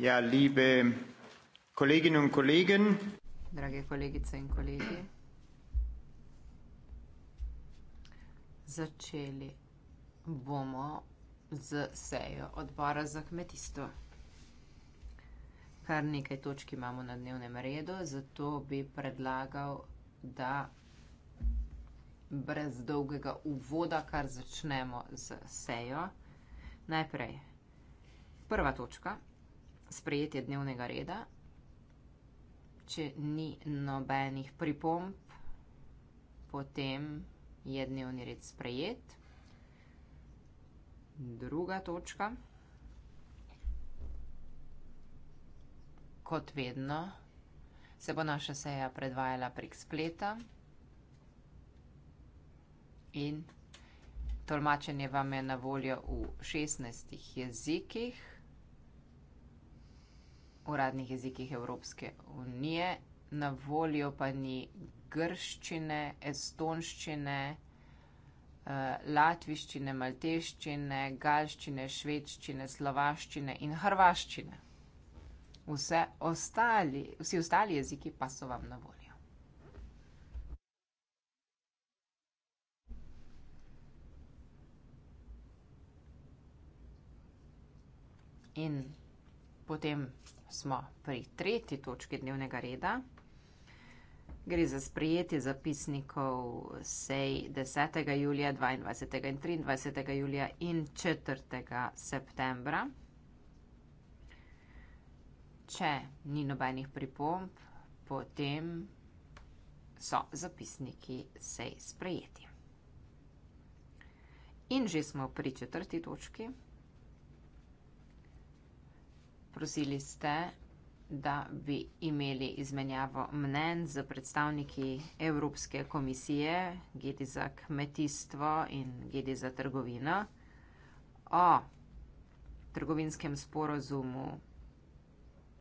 Ja, liebe Kolleginnen und Kollegen, drage kolegice in kolegi, začeli bomo z sejo odbora za kmetijstvo. Kar nekaj točk imamo na dnevnem redu, zato bi predlagal, da brez dolgega uvoda kar začnemo z sejo. Najprej prva točka sprejetje dnevnega reda. Če ni nobenih pripomb, potem je dnevni red sprejet. Druga točka. Kot vedno se bo naša seja predvajala prek spleta in tolmačenje vam je na voljo v 16 jezikih uradnih jezikih Evropske unije, na voljo pa ni grščine, estonščine, eh, latviščine, malteščine, galščine, švedščine, slovaščine in hrvaščine. Vse ostali, vsi ostali jeziki pa so vam na voljo. In potem smo pri tretji točki dnevnega reda. Gre za sprejetje zapisnikov sej 10. julija, 22. in 23. julija in 4. septembra. Če ni nobenih pripomb, potem so zapisniki sej sprejeti. In že smo pri četrti točki prosili ste, da bi imeli izmenjavo mnen z predstavniki Evropske komisije, gedi za kmetijstvo in gedi za trgovino o trgovinskem sporozumu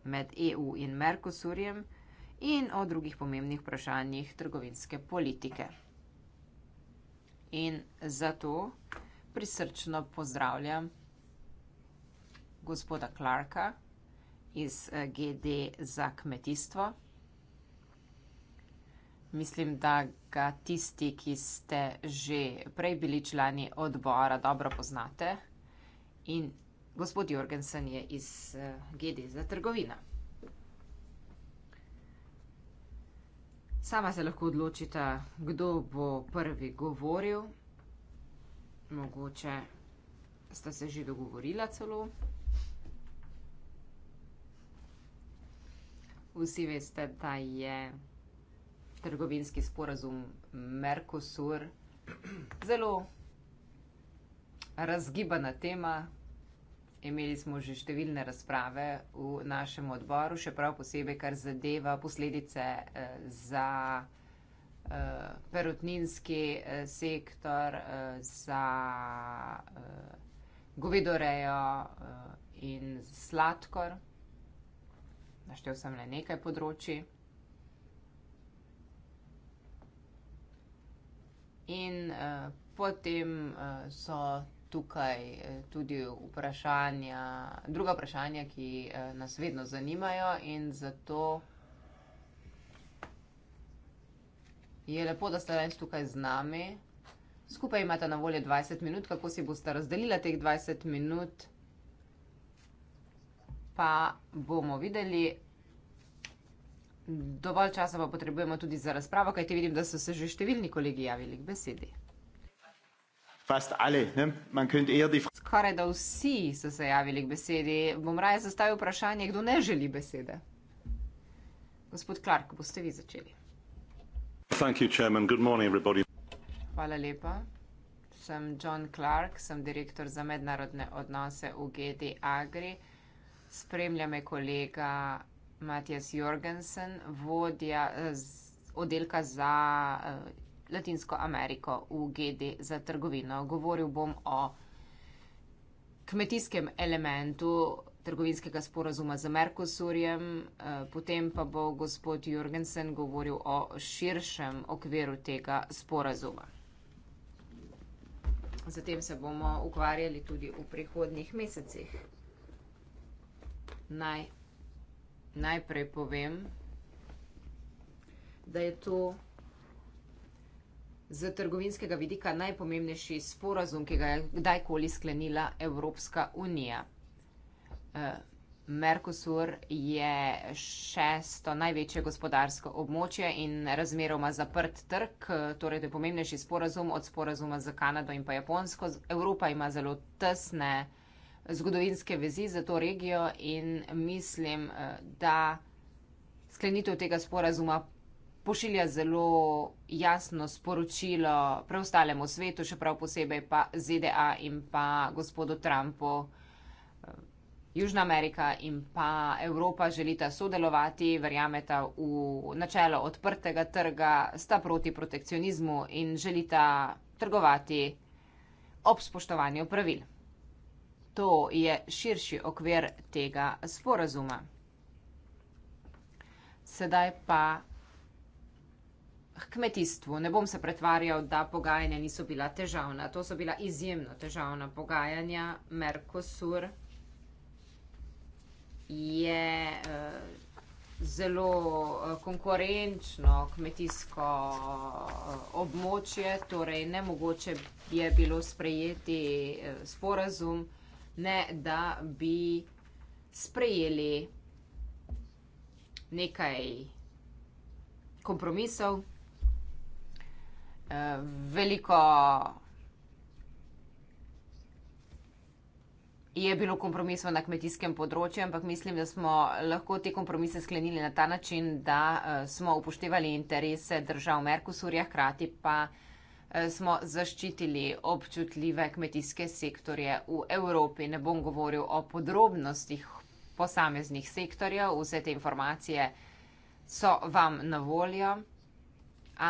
med EU in Merkosurjem in o drugih pomembnih vprašanjih trgovinske politike. In zato prisrčno pozdravljam gospoda Clarka, iz eh, GD za kmetijstvo. Mislim, da ga tisti, ki ste že prej bili člani odbora, dobro poznate. In gospod Jorgensen je iz eh, GD za trgovina. Sama se lahko odločite, kdo bo prvi govoril. Mogoče sta se že dogovorila celo. Vsi veste, da je trgovinski sporazum Mercosur zelo razgibana tema. Imeli smo že številne razprave v našem odboru, še prav posebej, kar zadeva posledice eh, za eh, perutninski eh, sektor, za govedorejo in sladkor naštel sem le nekaj področji. In uh, potem uh, so tukaj uh, tudi vprašanja, druga vprašanja, ki uh, nas vedno zanimajo in zato je lepo, da ste danes tukaj z nami. Skupaj imate na voljo 20 minut, kako si boste razdelila teh 20 minut pa bomo videli. Dovolj časa pa potrebujemo tudi za razpravo, kajti vidim, da so se že številni kolegi javili k besedi. Alle, Skoraj da vsi so se javili k besedi. Bom raje zastavil vprašanje, kdo ne želi besede. Gospod Clark, boste vi začeli. Hvala lepa. Sem John Clark, sem direktor za mednarodne odnose v GD Agri spremlja me kolega Matjas Jorgensen, vodja oddelka za eh, Latinsko Ameriko v GD za trgovino. Govoril bom o kmetijskem elementu trgovinskega sporazuma z Merkosurjem, eh, potem pa bo gospod Jorgensen govoril o širšem okviru tega sporazuma. Zatem se bomo ukvarjali tudi v prihodnjih mesecih naj najprej povem, da je to z trgovinskega vidika najpomembnejši sporazum, ki ga je kdajkoli sklenila Evropska unija. Eh, Mercosur je šesto največje gospodarsko območje in razmeroma zaprt trg, eh, torej to je pomembnejši sporazum od sporazuma z Kanado in pa Japonsko. Evropa ima zelo tesne zgodovinske vezi za to regijo in mislim, eh, da sklenitev tega sporazuma pošilja zelo jasno sporočilo preostalemu svetu, še prav posebej pa ZDA in pa gospodu Trumpu. Eh, Južna Amerika in pa Evropa želita sodelovati, verjameta v načelo odprtega trga, sta proti protekcionizmu in želita trgovati ob spoštovanju pravil to je širši okvir tega sporazuma. Sedaj pa k kmetijstvu. Ne bom se pretvarjal, da pogajanja niso bila težavna. To so bila izjemno težavna pogajanja. Merkosur je eh, zelo eh, konkurenčno kmetijsko eh, območje, torej nemogoče je bilo sprejeti sporazum ne da bi sprejeli nekaj kompromisov, eh, veliko je bilo kompromisov na kmetijskem področju, ampak mislim, da smo lahko te kompromise sklenili na ta način, da eh, smo upoštevali interese držav Merkusurja, hkrati pa. Eh, smo zaščitili občutljive kmetijske sektorje v Evropi. Ne bom govoril o podrobnostih posameznih sektorjev, vse te informacije so vam na voljo,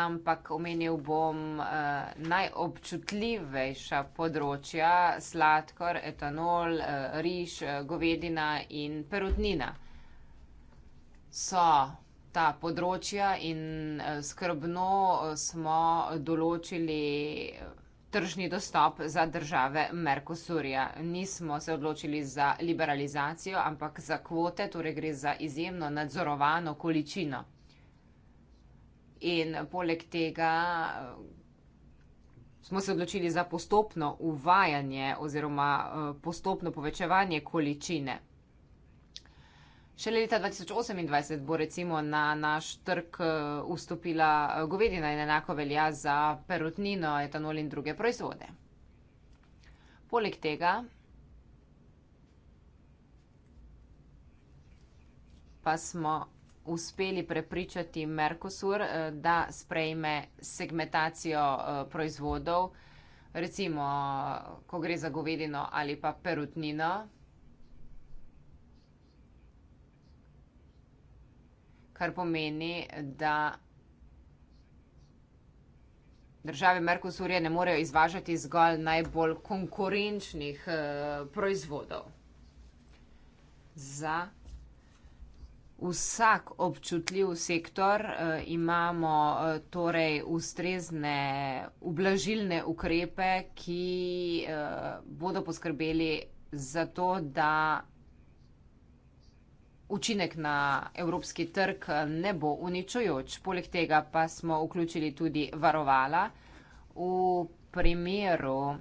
ampak omenil bom eh, najobčutljivejša področja, sladkor, etanol, eh, riž, eh, govedina in perutnina. So ta področja in eh, skrbno eh, smo določili eh, tržni dostop za države Merkosurja. Nismo se odločili za liberalizacijo, ampak za kvote, torej gre za izjemno nadzorovano količino. In poleg tega smo se odločili za postopno uvajanje oziroma postopno povečevanje količine. Šele leta 2028 bo recimo na naš trg eh, vstopila eh, govedina in enako velja za perutnino, etanol in druge proizvode. Poleg tega pa smo uspeli prepričati Mercosur, eh, da sprejme segmentacijo proizvodov, recimo ko gre za govedino ali pa perutnino. kar pomeni, da države Merkosurje ne morejo izvažati zgolj najbolj konkurenčnih eh, proizvodov. Za vsak občutljiv sektor eh, imamo eh, torej ustrezne ublažilne ukrepe, ki bodo poskrbeli za to, da učinek na evropski trg eh, ne bo uničujoč. Poleg tega pa smo vključili tudi varovala v primeru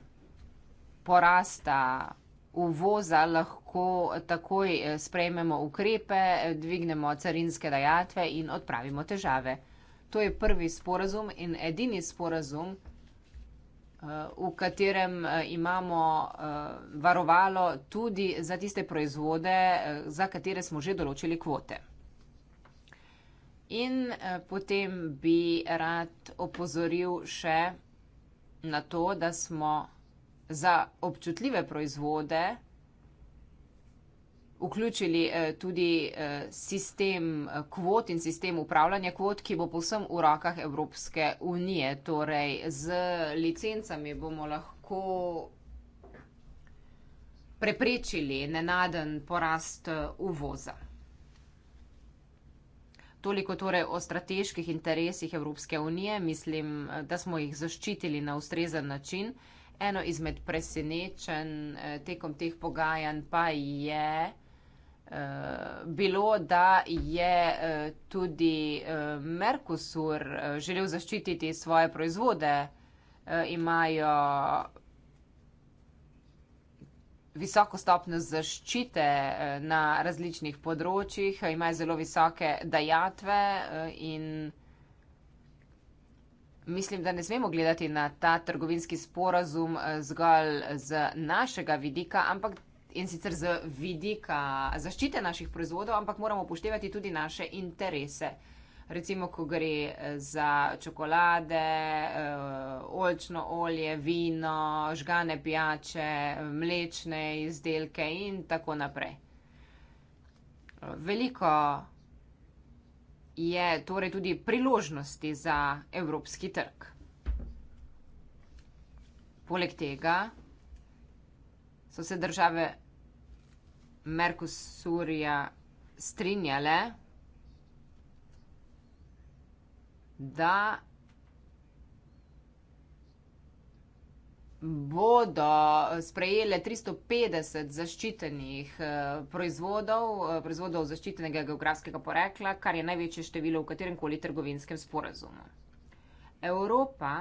porasta uvoza lahko takoj eh, sprejmemo ukrepe, eh, dvignemo carinske dajatve in odpravimo težave. To je prvi sporazum in edini sporazum, Eh, v katerem eh, imamo eh, varovalo tudi za tiste proizvode, za katere smo že določili kvote. In potem bi rad opozoril še na to, da smo za občutljive proizvode vključili eh, tudi eh, sistem eh, kvot in sistem upravljanja kvot, ki bo povsem v rokah Evropske unije. Torej, z licencami bomo lahko preprečili nenaden porast uvoza. Toliko torej o strateških interesih Evropske unije. Mislim, da smo jih zaščitili na ustrezen način. Eno izmed presenečen tekom teh pogajanj pa je, Eh, bilo, da je eh, tudi eh, Merkusur želel zaščititi svoje proizvode, imajo visoko stopno zaščite na različnih področjih, imajo zelo visoke dajatve in mislim, da ne smemo gledati na ta trgovinski sporazum zgolj z našega vidika, ampak in sicer z vidika zaščite naših proizvodov, ampak moramo upoštevati tudi naše interese. Recimo, ko gre eh, za čokolade, eh, olčno olje, vino, žgane pijače, mlečne izdelke in tako naprej. Veliko je torej tudi priložnosti za evropski trg. Poleg tega so se države Merkusurja strinjale, da bodo sprejele 350 zaščitenih eh, proizvodov, eh, proizvodov zaščitenega geografskega porekla, kar je največje število v katerem koli trgovinskem sporazumu. Evropa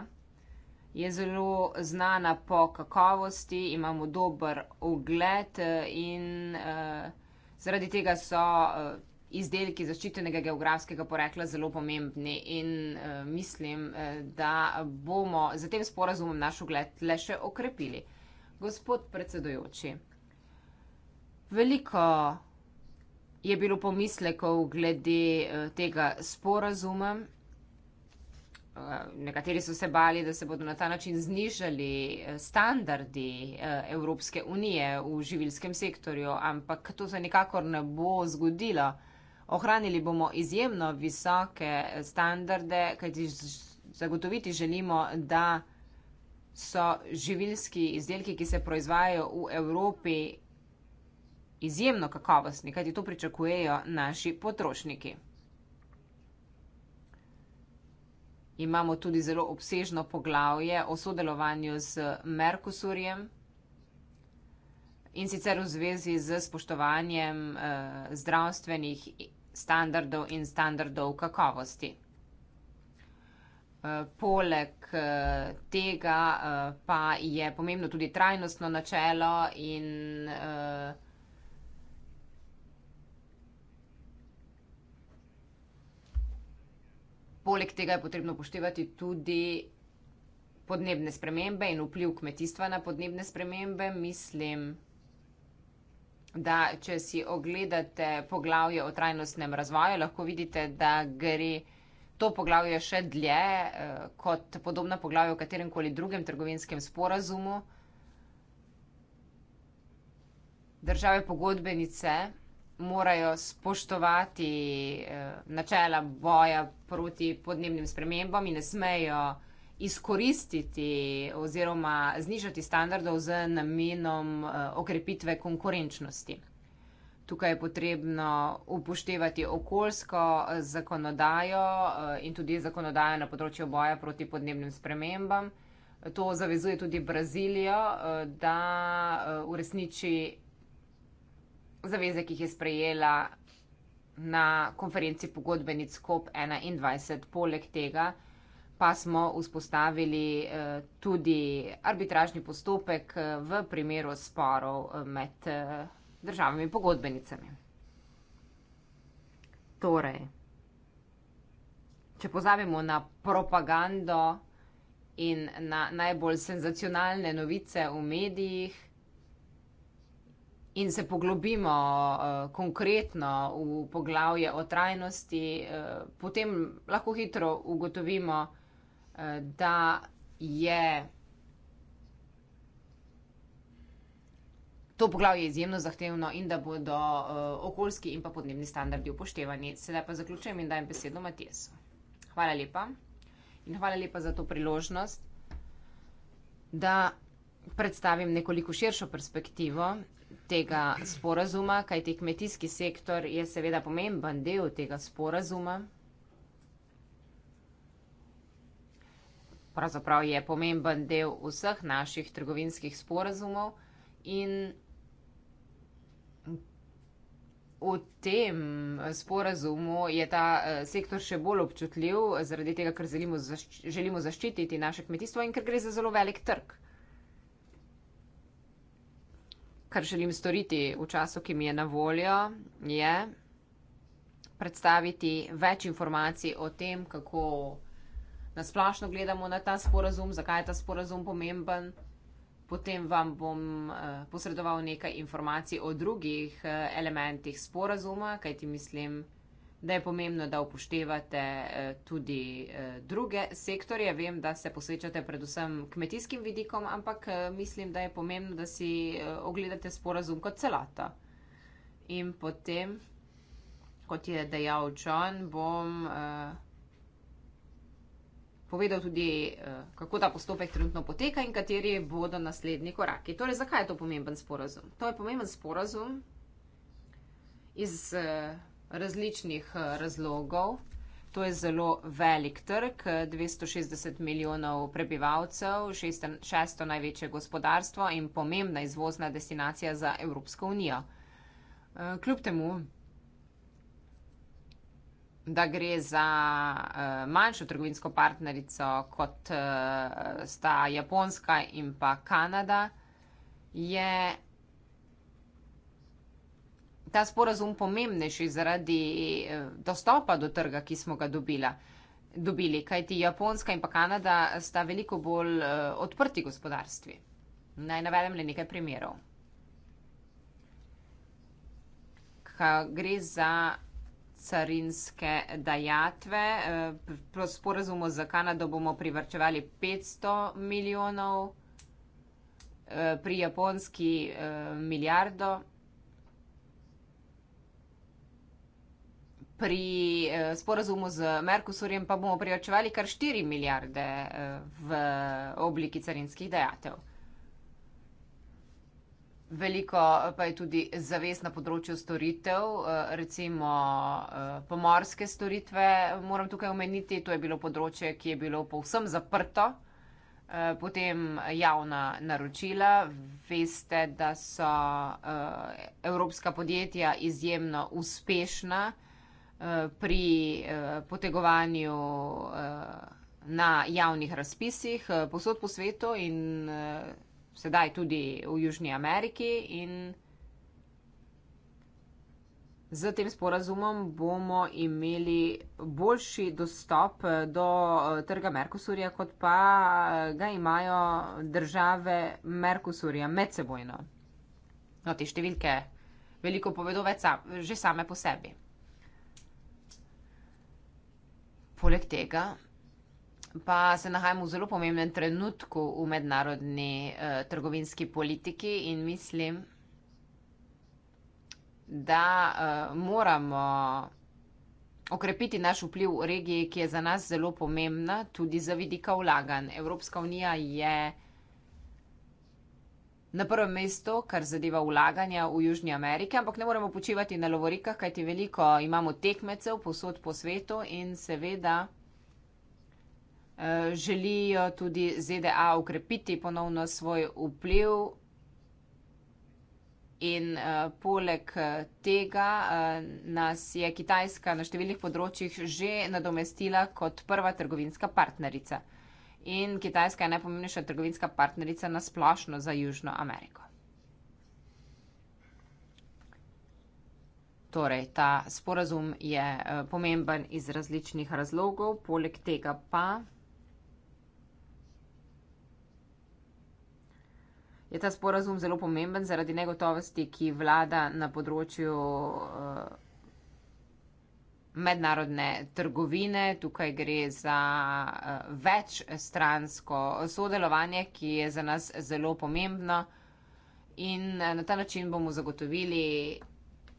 je zelo znana po kakovosti, imamo dober ogled eh, in uh, zaradi tega so uh, izdelki zaščitenega geografskega porekla zelo pomembni in uh, mislim, uh, da bomo z tem sporazumom naš ogled le še okrepili. Gospod predsedujoči, veliko je bilo pomislekov glede uh, tega sporazuma. Eh, nekateri so se bali, da se bodo na ta način znižali eh, standardi eh, Evropske unije v živilskem sektorju, ampak to se nikakor ne bo zgodilo. Ohranili bomo izjemno visoke standarde, kajti zagotoviti želimo, da so živilski izdelki, ki se proizvajajo v Evropi, izjemno kakovostni, kajti to pričakujejo naši potrošniki. imamo tudi zelo obsežno poglavje o sodelovanju z Merkusurjem in sicer v zvezi z spoštovanjem eh, zdravstvenih standardov in standardov kakovosti. Eh, poleg eh, tega eh, pa je pomembno tudi trajnostno načelo in Poleg tega je potrebno poštevati tudi podnebne spremembe in vpliv kmetijstva na podnebne spremembe. Mislim, da če si ogledate poglavje o trajnostnem razvoju, lahko vidite, da gre to poglavje še dlje eh, kot podobna poglavja v katerem koli drugem trgovinskem sporazumu. Države pogodbenice morajo spoštovati eh, načela boja proti podnebnim spremembam in ne smejo izkoristiti oziroma znižati standardov z namenom eh, okrepitve konkurenčnosti. Tukaj je potrebno upoštevati okoljsko eh, zakonodajo in tudi zakonodajo na področju boja proti podnebnim spremembam. To zavezuje tudi Brazilijo, da uresniči zaveze, ki jih je sprejela na konferenci pogodbenic COP21. Poleg tega pa smo vzpostavili eh, tudi arbitražni postopek eh, v primeru sporov eh, med državami pogodbenicami. Torej, če pozabimo na propagando in na najbolj senzacionalne novice v medijih, in se poglobimo uh, konkretno v poglavje o trajnosti, uh, potem lahko hitro ugotovimo, uh, da je to poglavje izjemno zahtevno in da bodo uh, okoljski in pa podnebni standardi upoštevani. Sedaj pa zaključujem in dajem besedo Matijesu. Hvala lepa in hvala lepa za to priložnost, da predstavim nekoliko širšo perspektivo tega sporazuma, kajti kmetijski sektor je seveda pomemben del tega sporazuma. Pravzaprav je pomemben del vseh naših trgovinskih sporazumov in v tem sporazumu je ta eh, sektor še bolj občutljiv, zaradi tega, ker zašč želimo zaščititi naše kmetijstvo in ker gre za zelo velik trg kar želim storiti v času, ki mi je na voljo, je predstaviti več informacij o tem, kako nasplošno gledamo na ta sporazum, zakaj je ta sporazum pomemben. Potem vam bom eh, posredoval nekaj informacij o drugih eh, elementih sporazuma, kajti mislim, da je pomembno, da upoštevate eh, tudi eh, druge sektorje. Vem, da se posvečate predvsem kmetijskim vidikom, ampak eh, mislim, da je pomembno, da si ogledate sporazum kot celata. In potem, kot je dejal John, bom povedal tudi, kako ta postopek trenutno poteka in kateri bodo naslednji koraki. Torej, zakaj je to pomemben sporazum? To je pomemben sporazum iz različnih eh, razlogov. To je zelo velik trg, 260 eh, milijonov prebivalcev, šesto največje gospodarstvo in pomembna izvozna destinacija za Evropsko unijo. Eh, kljub temu, da gre za manjšo trgovinsko partnerico kot sta Japonska in pa Kanada, je ta sporazum pomembnejši zaradi eh, dostopa do trga, ki smo ga dobila, dobili, kajti Japonska in pa Kanada sta veliko bolj eh, odprti gospodarstvi. Naj navedem le nekaj primerov. Ka gre za carinske dajatve. Eh, po sporazumu za Kanado bomo privrčevali 500 milijonov, pri Japonski milijardo. pri eh, sporazumu z Merkusorjem pa bomo privačevali kar 4 milijarde eh, v obliki carinskih dejatev. Veliko eh, pa je tudi zavest na področju storitev, eh, recimo eh, pomorske storitve. Moram tukaj omeniti, to je bilo področje, ki je bilo povsem zaprto, potem javna naročila. Veste, da so evropska podjetja izjemno uspešna Eh, pri eh, potegovanju eh, na javnih razpisih posod po svetu in sedaj tudi v Južni Ameriki. In z tem sporazumom bomo imeli boljši dostop do trga Merkusurja, kot pa ga imajo države Merkusurja medsebojno. No, te številke veliko povedo več, že same po sebi. poleg tega pa se nahajamo v zelo pomembnem trenutku v mednarodni uh, trgovinski politiki in mislim, da uh, moramo okrepiti naš vpliv v regiji, ki je za nas zelo pomembna, tudi za vidika vlagan. Evropska unija je na prvem mestu, kar zadeva vlaganja v Južni Ameriki, ampak ne moremo počivati na lovorikah, kajti veliko imamo tekmecev posod po svetu in seveda eh, želijo tudi ZDA ukrepiti ponovno svoj vpliv. In uh, poleg eh, tega uh, nas je Kitajska na številnih področjih že nadomestila kot prva trgovinska partnerica in Kitajska je najpomembnejša trgovinska partnerica na splošno za Južno Ameriko. Torej, ta sporazum je eh, pomemben iz različnih razlogov, poleg tega pa je ta sporazum zelo pomemben zaradi negotovosti, ki vlada na področju. Uh, mednarodne trgovine. Tukaj gre za eh, večstransko sodelovanje, ki je za nas zelo pomembno in eh, na ta način bomo zagotovili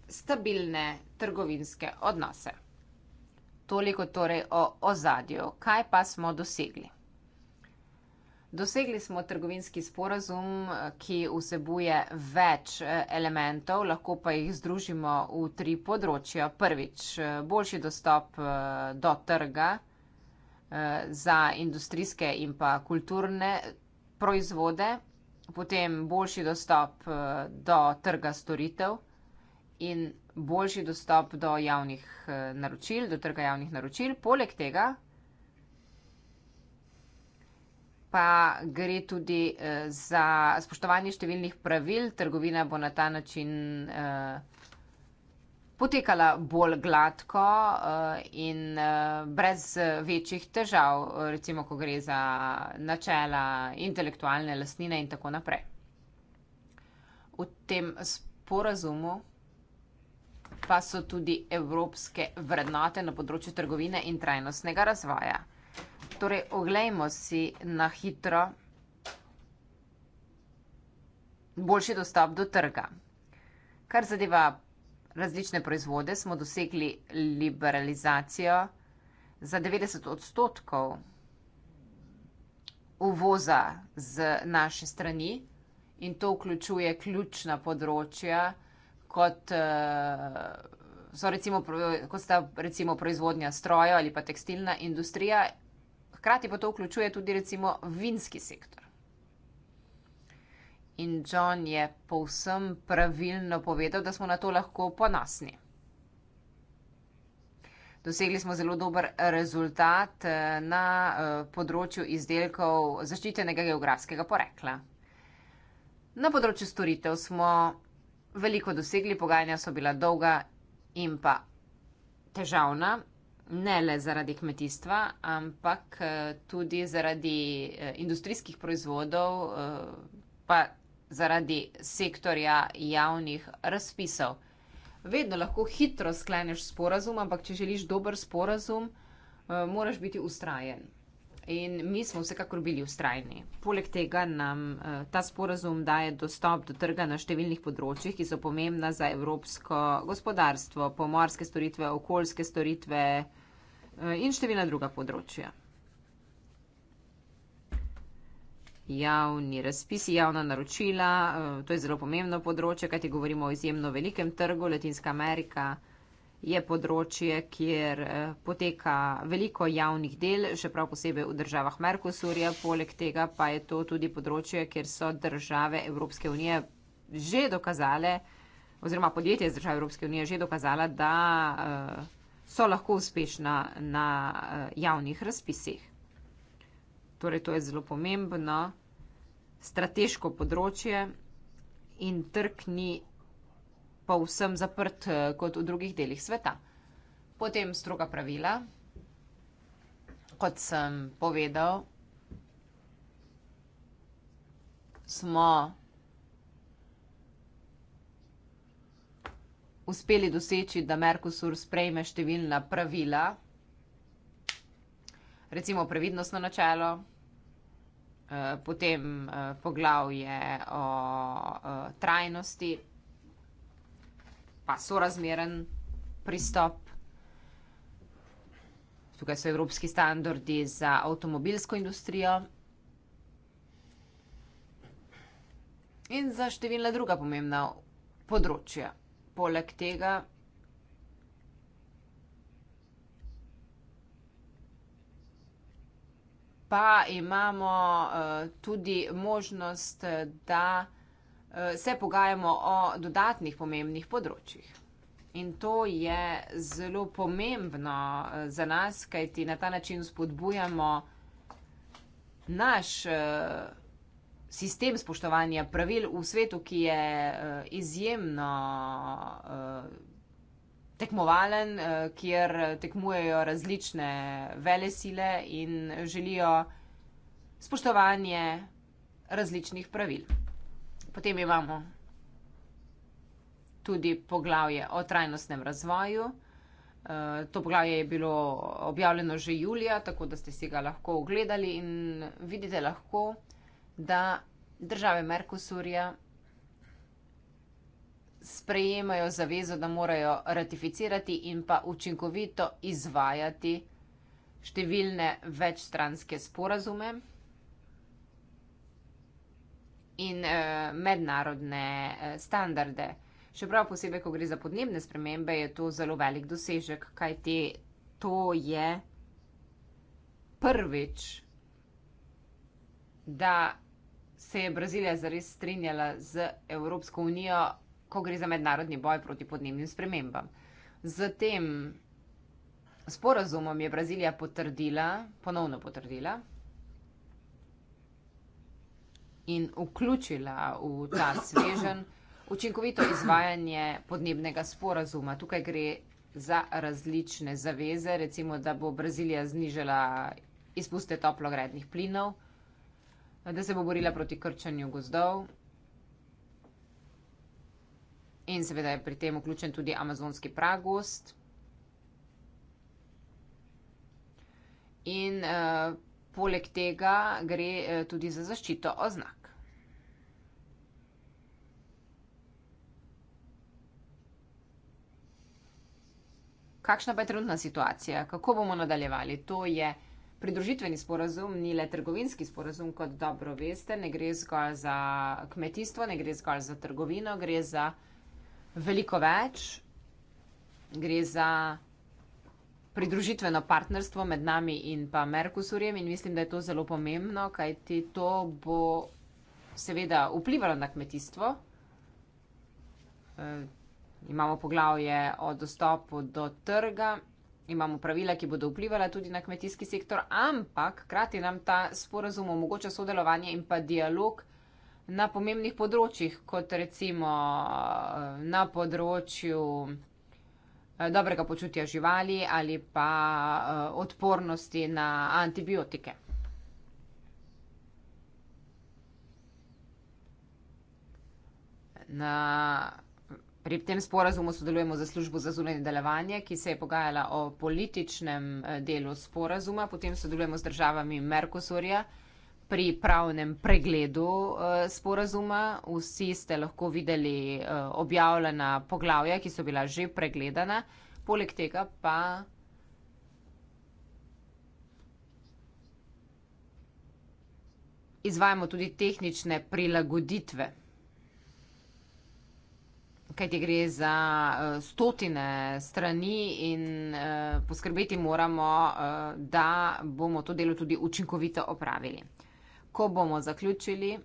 stabilne trgovinske odnose. Toliko torej o ozadju, kaj pa smo dosegli. Dosegli smo trgovinski sporazum, ki vsebuje več eh, elementov, lahko pa jih združimo v tri področja. Prvič, eh, boljši dostop eh, do trga za industrijske in pa kulturne proizvode, potem boljši dostop do trga storitev in boljši dostop do javnih naročil, do trga javnih naročil. Poleg tega pa gre tudi uh, za spoštovanje številnih pravil. Trgovina bo na ta način uh, potekala bolj gladko uh, in uh, brez večjih težav, recimo, ko gre za načela intelektualne lasnine in tako naprej. V tem sporazumu pa so tudi evropske vrednote na področju trgovine in trajnostnega razvoja. Torej, oglejmo si na hitro boljši dostop do trga. Kar zadeva različne proizvode, smo dosegli liberalizacijo za 90 odstotkov uvoza z naše strani in to vključuje ključna področja, kot, eh, recimo, kot sta recimo proizvodnja strojev ali pa tekstilna industrija Hkrati pa to vključuje tudi recimo vinski sektor. In John je povsem pravilno povedal, da smo na to lahko ponosni. Dosegli smo zelo dober rezultat eh, na eh, področju izdelkov zaščitenega geografskega porekla. Na področju storitev smo veliko dosegli, pogajanja so bila dolga in pa težavna, ne le zaradi kmetijstva, ampak eh, tudi zaradi eh, industrijskih proizvodov, eh, pa zaradi sektorja javnih razpisov. Vedno lahko hitro skleneš sporazum, ampak če želiš dober sporazum, moraš biti ustrajen. In mi smo vsekakor bili ustrajni. Poleg tega nam ta sporazum daje dostop do trga na številnih področjih, ki so pomembna za evropsko gospodarstvo, pomorske storitve, okoljske storitve, Eh, in številna druga področja. Javni razpisi, javna naročila, eh, to je zelo pomembno področje, kajti govorimo o izjemno velikem trgu. Latinska Amerika je področje, kjer eh, poteka veliko javnih del, še prav posebej v državah Merkosurja. Poleg tega pa je to tudi področje, kjer so države Evropske unije že dokazale, oziroma podjetje z države Evropske unije že dokazala, da. Uh, so lahko uspešna na eh, javnih razpisih. Torej, to je zelo pomembno strateško področje in trg ni pa vsem zaprt eh, kot v drugih delih sveta. Potem stroga pravila, kot sem povedal, smo uspeli doseči, da Merkusur sprejme številna pravila, recimo previdnostno načelo, eh, potem eh, poglavje o eh, trajnosti, pa sorazmeren pristop. Tukaj so evropski standardi za avtomobilsko industrijo in za številna druga pomembna področja poleg tega. Pa imamo eh, tudi možnost, da eh, se pogajamo o dodatnih pomembnih področjih. In to je zelo pomembno eh, za nas, kajti na ta način spodbujamo naš sistem spoštovanja pravil v svetu, ki je uh, izjemno uh, tekmovalen, uh, kjer tekmujejo različne vele sile in želijo spoštovanje različnih pravil. Potem imamo tudi poglavje o trajnostnem razvoju. To poglavje je bilo objavljeno že julija, tako da ste si ga lahko ogledali in vidite lahko, da države Merkosurja sprejemajo zavezo, da morajo ratificirati in pa učinkovito izvajati številne večstranske sporazume in eh, mednarodne eh, standarde. Še prav posebej, ko gre za podnebne spremembe, je to zelo velik dosežek, kaj te to je prvič, da se je Brazilija zares strinjala z Evropsko unijo, ko gre za mednarodni boj proti podnebnim spremembam. Z tem sporazumom je Brazilija potrdila, ponovno potrdila in vključila v ta svežen učinkovito izvajanje podnebnega sporazuma. Tukaj gre za različne zaveze, recimo, da bo Brazilija znižala izpuste toplogrednih plinov da se bo borila proti krčanju gozdov. In seveda je pri tem vključen tudi amazonski pragost. In eh, poleg tega gre eh, tudi za zaščito oznak. Kakšna pa je trenutna situacija? Kako bomo nadaljevali? To je Pridružitveni sporazum ni le trgovinski sporazum, kot dobro veste, ne gre zgolj za kmetijstvo, ne gre zgolj za trgovino, gre za veliko več. Gre za pridružitveno partnerstvo med nami in pa Merkusurjem in mislim, da je to zelo pomembno, kajti to bo seveda vplivalo na kmetijstvo. E, imamo poglavje o dostopu do trga imamo pravila, ki bodo vplivala tudi na kmetijski sektor, ampak krati nam ta sporazum omogoča sodelovanje in pa dialog na pomembnih področjih, kot recimo eh, na področju eh, dobrega počutja živali ali pa eh, odpornosti na antibiotike. Na Pri tem sporazumu sodelujemo za službo za zunanje delovanje, ki se je pogajala o političnem eh, delu sporazuma. Potem sodelujemo z državami Merkosurja pri pravnem pregledu eh, sporazuma. Vsi ste lahko videli eh, objavljena poglavja, ki so bila že pregledana. Poleg tega pa. Izvajamo tudi tehnične prilagoditve kajti gre za uh, stotine strani in uh, poskrbeti moramo, uh, da bomo to delo tudi učinkovito opravili. Ko bomo zaključili,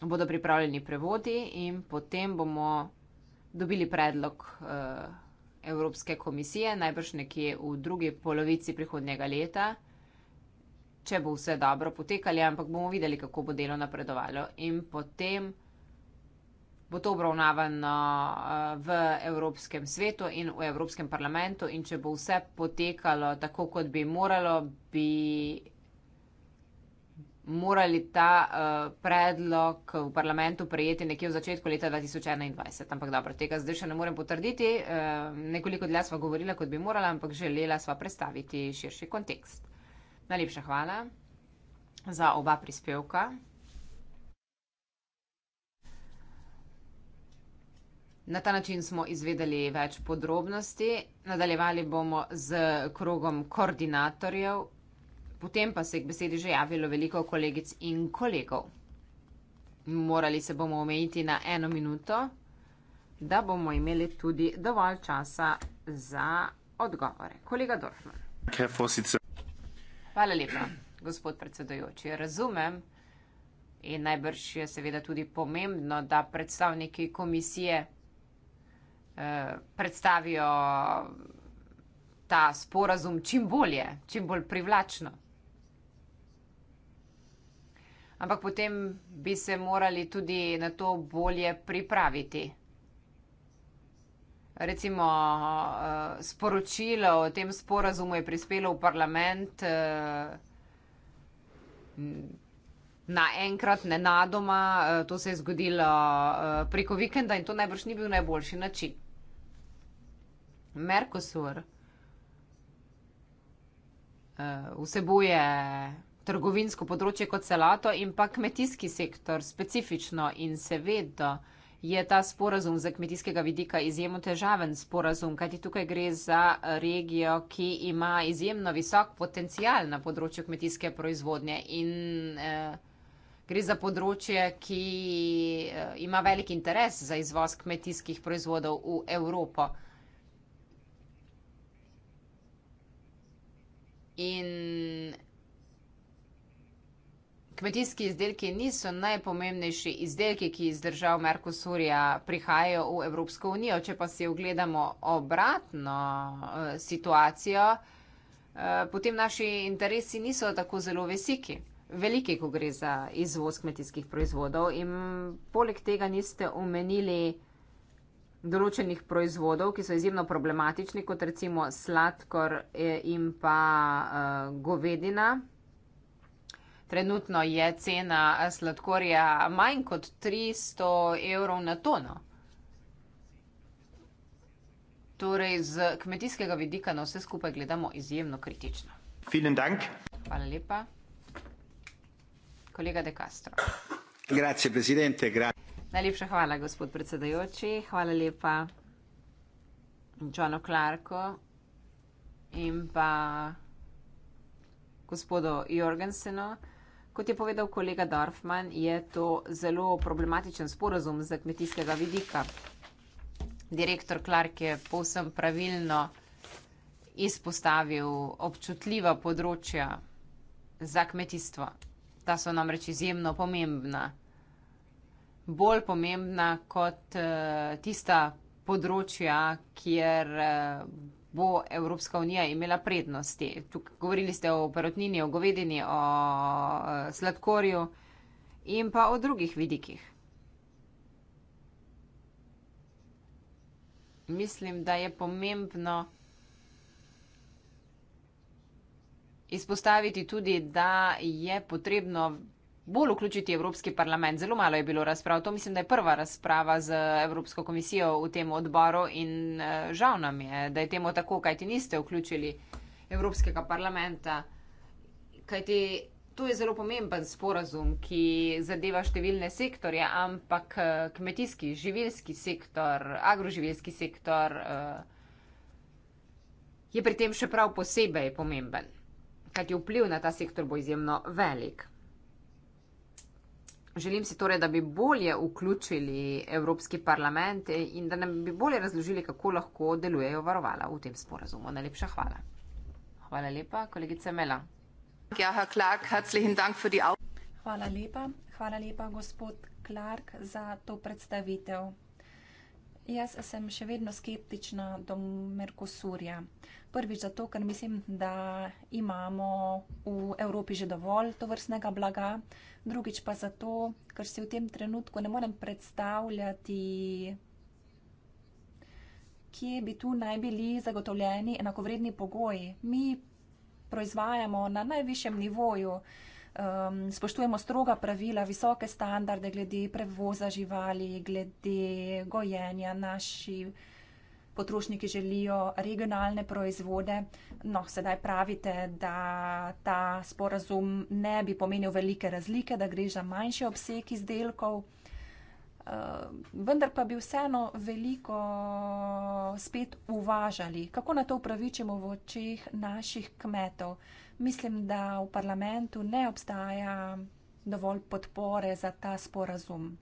bodo pripravljeni prevodi in potem bomo dobili predlog uh, Evropske komisije, najbrž nekje v drugi polovici prihodnjega leta, če bo vse dobro potekali, ampak bomo videli, kako bo delo napredovalo in potem bo to obravnavano eh, v Evropskem svetu in v Evropskem parlamentu in če bo vse potekalo tako, kot bi moralo, bi morali ta eh, predlog v parlamentu prejeti nekje v začetku leta 2021. Ampak dobro, tega zdaj še ne morem potrditi. Eh, nekoliko dlje sva govorila, kot bi morala, ampak želela sva predstaviti širši kontekst. Najlepša hvala za oba prispevka. Na ta način smo izvedeli več podrobnosti, nadaljevali bomo z krogom koordinatorjev, potem pa se je k besedi že javilo veliko kolegic in kolegov. Morali se bomo omejiti na eno minuto, da bomo imeli tudi dovolj časa za odgovore. Kolega Dorfman. Hvala lepa, gospod predsedojoči. Razumem. In najbrž je seveda tudi pomembno, da predstavniki komisije predstavijo ta sporazum čim bolje, čim bolj privlačno. Ampak potem bi se morali tudi na to bolje pripraviti. Recimo, eh, sporočilo o tem sporazumu je prispelo v parlament eh, naenkrat, nenadoma. Eh, to se je zgodilo preko vikenda in to najbrž ni bil najboljši način. Merkosur eh, vseboje trgovinsko področje kot celato in pa kmetijski sektor specifično in seveda je ta sporazum za kmetijskega vidika izjemno težaven sporazum, kajti tukaj gre za eh, regijo, ki ima izjemno visok potencial na področju kmetijske proizvodnje in eh, gre za področje, ki ima velik interes za izvoz kmetijskih proizvodov v Evropo. In kmetijski izdelki niso najpomembnejši izdelki, ki iz držav Merkosurja prihajajo v Evropsko unijo. Če pa si ogledamo obratno eh, situacijo, eh, potem naši interesi niso tako zelo veliki. Veliki, ko gre za izvoz kmetijskih proizvodov, in poleg tega niste omenili določenih proizvodov, ki so izjemno problematični, kot recimo sladkor eh, in pa eh, govedina. Trenutno je cena eh, sladkorja manj kot 300 evrov na tono. Torej, z kmetijskega vidika na vse skupaj gledamo izjemno kritično. Dank. Hvala lepa. Kolega De Castro. Grazie, Najlepša hvala, gospod predsedajoči. Hvala lepa Johnu Clarku in pa gospodu Jorgensenu. Kot je povedal kolega Dorfman, je to zelo problematičen sporozum za kmetijskega vidika. Direktor Clark je povsem pravilno izpostavil občutljiva področja za kmetijstvo. Ta so namreč izjemno pomembna bolj pomembna kot eh, tista področja, kjer eh, bo Evropska unija imela prednosti. Tukaj govorili ste o perotnini, o govedini, o eh, sladkorju in pa o drugih vidikih. Mislim, da je pomembno izpostaviti tudi, da je potrebno bolj vključiti Evropski parlament. Zelo malo je bilo razprav. To mislim, da je prva razprava z Evropsko komisijo v tem odboru in eh, žal nam je, da je temu tako, kaj ti niste vključili Evropskega parlamenta. Kajti to je zelo pomemben sporazum, ki zadeva številne sektorje, ampak eh, kmetijski, živilski sektor, agroživilski sektor eh, je pri tem še prav posebej pomemben. Kajti vpliv na ta sektor bo izjemno velik. Želim si torej, da bi bolje vključili Evropski parlament in da nam bi bolje razložili, kako lahko delujejo varovala v tem sporazumu. Najlepša hvala. Hvala lepa, kolegica Mela. Ja, hvala lepa, hvala lepa, gospod Clark, za to predstavitev. Jaz sem še vedno skeptična do Merkosurja. Prvič zato, ker mislim, da imamo v Evropi že dovolj to vrstnega blaga. Drugič pa zato, ker se v tem trenutku ne morem predstavljati, kje bi tu naj bili zagotovljeni enakovredni pogoji. Mi proizvajamo na najvišjem nivoju um, spoštujemo stroga pravila, visoke standarde glede prevoza živali, glede gojenja naši. Potrošniki želijo regionalne proizvode. No, sedaj pravite, da ta sporazum ne bi pomenil velike razlike, da gre za manjši obseg izdelkov, vendar pa bi vseeno veliko spet uvažali. Kako na to upravičimo v očeh naših kmetov? Mislim, da v parlamentu ne obstaja dovolj podpore za ta sporazum.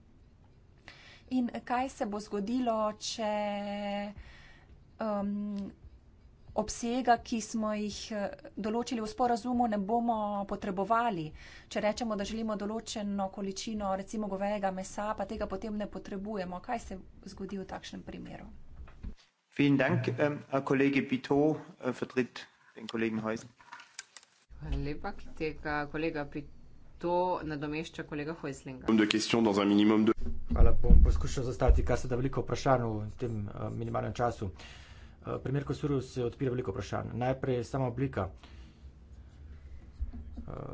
In kaj se bo zgodilo, če um, obsega, ki smo jih eh, določili v sporazumu, ne bomo potrebovali? Če rečemo, da želimo določeno količino, recimo govejega mesa, pa tega potem ne potrebujemo. Kaj se zgodi v takšnem primeru? Vielen Dank, um, ähm, kolegi Pito, uh, äh, vertritt den Kollegen Heusen. Hvala lepa. Tega kolega Pito nadomešča kolega Hoislinga. Hvala, bom poskušal zastaviti kar se da veliko vprašanj v tem eh, minimalnem času. Eh, primer Kosuru se odpira veliko vprašanj. Najprej sama oblika. Eh,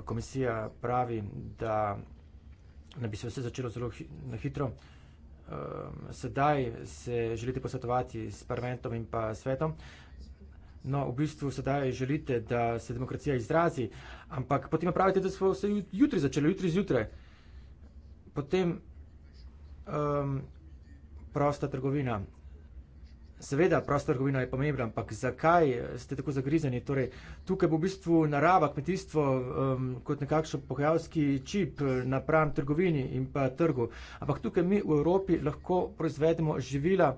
komisija pravi, da ne bi se vse začelo zelo na hitro. Sedaj se želite posvetovati s parlamentom in pa svetom. No, v bistvu sedaj želite, da se demokracija izrazi, ampak potem pravite, da smo se jutri začeli, jutri zjutraj. Potem um, prosta trgovina. Seveda, prosta trgovina je pomembna, ampak zakaj ste tako zagrizeni? Torej, tukaj bo v bistvu narava, kmetijstvo um, kot nekakšen pohjavski čip napram trgovini in pa trgu. Ampak tukaj mi v Evropi lahko proizvedemo živila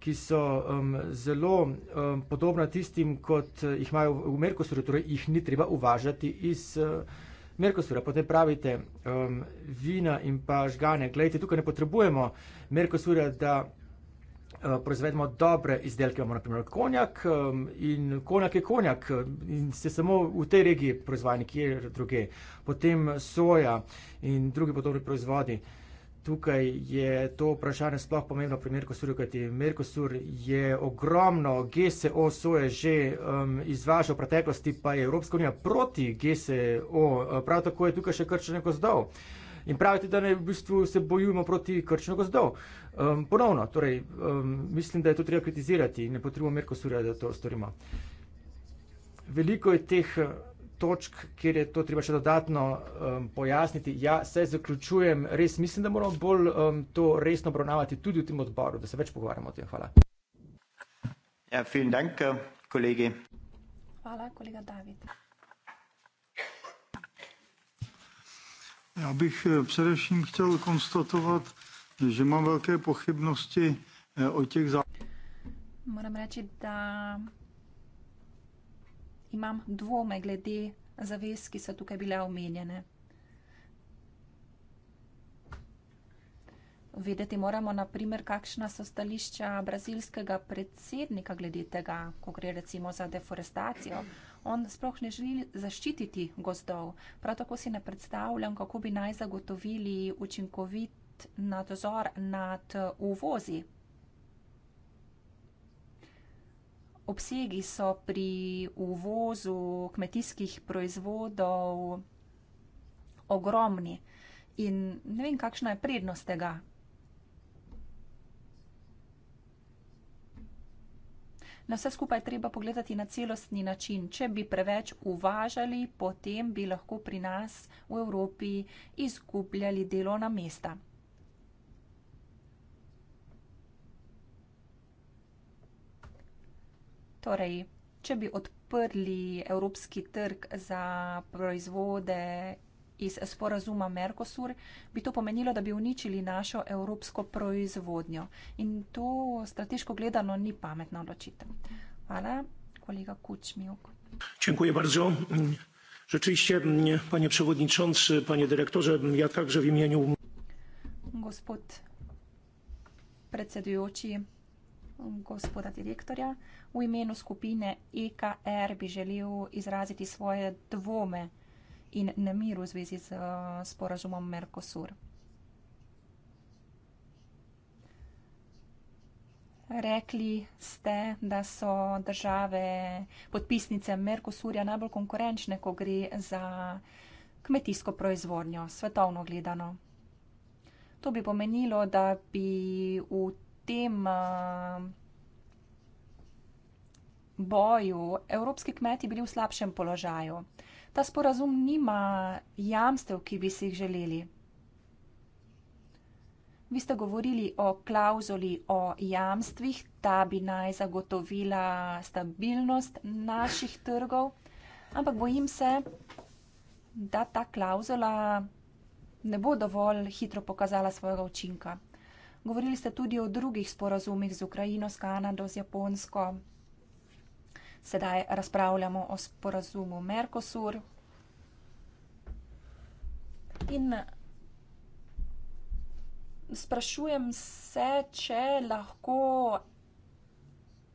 ki so um, zelo um, podobna tistim, kot eh, jih imajo v Merkosuru, torej jih ni treba uvažati iz uh, eh, Merkosura. Potem pravite, um, vina in pa žgane, gledajte, tukaj ne potrebujemo Merkosura, da uh, proizvedemo dobre izdelke. Imamo naprimer konjak um, in konjak je konjak in se samo v tej regiji proizvaja, nekje druge. Potem soja in drugi podobni proizvodi. Uh, tukaj je to vprašanje sploh pomembno pri Merkosurju, kajti Merkosur je ogromno GSO soje že um, izvažal v preteklosti, pa je Evropska unija proti GSO, uh, prav tako je tukaj še krčenje gozdov. In pravite, da ne, v bistvu se bojujemo proti krčnemu gozdov. Um, ponovno, torej, um, mislim, da je to treba kritizirati in ne potrebujemo Merkosurja, da to storimo. Veliko je teh točk, kjer je to treba še dodatno um, pojasniti. Ja, se zaključujem. Res mislim, da moramo bolj um, to resno obravnavati tudi v tem odboru, da se več pogovarjamo o tem. Hvala. Ja, film dank, eh, kolegi. Hvala, kolega David. Já bych eh, především chtěl konstatovat, že mám velké pochybnosti eh, o těch zákonech. Můžeme říct, že imam dvome glede zavez, ki so tukaj bile omenjene. Vedeti moramo, naprimer, kakšna so stališča brazilskega predsednika glede tega, ko gre recimo za deforestacijo. On sploh ne želi zaščititi gozdov. Prav tako si ne predstavljam, kako bi naj zagotovili učinkovit nadzor nad uvozi obsegi so pri uvozu kmetijskih proizvodov ogromni in ne vem, kakšna je prednost tega. Na vse skupaj treba pogledati na celostni način. Če bi preveč uvažali, potem bi lahko pri nas v Evropi izgubljali delovna mesta. Torej, če bi odprli evropski trg za proizvode iz sporazuma Mercosur, bi to pomenilo, da bi uničili našo evropsko proizvodnjo. In to strateško gledano ni pametna odločitev. Hvala, kolega Kučmiuk. Dziękuję bardzo. Rzeczywiście, panie przewodniczący, panie dyrektorze, ja także w imieniu. Gospod predsedujący, gospoda direktorja. V imenu skupine EKR bi želel izraziti svoje dvome in nemir v zvezi z eh, sporazumom Mercosur. Rekli ste, da so države podpisnice Mercosurja najbolj konkurenčne, ko gre za kmetijsko proizvodnjo, svetovno gledano. To bi pomenilo, da bi v tem eh, boju evropski kmeti bili v slabšem položaju. Ta sporazum nima jamstev, ki bi si jih želeli. Vi ste govorili o klauzuli o jamstvih, ta bi naj zagotovila stabilnost naših trgov, ampak bojim se, da ta klauzula ne bo dovolj hitro pokazala svojega učinka. Govorili ste tudi o drugih sporazumih z Ukrajino, s Kanado, z Japonsko. Sedaj razpravljamo o sporazumu Mercosur. In sprašujem se, če lahko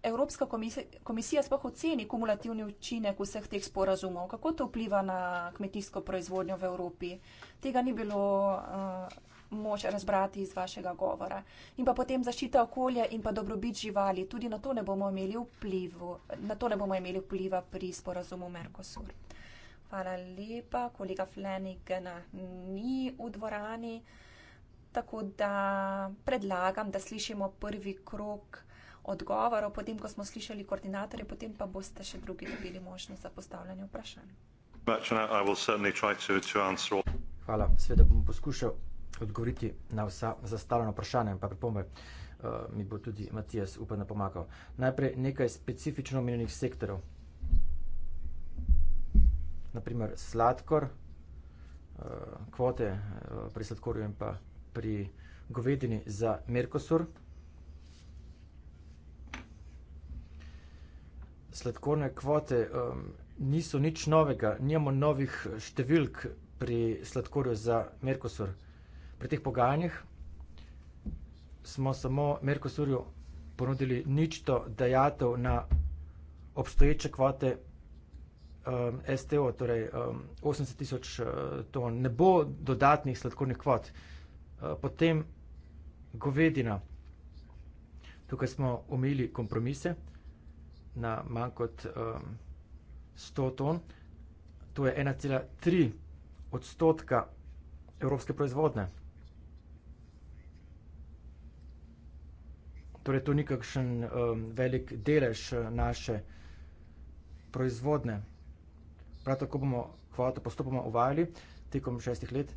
Evropska komisija, komisija sploh oceni kumulativni učinek vseh teh sporazumov. Kako to vpliva na kmetijsko proizvodnjo v Evropi? Tega ni bilo. Uh, moč razbrati iz vašega govora. In pa potem zaščita okolja in pa dobrobit živali. Tudi na to ne bomo imeli, vplivu, to ne bomo imeli vpliva pri sporazumu Merkosur. Hvala lepa, kolega Flanagana ni v dvorani, tako da predlagam, da slišimo prvi krok odgovorov, potem, ko smo slišali koordinatorje, potem pa boste še drugi dobili možnost za postavljanje vprašanj. Hvala, sveda bom poskušal odgovoriti na vsa zastavljena vprašanja in pa pripombe. Uh, mi bo tudi Matijas upaj na pomagal. Najprej nekaj specifično omenjenih sektorov. Naprimer sladkor, uh, kvote uh, pri sladkorju in pa pri govedini za Merkosur. Sladkorne kvote um, niso nič novega, nimamo novih številk pri sladkorju za Merkosur pri teh pogajanjih smo samo Merkosurju ponudili ničto dajatev na obstoječe kvote um, STO, torej um, 80 tisoč uh, ton. Ne bo dodatnih sladkornih kvot. Uh, potem govedina. Tukaj smo omejili kompromise na manj kot um, 100 ton. To je 1,3 odstotka evropske proizvodne. Torej, to ni kakšen um, velik delež uh, naše proizvodne. Prav tako bomo kvoto postopoma uvajali tekom šestih let.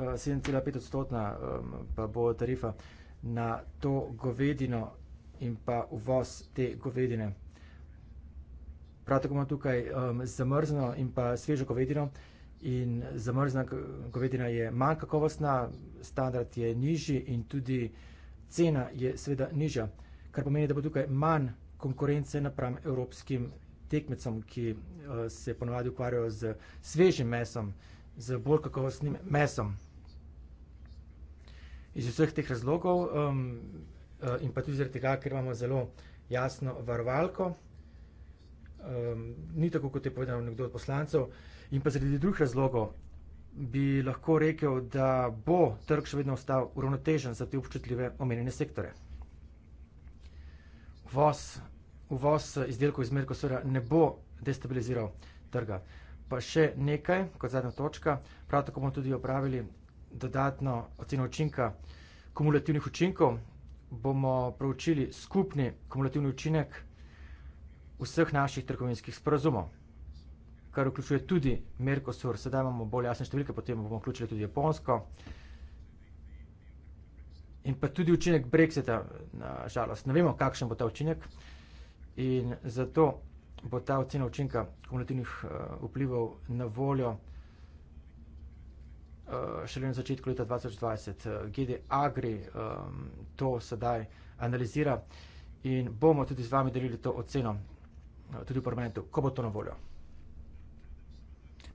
7,5 uh, odstotna um, pa bo tarifa na to govedino in pa uvoz te govedine. Prav tako imamo tukaj um, zamrzno in pa svežo govedino in zamrzna govedina je manj kakovostna, standard je nižji in tudi uh, cena je seveda nižja, kar pomeni, da bo tukaj manj konkurence napram evropskim tekmecom, ki uh, se ponovadi ukvarjajo z svežim mesom, z bolj kakovostnim mesom. Iz vseh teh razlogov um, in pa tudi zaradi tega, ker imamo zelo jasno varovalko, um, ni tako kot je povedal nekdo od poslancev, in pa zaradi drugih razlogov, bi lahko rekel, da bo trg še vedno ostal uravnotežen za te občutljive omenjene sektore. Uvoz, uvoz izdelkov iz Merko sveda ne bo destabiliziral trga. Pa še nekaj, kot zadnja točka, prav tako bomo tudi opravili dodatno oceno učinka kumulativnih učinkov, bomo proučili skupni kumulativni učinek vseh naših trgovinskih sporazumov kar vključuje tudi Mercosur, sedaj imamo bolj jasne številke, potem bomo vključili tudi Japonsko. In pa tudi učinek Brexita, na žalost. Ne vemo, kakšen bo ta učinek. In zato bo ta ocena učinka kumulativnih uh, vplivov na voljo uh, šele na začetku leta 2020. Eh, GD Agri um, to sedaj analizira in bomo tudi z vami delili to oceno, uh, tudi v parlamentu, ko bo to na voljo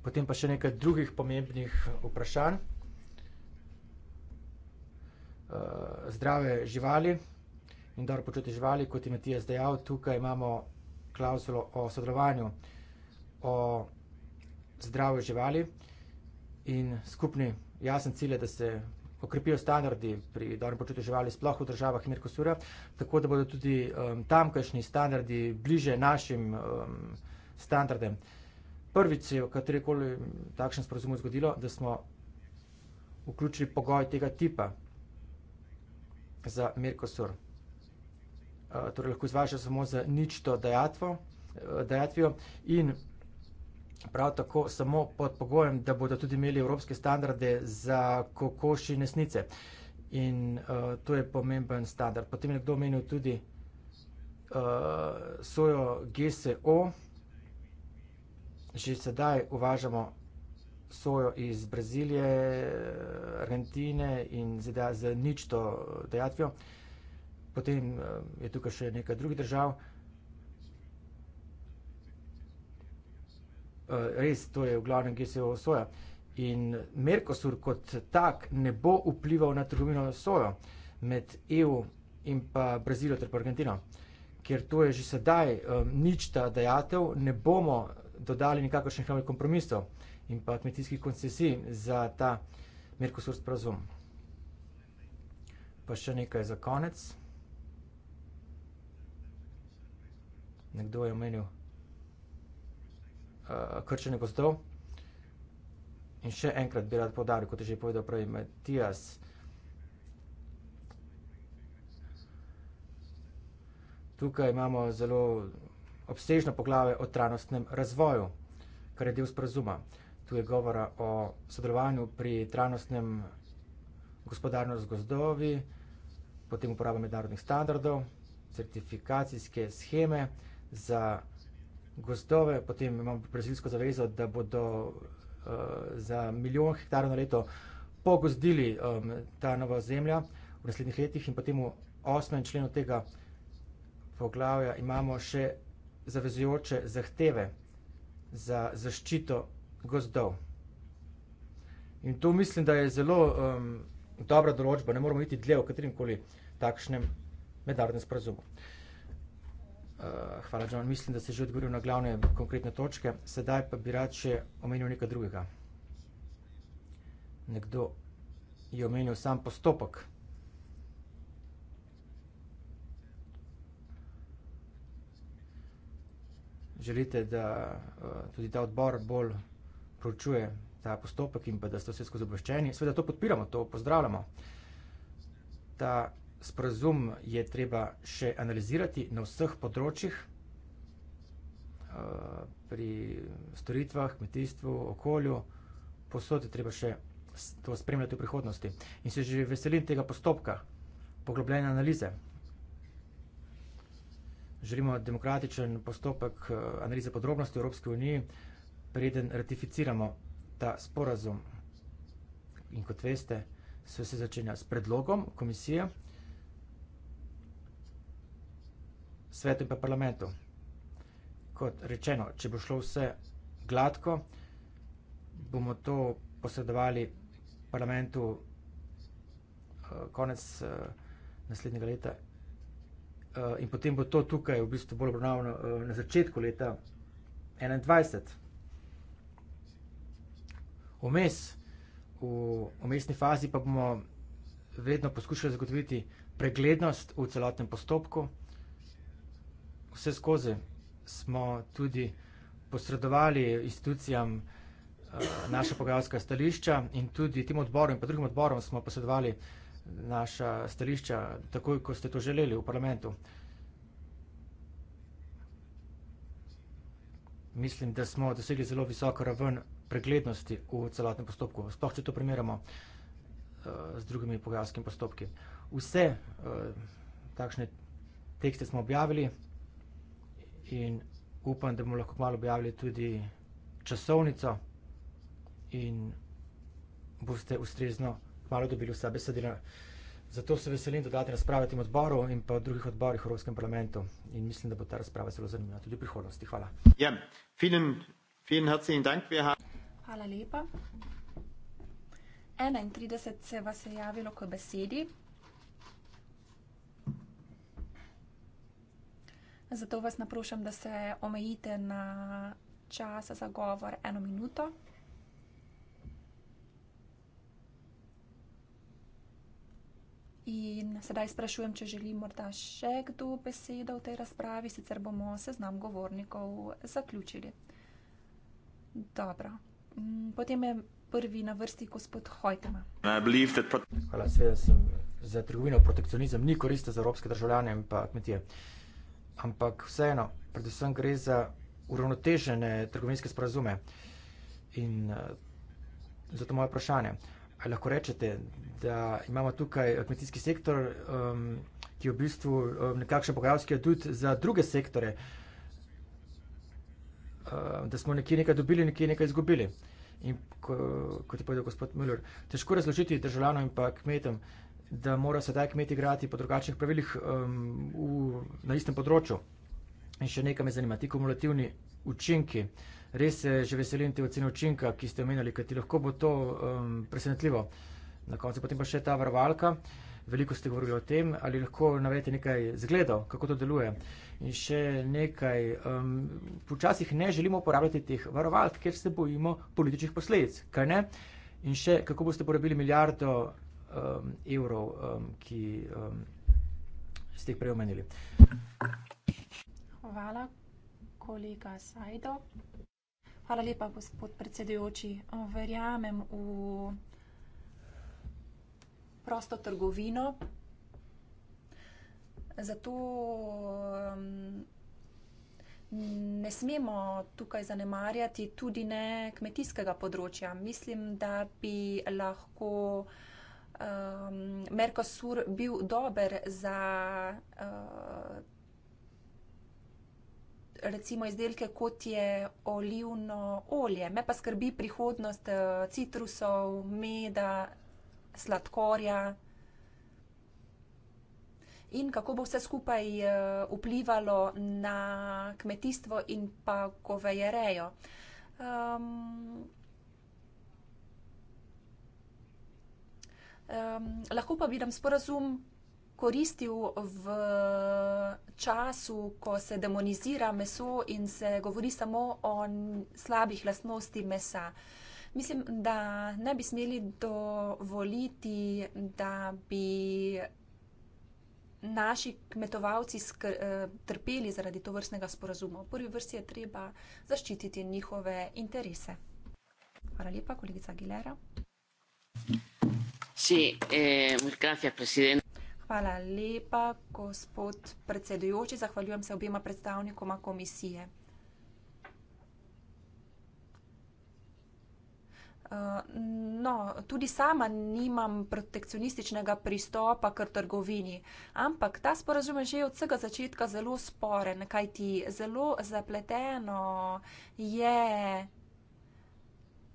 potem pa še nekaj drugih pomembnih vprašanj. Uh, zdrave živali in dobro počutje živali, kot je Matija zdajal, tukaj imamo klauzulo o sodelovanju o zdravju živali in skupni jasen cilj je, da se okrepijo standardi pri dobrem počutju živali sploh v državah Mirkosura, tako da bodo tudi um, tamkajšnji standardi bliže našim um, standardem. Uh, prvič se je katerikoli takšen sporozum zgodilo, da smo vključili pogoj tega tipa za Mercosur. Eh, torej lahko izvaža samo za nič to dajatvo, eh, dajatvijo in prav tako samo pod pogojem, da bodo tudi imeli evropske standarde za kokoši nesnice. In uh, to je pomemben standard. Potem je kdo omenil tudi uh, sojo GSO, že sedaj uvažamo sojo iz Brazilije, Argentine in zda, z ničto dejatvijo. Potem eh, je tukaj še nekaj drugih držav. Eh, res, to je v glavnem GSO soja. In Merkosur kot tak ne bo vplival na trgovino sojo med EU in pa Brazilijo ter pa Argentino, ker to je že sedaj um, eh, ničta dejatev, ne bomo dodali nekakšen hrani kompromisov in pa kmetijskih koncesij za ta Merkosur sporazum. Pa še nekaj za konec. Nekdo je omenil uh, krčenje gozdov. In še enkrat bi rad povdaril, kot je že povedal prej Matijas, tukaj imamo zelo obsežno poglavje o trajnostnem razvoju, kar je del sporazuma. Tu je govora o sodelovanju pri trajnostnem gospodarju z gozdovi, potem uporaba mednarodnih standardov, certifikacijske scheme za gozdove, potem imamo brazilsko zavezo, da bodo uh, za milijon hektarov na leto pogozdili um, ta nova zemlja v naslednjih letih in potem v osmem členu tega poglavja imamo še zavezujoče zahteve za zaščito gozdov. In tu mislim, da je zelo um, dobra določba, ne moramo iti dlje v katerem koli takšnem mednarodnem sporazumu. Uh, hvala, John. Mislim, da si že odgovoril na glavne konkretne točke, sedaj pa bi rad še omenil nekaj drugega. Nekdo je omenil sam postopek. želite, da uh, tudi ta odbor bolj pročuje ta postopek in pa da ste vse skozi obveščeni. Sveda to podpiramo, to pozdravljamo. Ta sporazum je treba še analizirati na vseh področjih, uh, pri storitvah, kmetijstvu, okolju, posod je treba še to spremljati v prihodnosti. In se že veselim tega postopka, poglobljene analize želimo demokratičen postopek eh, analize podrobnosti v Evropski uniji, preden ratificiramo ta sporazum. In kot veste, se vse začenja s predlogom komisije, svetu in pa parlamentu. Kot rečeno, če bo šlo vse gladko, bomo to posredovali parlamentu eh, konec eh, naslednjega leta Eh, in potem bo to tukaj v bistvu bolj obravnavno eh, na začetku leta 2021. Vmes, v omestni fazi pa bomo vedno poskušali zagotoviti preglednost v celotnem postopku. Vse skozi smo tudi posredovali institucijam eh, naša pogajalska stališča in tudi tem odborom in pa drugim odborom smo posredovali vse, naša stališča, takoj ko ste to želeli v parlamentu. Mislim, da smo dosegli zelo visoko raven preglednosti v celotnem postopku. Sploh, če to primerjamo eh, z drugimi pogajalskimi postopki. Vse eh, takšne tekste smo objavili in upam, da bomo lahko malo objavili tudi časovnico in boste ustrezno vsega malo dobili vse besedine. Zato se veselim dodatne razprave tem odboru in pa drugih odborih v Evropskem parlamentu. In mislim, da bo ta razprava zelo zanimiva tudi v prihodnosti. Hvala. Ja, vielen, vielen herzlichen Dank. Hvala lepa. 31 se vas je javilo k besedi. Zato vas naprošam, da se omejite na čas za govor eno minuto. In sedaj sprašujem, če želi morda še kdo besedo v tej razpravi, sicer bomo seznam govornikov zaključili. Dobro. Mm, potem je prvi na vrsti gospod Hojtema. Hvala, seveda sem za trgovino. Protekcionizem ni koristen za evropske državljane in pa kmetije. Ampak vseeno, predvsem gre za uravnotežene trgovinske sporazume. In eh, zato moje vprašanje ali lahko rečete, da imamo tukaj eh, kmetijski sektor, um, ki je v bistvu um, nekakšen pogajalski adut za druge sektore, um, da smo nekje nekaj dobili, nekje nekaj izgubili. In ko, kot je povedal gospod Müller, težko razložiti državljanom in pa kmetom, da mora sedaj kmet igrati po drugačnih pravilih um, v, na istem področju. In še nekaj me zanima, ti kumulativni učinki. Uh, Res se že veselim te ocene učinka, ki ste omenjali, kaj ti lahko bo to um, presenetljivo. Na koncu potem pa še ta varovalka. Veliko ste govorili o tem, ali lahko navedete nekaj zgledov, kako to deluje. In še nekaj, um, počasih ne želimo uporabljati teh varovalk, ker se bojimo političnih posledic, kaj ne? In še kako boste porabili milijardo um, evrov, um, ki um, ste jih prej omenili. Hvala, kolega Sajdo. Hvala lepa, gospod predsedujoči. Verjamem v prosto trgovino. Zato mm, ne smemo tukaj zanemarjati tudi ne kmetijskega področja. Mislim, da bi lahko um, Mercosur bil dober za uh, recimo izdelke, kot je olivno olje. Me pa skrbi prihodnost eh, citrusov, meda, sladkorja. In kako bo vse skupaj eh, vplivalo na kmetijstvo in pa govejerejo. Um, um, lahko pa vidim sporazum koristil v času, ko se demonizira meso in se govori samo o slabih lastnosti mesa. Mislim, da ne bi smeli dovoliti, da bi naši kmetovalci skr, eh, trpeli zaradi to vrstnega sporazuma. V prvi vrsti je treba zaščititi njihove interese. Hvala lepa, kolegica Aguilera. Sí, eh, muchas gracias, presidente. Hvala lepa, gospod predsedujoči. Zahvaljujem se obema predstavnikoma komisije. Eh, no, tudi sama nimam protekcionističnega pristopa k trgovini. Ampak ta sporazum je že od vsega začetka zelo sporen, kajti zelo zapleteno je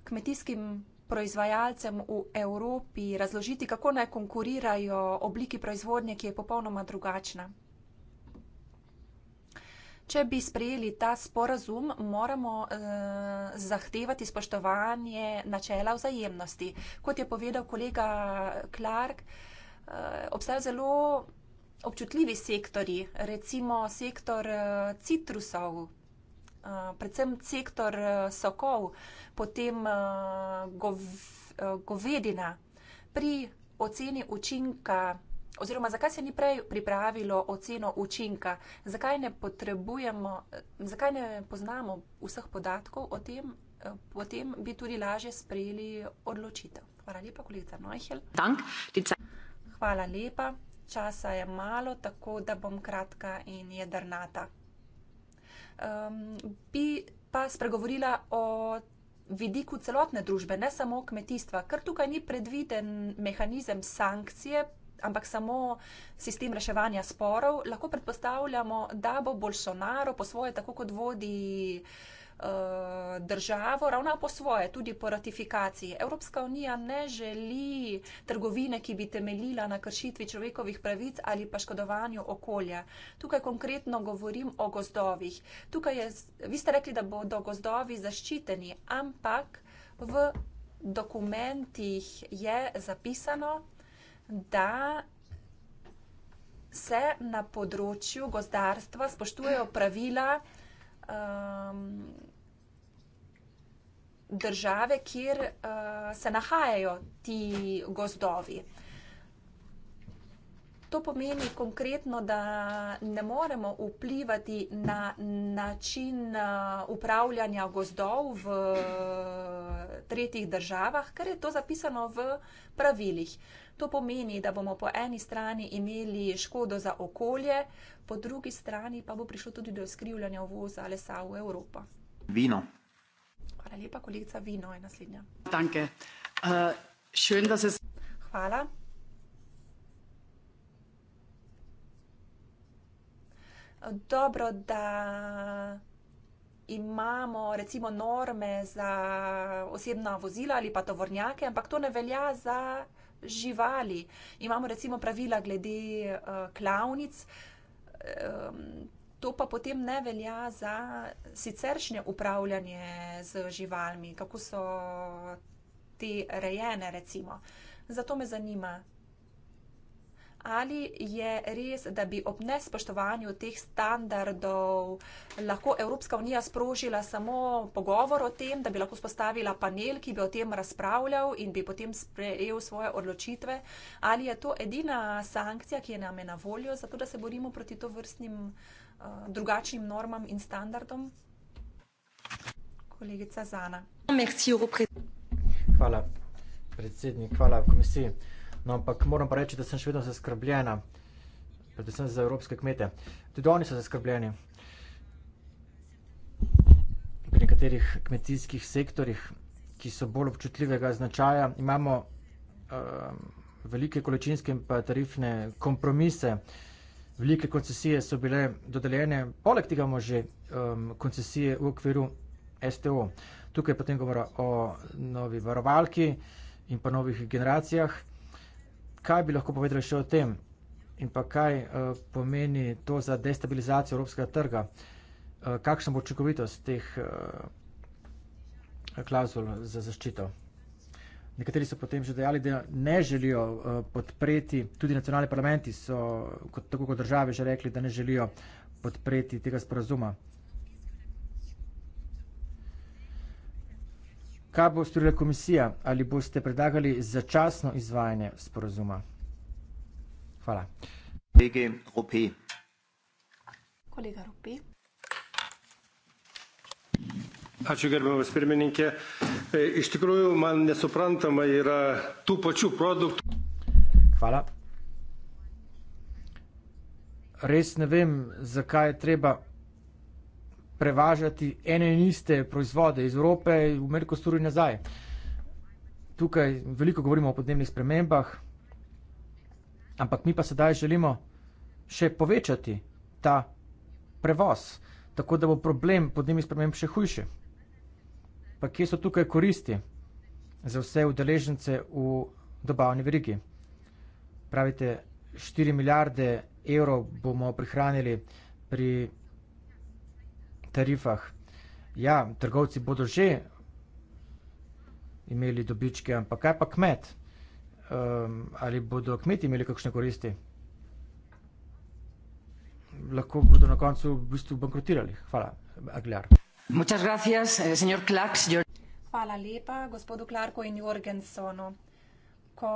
kmetijskim proizvajalcem v Evropi razložiti, kako naj konkurirajo obliki proizvodnje, ki je popolnoma drugačna? Če bi sprejeli ta sporazum, moramo eh, zahtevati spoštovanje načela vzajemnosti. Kot je povedal kolega Clark, eh, obstajajo zelo občutljivi sektori, recimo sektor eh, citrusov, Eh, predvsem sektor eh, sokov, potem eh, govedina. Pri oceni učinka, oziroma zakaj se ni prej pripravilo oceno učinka, zakaj ne potrebujemo, zakaj ne poznamo vseh podatkov o tem, potem bi tudi lažje sprejeli odločitev. Hvala lepa, kolegica Neuchel. Hvala lepa. Časa je malo, tako da bom kratka in jedrnata um, bi pa spregovorila o vidiku celotne družbe, ne samo kmetijstva, ker tukaj ni predviden mehanizem sankcije, ampak samo sistem reševanja sporov. Lahko predpostavljamo, da bo Bolsonaro po svoje, tako kot vodi uh, Eh, državo ravna po svoje, tudi po ratifikaciji. Evropska unija ne želi trgovine, ki bi temeljila na kršitvi človekovih pravic ali pa škodovanju okolja. Tukaj konkretno govorim o gozdovih. Tukaj je, vi ste rekli, da bodo gozdovi zaščiteni, ampak v dokumentih je zapisano, da se na področju gozdarstva spoštujejo pravila, um, države, kjer uh, se nahajajo ti gozdovi. To pomeni konkretno, da ne moremo vplivati na način uh, upravljanja gozdov v uh, tretjih državah, ker je to zapisano v pravilih. Uh, To pomeni, da bomo po eni strani imeli škodo za okolje, po drugi strani pa bo prišlo tudi do skrivljanja uvoza lesa v Evropo. Vino. Hvala lepa, kolegica Vino je naslednja. Danke. Uh, äh, šön, da se... Hvala. Dobro, da imamo recimo norme za osebna vozila ali pa tovornjake, ampak to ne velja za živali. Imamo recimo pravila glede uh, klavnic, um, to pa potem ne velja za siceršnje upravljanje z živalmi, kako so te rejene recimo. Zato me zanima, ali je res, da bi ob nespoštovanju teh standardov lahko Evropska unija sprožila samo pogovor o tem, da bi lahko spostavila panel, ki bi o tem razpravljal in bi potem sprejel svoje odločitve, ali je to edina sankcija, ki je nam je na voljo, zato da se borimo proti to vrstnim uh, drugačnim normam in standardom. Kolegica Zana. Hvala, predsednik, hvala komisiji. No, ampak moram pa reči, da sem še vedno zaskrbljena, predvsem za evropske kmete. Tudi oni so zaskrbljeni. Pri nekaterih kmetijskih sektorjih, ki so bolj občutljivega značaja, imamo um, velike količinske in pa tarifne kompromise. Velike koncesije so bile dodeljene, poleg tega imamo že um, koncesije v okviru STO. Tukaj potem govora o novi varovalki in pa novih generacijah. Kaj bi lahko povedali še o tem in pa kaj uh, pomeni to za destabilizacijo evropskega trga? Uh, kakšna bo učinkovitost teh uh, eh, klauzul za zaščito? Nekateri so potem že dejali, da ne želijo uh, podpreti, tudi nacionalni parlamenti so, kot, tako kot države, že rekli, da ne želijo podpreti tega sporazuma. Kaj bo storila komisija? Ali boste predlagali začasno izvajanje sporozuma? Hvala. Kolega Rupi. Kolega Rupi. Ačiū gerbiamas pirmininkė. E, iš tikrųjų, man nesuprantama yra tų pačių produktų. Hvala. Res ne vem, zakaj je treba prevažati ene in iste proizvode iz Evrope v Merkosturu in nazaj. Tukaj veliko govorimo o podnebnih spremembah, ampak mi pa sedaj želimo še povečati ta prevoz, tako da bo problem podnebnih sprememb še hujši. Pa kje so tukaj koristi za vse udeležence v dobavni verigi? Pravite, 4 milijarde evrov bomo prihranili pri tarifah. Ja, trgovci bodo že imeli dobičke, ampak kaj pa kmet? Um, ali bodo kmeti imeli kakšne koristi? Lahko bodo na koncu v bistvu bankrotirali. Hvala, Agliar. Muchas gracias, eh, señor Klaks. Hvala lepa, gospodu Klarku in Jorgensonu ko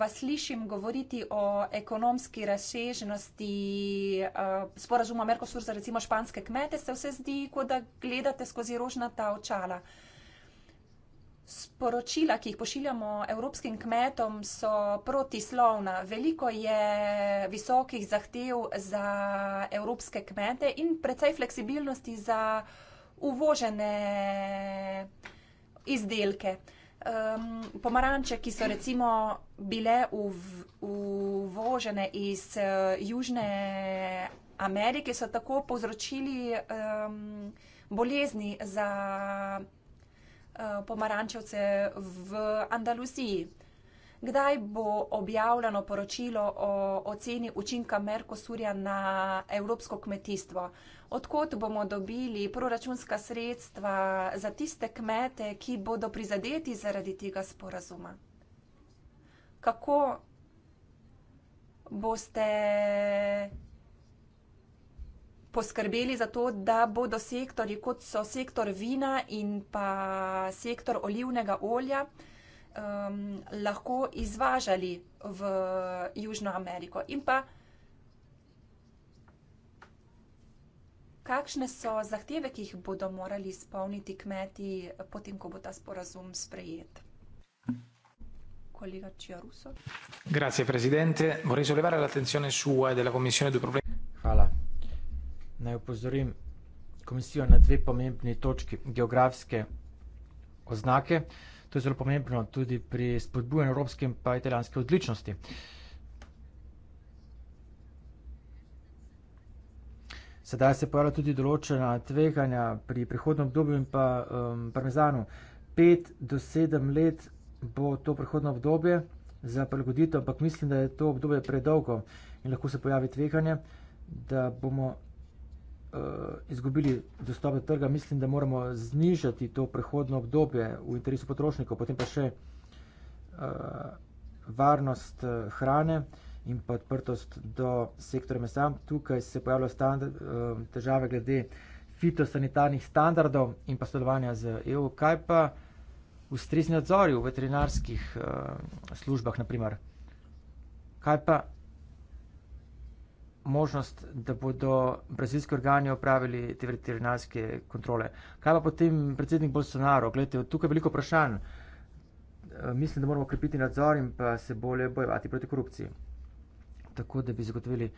vas slišim govoriti o ekonomski razsežnosti eh, sporazuma Mercosur za recimo španske kmete, se vse zdi, kot da gledate skozi rožnata očala. Sporočila, ki jih pošiljamo evropskim kmetom, so protislovna. Veliko je visokih zahtev za evropske kmete in precej fleksibilnosti za uvožene izdelke um, pomaranče, ki so recimo bile uvožene iz uh, Južne Amerike, so tako povzročili um, bolezni za uh, pomarančevce v Andaluziji. Kdaj bo objavljeno poročilo o oceni učinka Merkosurja na evropsko kmetijstvo? Odkot bomo dobili proračunska sredstva za tiste kmete, ki bodo prizadeti zaradi tega sporazuma? Kako boste poskrbeli za to, da bodo sektori, kot so sektor vina in pa sektor olivnega olja, um, lahko izvažali v Južno Ameriko. In pa, kakšne so zahteve, ki jih bodo morali izpolniti kmeti, potem, ko bo ta sporazum sprejet? Kolega Ciaruso. Grazie, presidente. Vorrei sollevare l'attenzione sua e della Commissione due problemi. Hvala. Naj upozorim komisijo na dve pomembni točki geografske oznake. To je zelo pomembno tudi pri spodbujanju evropske in pa italijanske odličnosti. Sedaj se pojavlja tudi določena tveganja pri prihodnom obdobju in pa um, parmezanu. Pet do sedem let bo to prihodno obdobje za prilagoditev, ampak mislim, da je to obdobje predolgo in lahko se pojavi tveganje, da bomo Eh, izgubili dostop do trga, mislim, da moramo znižati to prehodno obdobje v interesu potrošnikov, potem pa še eh, varnost eh, hrane in pa odprtost do sektora mesa. Tukaj se pojavljajo težave glede fitosanitarnih standardov in pa sodelovanja z EU. Kaj pa v strizni nadzori v veterinarskih službah, naprimer? Kaj pa možnost, da bodo brazilski organi opravili te veterinarske kontrole. Kaj pa potem predsednik Bolsonaro? Gledajte, tukaj je veliko vprašanj. Eh, mislim, da moramo krepiti nadzor in pa se bolje bojevati proti korupciji. Tako, da bi zagotovili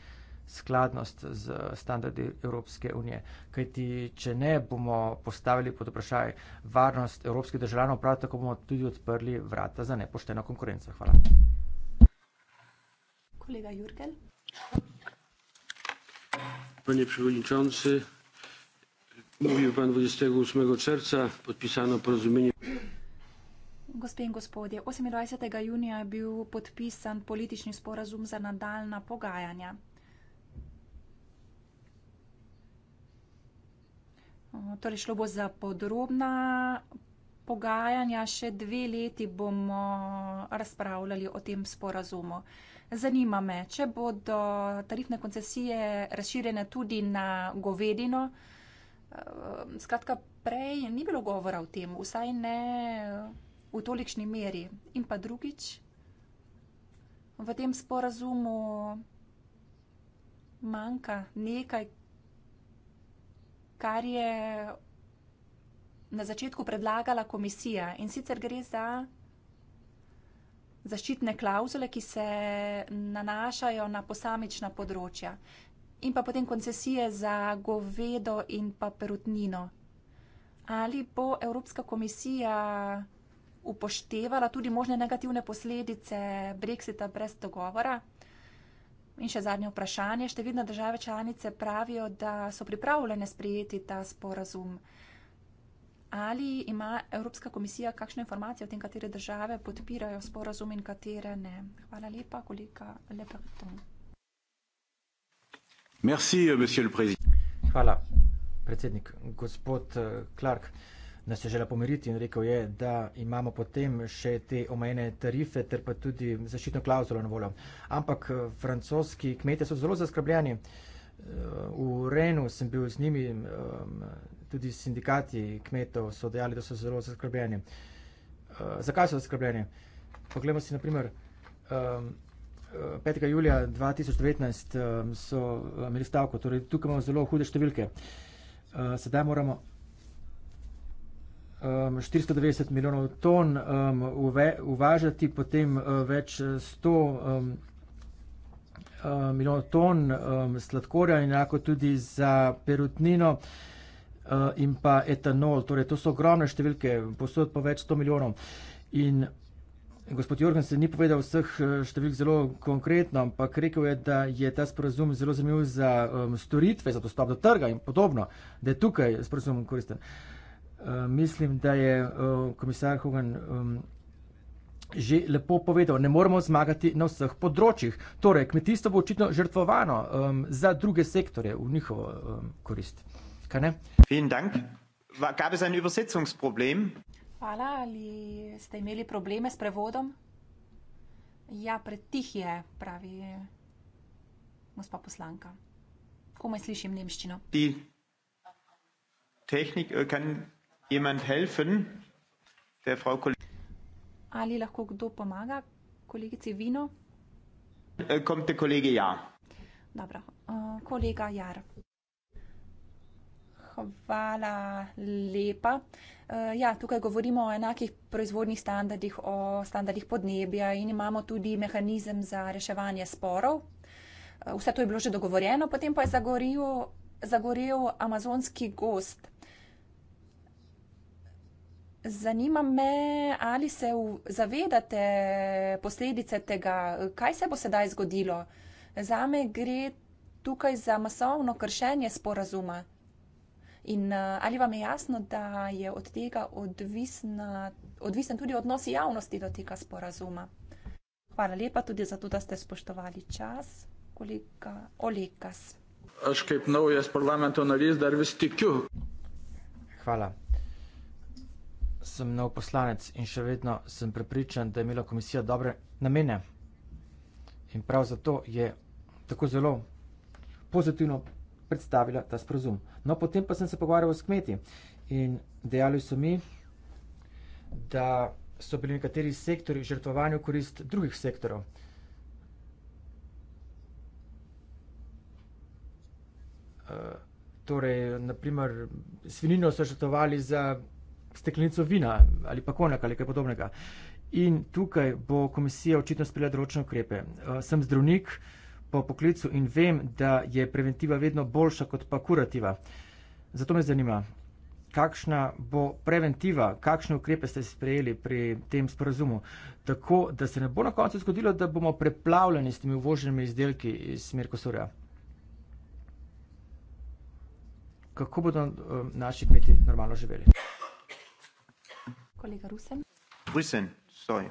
skladnost z standardi Evropske unije. Kaj ti, če ne bomo postavili pod vprašaj varnost evropskih državljanov, prav tako bomo tudi odprli vrata za nepošteno konkurenco. Hvala. Kolega Jurgel. Panie przewodniczący, mówił pan 28 czerwca, podpisano porozumienie. Gospod in gospodje, 28. junija je bil podpisan politični sporazum za nadaljna pogajanja. Torej šlo bo za podrobna pogajanja, še dve leti bomo razpravljali o tem sporazumu. Zanima me, če bodo tarifne koncesije razširjene tudi na govedino. Ehm, skratka, prej ni bilo govora o tem, vsaj ne v tolikšni meri. In pa drugič, v tem sporazumu manjka nekaj, kar je na začetku predlagala komisija in sicer gre za zaščitne klauzule, ki se nanašajo na posamična področja. In pa potem koncesije za govedo in pa perutnino. Ali bo Evropska komisija upoštevala tudi možne negativne posledice brexita brez dogovora? In še zadnje vprašanje. Številne države članice pravijo, da so pripravljene sprejeti ta sporazum. Ali ima Evropska komisija kakšne informacije o tem, katere države podpirajo sporazum in katere ne? Hvala lepa, kolega Leperton. Euh, Hvala, predsednik. Gospod eh, Clark nas je želel pomiriti in rekel je, da imamo potem še te omejene tarife ter pa tudi zaščitno klauzulo na voljo. Ampak eh, francoski kmete so zelo zaskrbljeni. Eh, v Renu sem bil z njimi tudi sindikati kmetov so dejali, da so zelo zaskrbljeni. Uh, zakaj so zaskrbljeni? Poglejmo si naprimer. Um, ehm, 5. Eh, julija 2019 um, ehm, so eh, imeli stavko, torej tukaj imamo zelo hude številke. Uh, sedaj moramo um, ehm, 490 milijonov ton um, uve, uvažati, potem uh, več 100 um, uh, milijonov ton um, sladkorja in enako tudi za perutnino. Uh, uh, in pa etanol. Torej, to so ogromne številke, posod pa več 100 milijonov. In gospod Jorgen se ni povedal vseh eh, številk zelo konkretno, ampak rekel je, da je ta sporozum zelo zanimiv za um, storitve, za dostop do trga in podobno, da je tukaj sporozum koristen. Uh, mislim, da je uh, komisar Hogan. Um, Že lepo povedal, ne moremo zmagati na vseh področjih. Torej, kmetijstvo bo očitno žrtvovano um, za druge sektore v njihovo um, korist. Ne? Vielen Dank. Gab es ein Übersetzungsproblem? Hvala, ali ste imeli probleme s prevodom? Ja, pretih je, pravi gospa poslanka. Komaj slišim nemščino. Technik, äh, helfen, ali lahko kdo pomaga kolegici Vino? Äh, Komte kolege Jar. Dobro, äh, kolega Jar hvala lepa. Uh, ja, tukaj govorimo o enakih proizvodnih standardih, o standardih podnebja in imamo tudi mehanizem za reševanje sporov. Uh, vse to je bilo že dogovorjeno, potem pa je zagoril, zagoril amazonski gost. Zanima me, ali se zavedate posledice tega, kaj se bo sedaj zgodilo. Zame gre tukaj za masovno kršenje sporazuma. In uh, ali vam je jasno, da je od tega odvisna, odvisen tudi odnos javnosti do tega sporazuma? Hvala lepa tudi za to, da ste spoštovali čas, kolega Olekas. Aš kaip naujas parlamento narys dar vis tikiu. Hvala. Sem nov poslanec in še vedno sem prepričan, da je imela komisija dobre namene. In prav zato je tako zelo pozitivno predstavila ta sporozum. No, potem pa sem se pogovarjal s kmeti in dejali so mi, da so bili nekateri sektori žrtvovani v korist drugih sektorov. Eh, torej, naprimer, svinino so žrtvovali za steklenico vina ali pa konjak ali kaj podobnega. In tukaj bo komisija očitno sprejela določene ukrepe. Eh, sem zdravnik, po poklicu in vem, da je preventiva vedno boljša kot pa kurativa. Zato me zanima, kakšna bo preventiva, kakšne ukrepe ste sprejeli pri tem sporazumu, tako da se ne bo na koncu zgodilo, da bomo preplavljeni s temi uvoženimi izdelki iz Mirkosurja. Kako bodo uh, naši kmeti normalno živeli? Kolega Rusen. Rusen, stoji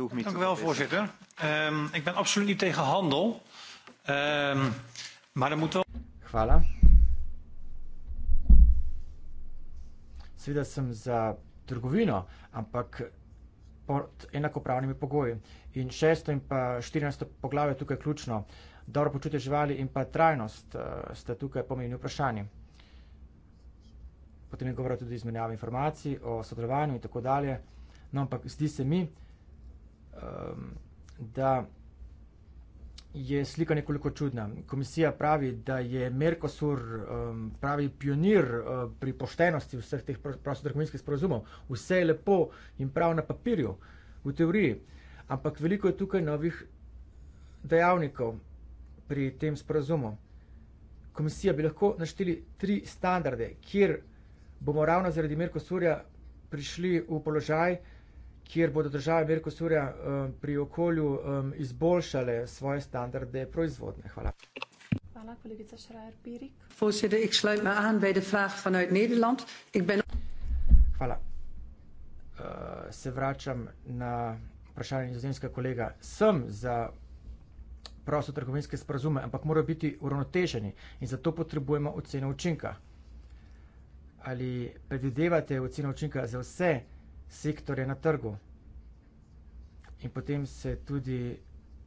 hoeft niet. Dank u wel, voorzitter. Um, ik ben absoluut niet tegen handel. Um, maar er moet wel. Hvala. Seveda sem za trgovino, ampak pod enakopravnimi pogoji. In šesto in pa štirinajsto poglavje tukaj je ključno. Dobro počutje živali in pa trajnost uh, sta tukaj pomembni vprašanji. Potem je govora tudi izmenjava informacij o sodelovanju in tako dalje. No, ampak zdi se mi, da je slika nekoliko čudna. Komisija pravi, da je Mercosur um, pravi pionir uh, pri poštenosti vseh teh prostotrgovinskih sporozumov. Vse je lepo in prav na papirju, v teoriji, ampak veliko je tukaj novih dejavnikov pri tem sporozumu. Komisija bi lahko našteli tri standarde, kjer bomo ravno zaradi Mercosurja prišli v položaj, kjer bodo države Merkosurja eh, pri okolju eh, izboljšale svoje standarde proizvodne. Hvala. Hvala, kolegica Šrajer-Pirik. Voorzitter, ik sluit me aan bij de vraag vanuit Nederland. Ik ben... Hvala. Uh, se vračam na vprašanje nizozemskega kolega. Sem za prosto trgovinske sporazume, ampak morajo biti uravnoteženi in zato potrebujemo oceno učinka. Ali predvidevate oceno učinka za vse uh, sektorje na trgu. In potem se tudi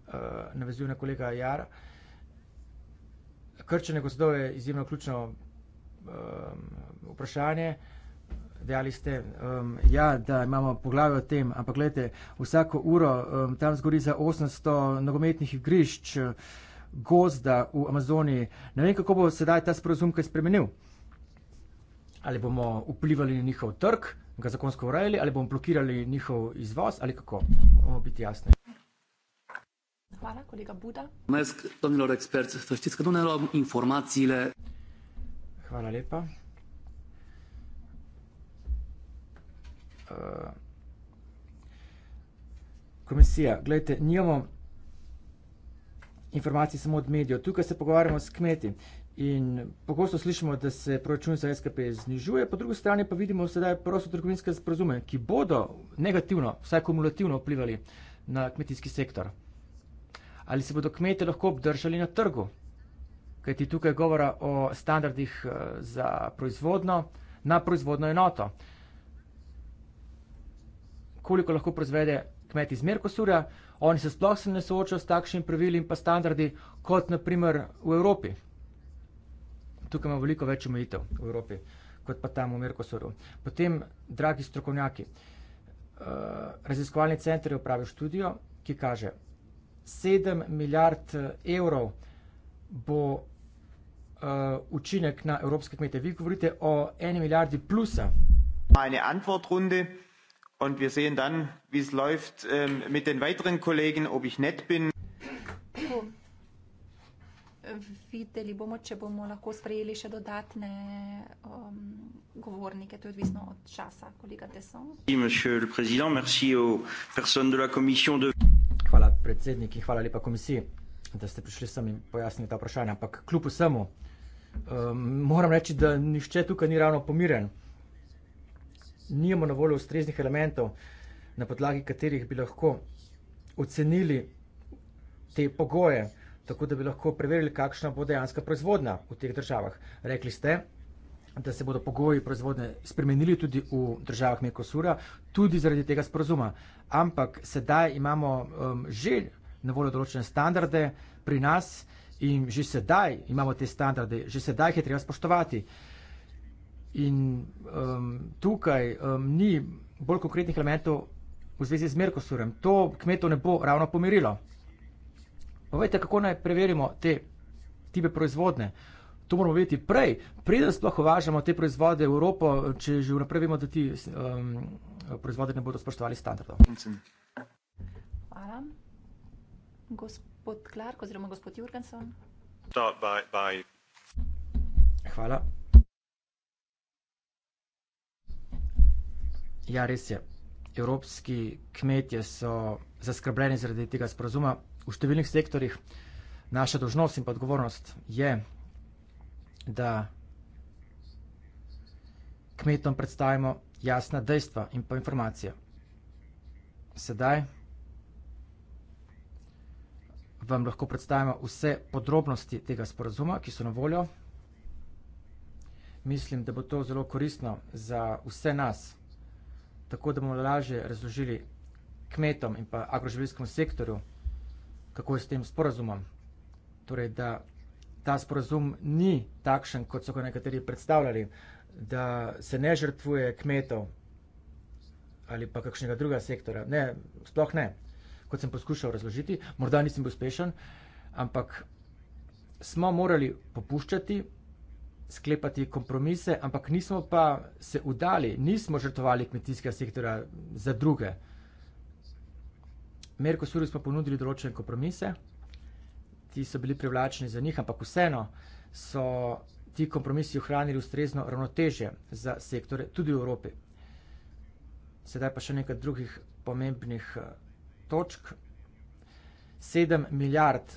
uh, navezuje na kolega Jara. Krčenje gozdov je izjemno ključno um, vprašanje. Dejali ste, um, ja, da imamo poglavje o tem, ampak gledajte, vsako uro um, tam zgori za 800 nogometnih igrišč gozda v Amazoniji. Ne vem, kako bo sedaj ta sporozum kaj spremenil. Ali bomo vplivali na njihov trg, ga zakonsko urejali ali bomo blokirali njihov izvoz ali kako? Bomo biti jasni. Hvala, kolega Buda. Hvala lepa. Eh, komisija, gledajte, nimamo informacij samo od medijev. Tukaj se pogovarjamo s kmeti. In pogosto slišimo, da se proračun za SKP znižuje, po drugi strani pa vidimo sedaj prostotrgovinske sprazume, ki bodo negativno, vsaj kumulativno vplivali na kmetijski sektor. Ali se bodo kmete lahko obdržali na trgu? Kaj ti tukaj govora o standardih eh, za proizvodno, na proizvodno enoto. Koliko lahko proizvede kmet iz Merkosurja, oni se sploh se ne soočajo s takšnim pravili in pa standardi kot naprimer v Evropi tukaj imamo veliko več omejitev v Evropi, kot pa tam v Merkosoru. Potem, dragi strokovnjaki, eh, raziskovalni center je upravil študijo, ki kaže, 7 milijard eh, evrov bo eh, učinek na evropske kmete. Vi govorite o 1 milijardi plusa. Eine Antwortrunde und wir sehen dann, wie es läuft ähm, mit den weiteren Kollegen, ob ich nett bin videli bomo, če bomo lahko sprejeli še dodatne um, govornike, to je odvisno od časa, kolega Tesson. Hvala predsedniki, hvala lepa komisiji, da ste prišli sem in pojasnili ta vprašanja, ampak kljub vsemu um, moram reči, da nišče tukaj ni ravno pomiren. Nijemo na voljo ustreznih elementov, na podlagi katerih bi lahko ocenili te pogoje tako da bi lahko preverili, kakšna bo dejansko proizvodnja v teh državah. Rekli ste, da se bodo pogoji proizvodnje spremenili tudi v državah Mekosura, tudi zaradi tega sporozuma. Ampak sedaj imamo um, že na voljo določene standarde pri nas in že sedaj imamo te standarde, že sedaj jih je treba spoštovati. In um, tukaj um, ni bolj konkretnih elementov v zvezi z Merkosurem. To kmetov ne bo ravno pomirilo. Pa vedite, kako naj preverimo te tipe proizvodne. To moramo vedeti prej, preden sploh uvažamo te proizvode v Evropo, če že vnaprej vemo, da ti um, proizvode ne bodo spoštovali standardov. Hvala. Gospod Clark oziroma gospod Jurgenson. Hvala. Ja, res je. Evropski kmetje so zaskrbljeni zaradi tega sporozuma v številnih sektorjih. Naša dožnost in pa odgovornost je, da kmetom predstavimo jasna dejstva in pa informacije. Sedaj vam lahko predstavimo vse podrobnosti tega sporazuma, ki so na voljo. Mislim, da bo to zelo koristno za vse nas, tako da bomo lažje razložili kmetom in pa agroživljskemu sektorju, kako je s tem sporazumom. Torej, da ta sporazum ni takšen, kot so ga nekateri predstavljali, da se ne žrtvuje kmetov ali pa kakšnega druga sektora. Ne, sploh ne. Kot sem poskušal razložiti, morda nisem bil uspešen, ampak smo morali popuščati, sklepati kompromise, ampak nismo pa se udali, nismo žrtovali kmetijskega sektora za druge. Merkosuru smo ponudili določene kompromise, ti so bili privlačni za njih, ampak vseeno so ti kompromisi ohranili ustrezno ravnotežje za sektore tudi v Evropi. Sedaj pa še nekaj drugih pomembnih eh, točk. Sedem milijard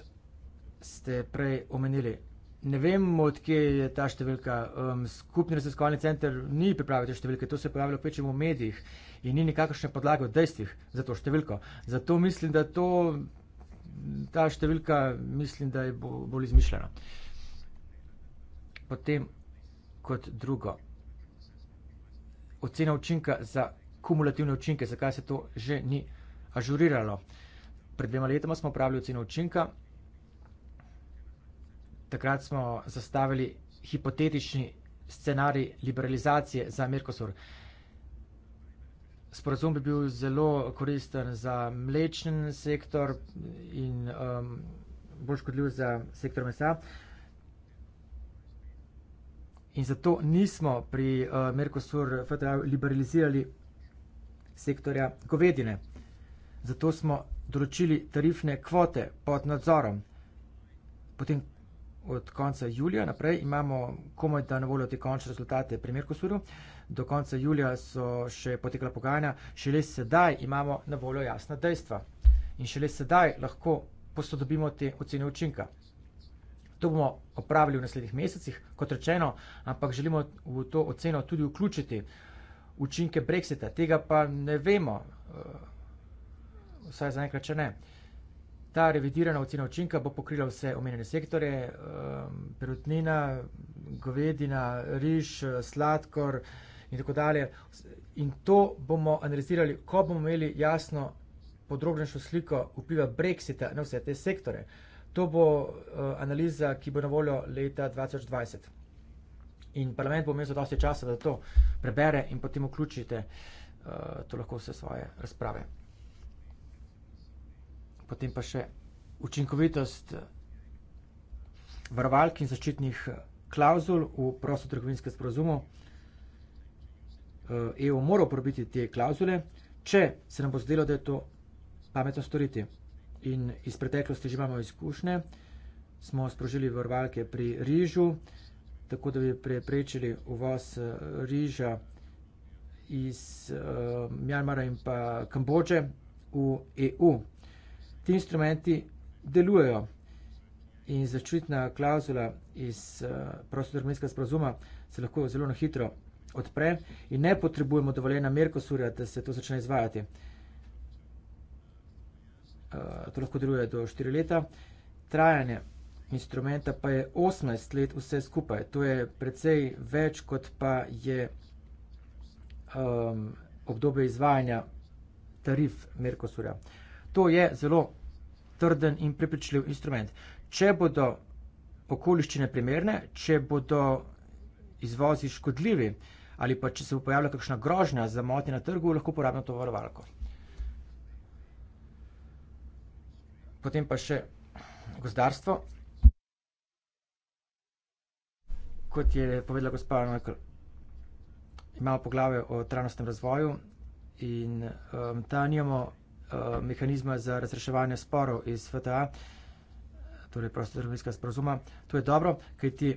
ste prej omenili, Ne vem, odkje je ta številka. Um, skupni raziskovalni center ni pripravil te številke, to se je pojavilo pečemo v medijih in ni nikakršne podlage v dejstvih za to številko. Zato mislim, da to, ta številka mislim, da je bolj izmišljena. Potem kot drugo, ocena učinka za kumulativne učinke, zakaj se to že ni ažuriralo. Pred dvema letoma smo pravili oceno učinka, takrat smo zastavili hipotetični scenarij liberalizacije za Mercosur. Sporazum bi bil zelo koristen za mlečen sektor in um, bolj škodljiv za sektor mesa. In zato nismo pri uh, Mercosur FTA liberalizirali sektorja govedine. Zato smo določili tarifne kvote pod nadzorom. Potem, od konca julija naprej imamo komaj da na voljo te končne rezultate pri Merkosuru. Do konca julija so še potekala pogajanja, šele sedaj imamo na voljo jasna dejstva in šele sedaj lahko posodobimo te ocene učinka. To bomo opravili v naslednjih mesecih, kot rečeno, ampak želimo v to oceno tudi vključiti učinke Brexita. Tega pa ne vemo, eh, vsaj za enkrat, če ne. Ta revidirana ocena učinka bo pokrila vse omenjene sektore, um, perutnina, govedina, riž, sladkor in tako dalje. In to bomo analizirali, ko bomo imeli jasno podrobnejšo sliko vpliva Brexita na vse te sektore. To bo uh, analiza, ki bo na voljo leta 2020. In parlament bo imel za dosti časa, da to prebere in potem vključite uh, to lahko vse svoje razprave potem pa še učinkovitost eh, varovalk in zaščitnih eh, klauzul v prostotrgovinskem sporazumu. EU eh, e mora uporabiti te klauzule, če se nam bo zdelo, da je to pametno storiti. In iz preteklosti že imamo izkušnje, smo sprožili varovalke pri rižu, tako da bi preprečili uvoz riža iz uh, Mjanmara in pa Kambodže v EU ti instrumenti delujejo. In začutna klauzula iz uh, eh, prostodrgmenjska sprazuma se lahko zelo na hitro odpre in ne potrebujemo dovoljena Merkosurja, da se to začne izvajati. Uh, to lahko deluje do 4 leta. Trajanje instrumenta pa je 18 let vse skupaj. To je precej več, kot pa je um, obdobje izvajanja tarif Merkosurja. Uh, to je zelo trden in prepričljiv instrument. Če bodo okoliščine primerne, če bodo izvozi škodljivi ali pa če se bo pojavila kakšna grožnja za motnje na trgu, lahko uporabimo to varovalko. Potem pa še gozdarstvo. Kot je povedala gospa Neukl, imamo poglavje o trajnostnem razvoju in um, tam nimamo Eh, mehanizma za razreševanje sporov iz VTA, torej prostotrgovinska sporozuma. To je dobro, kajti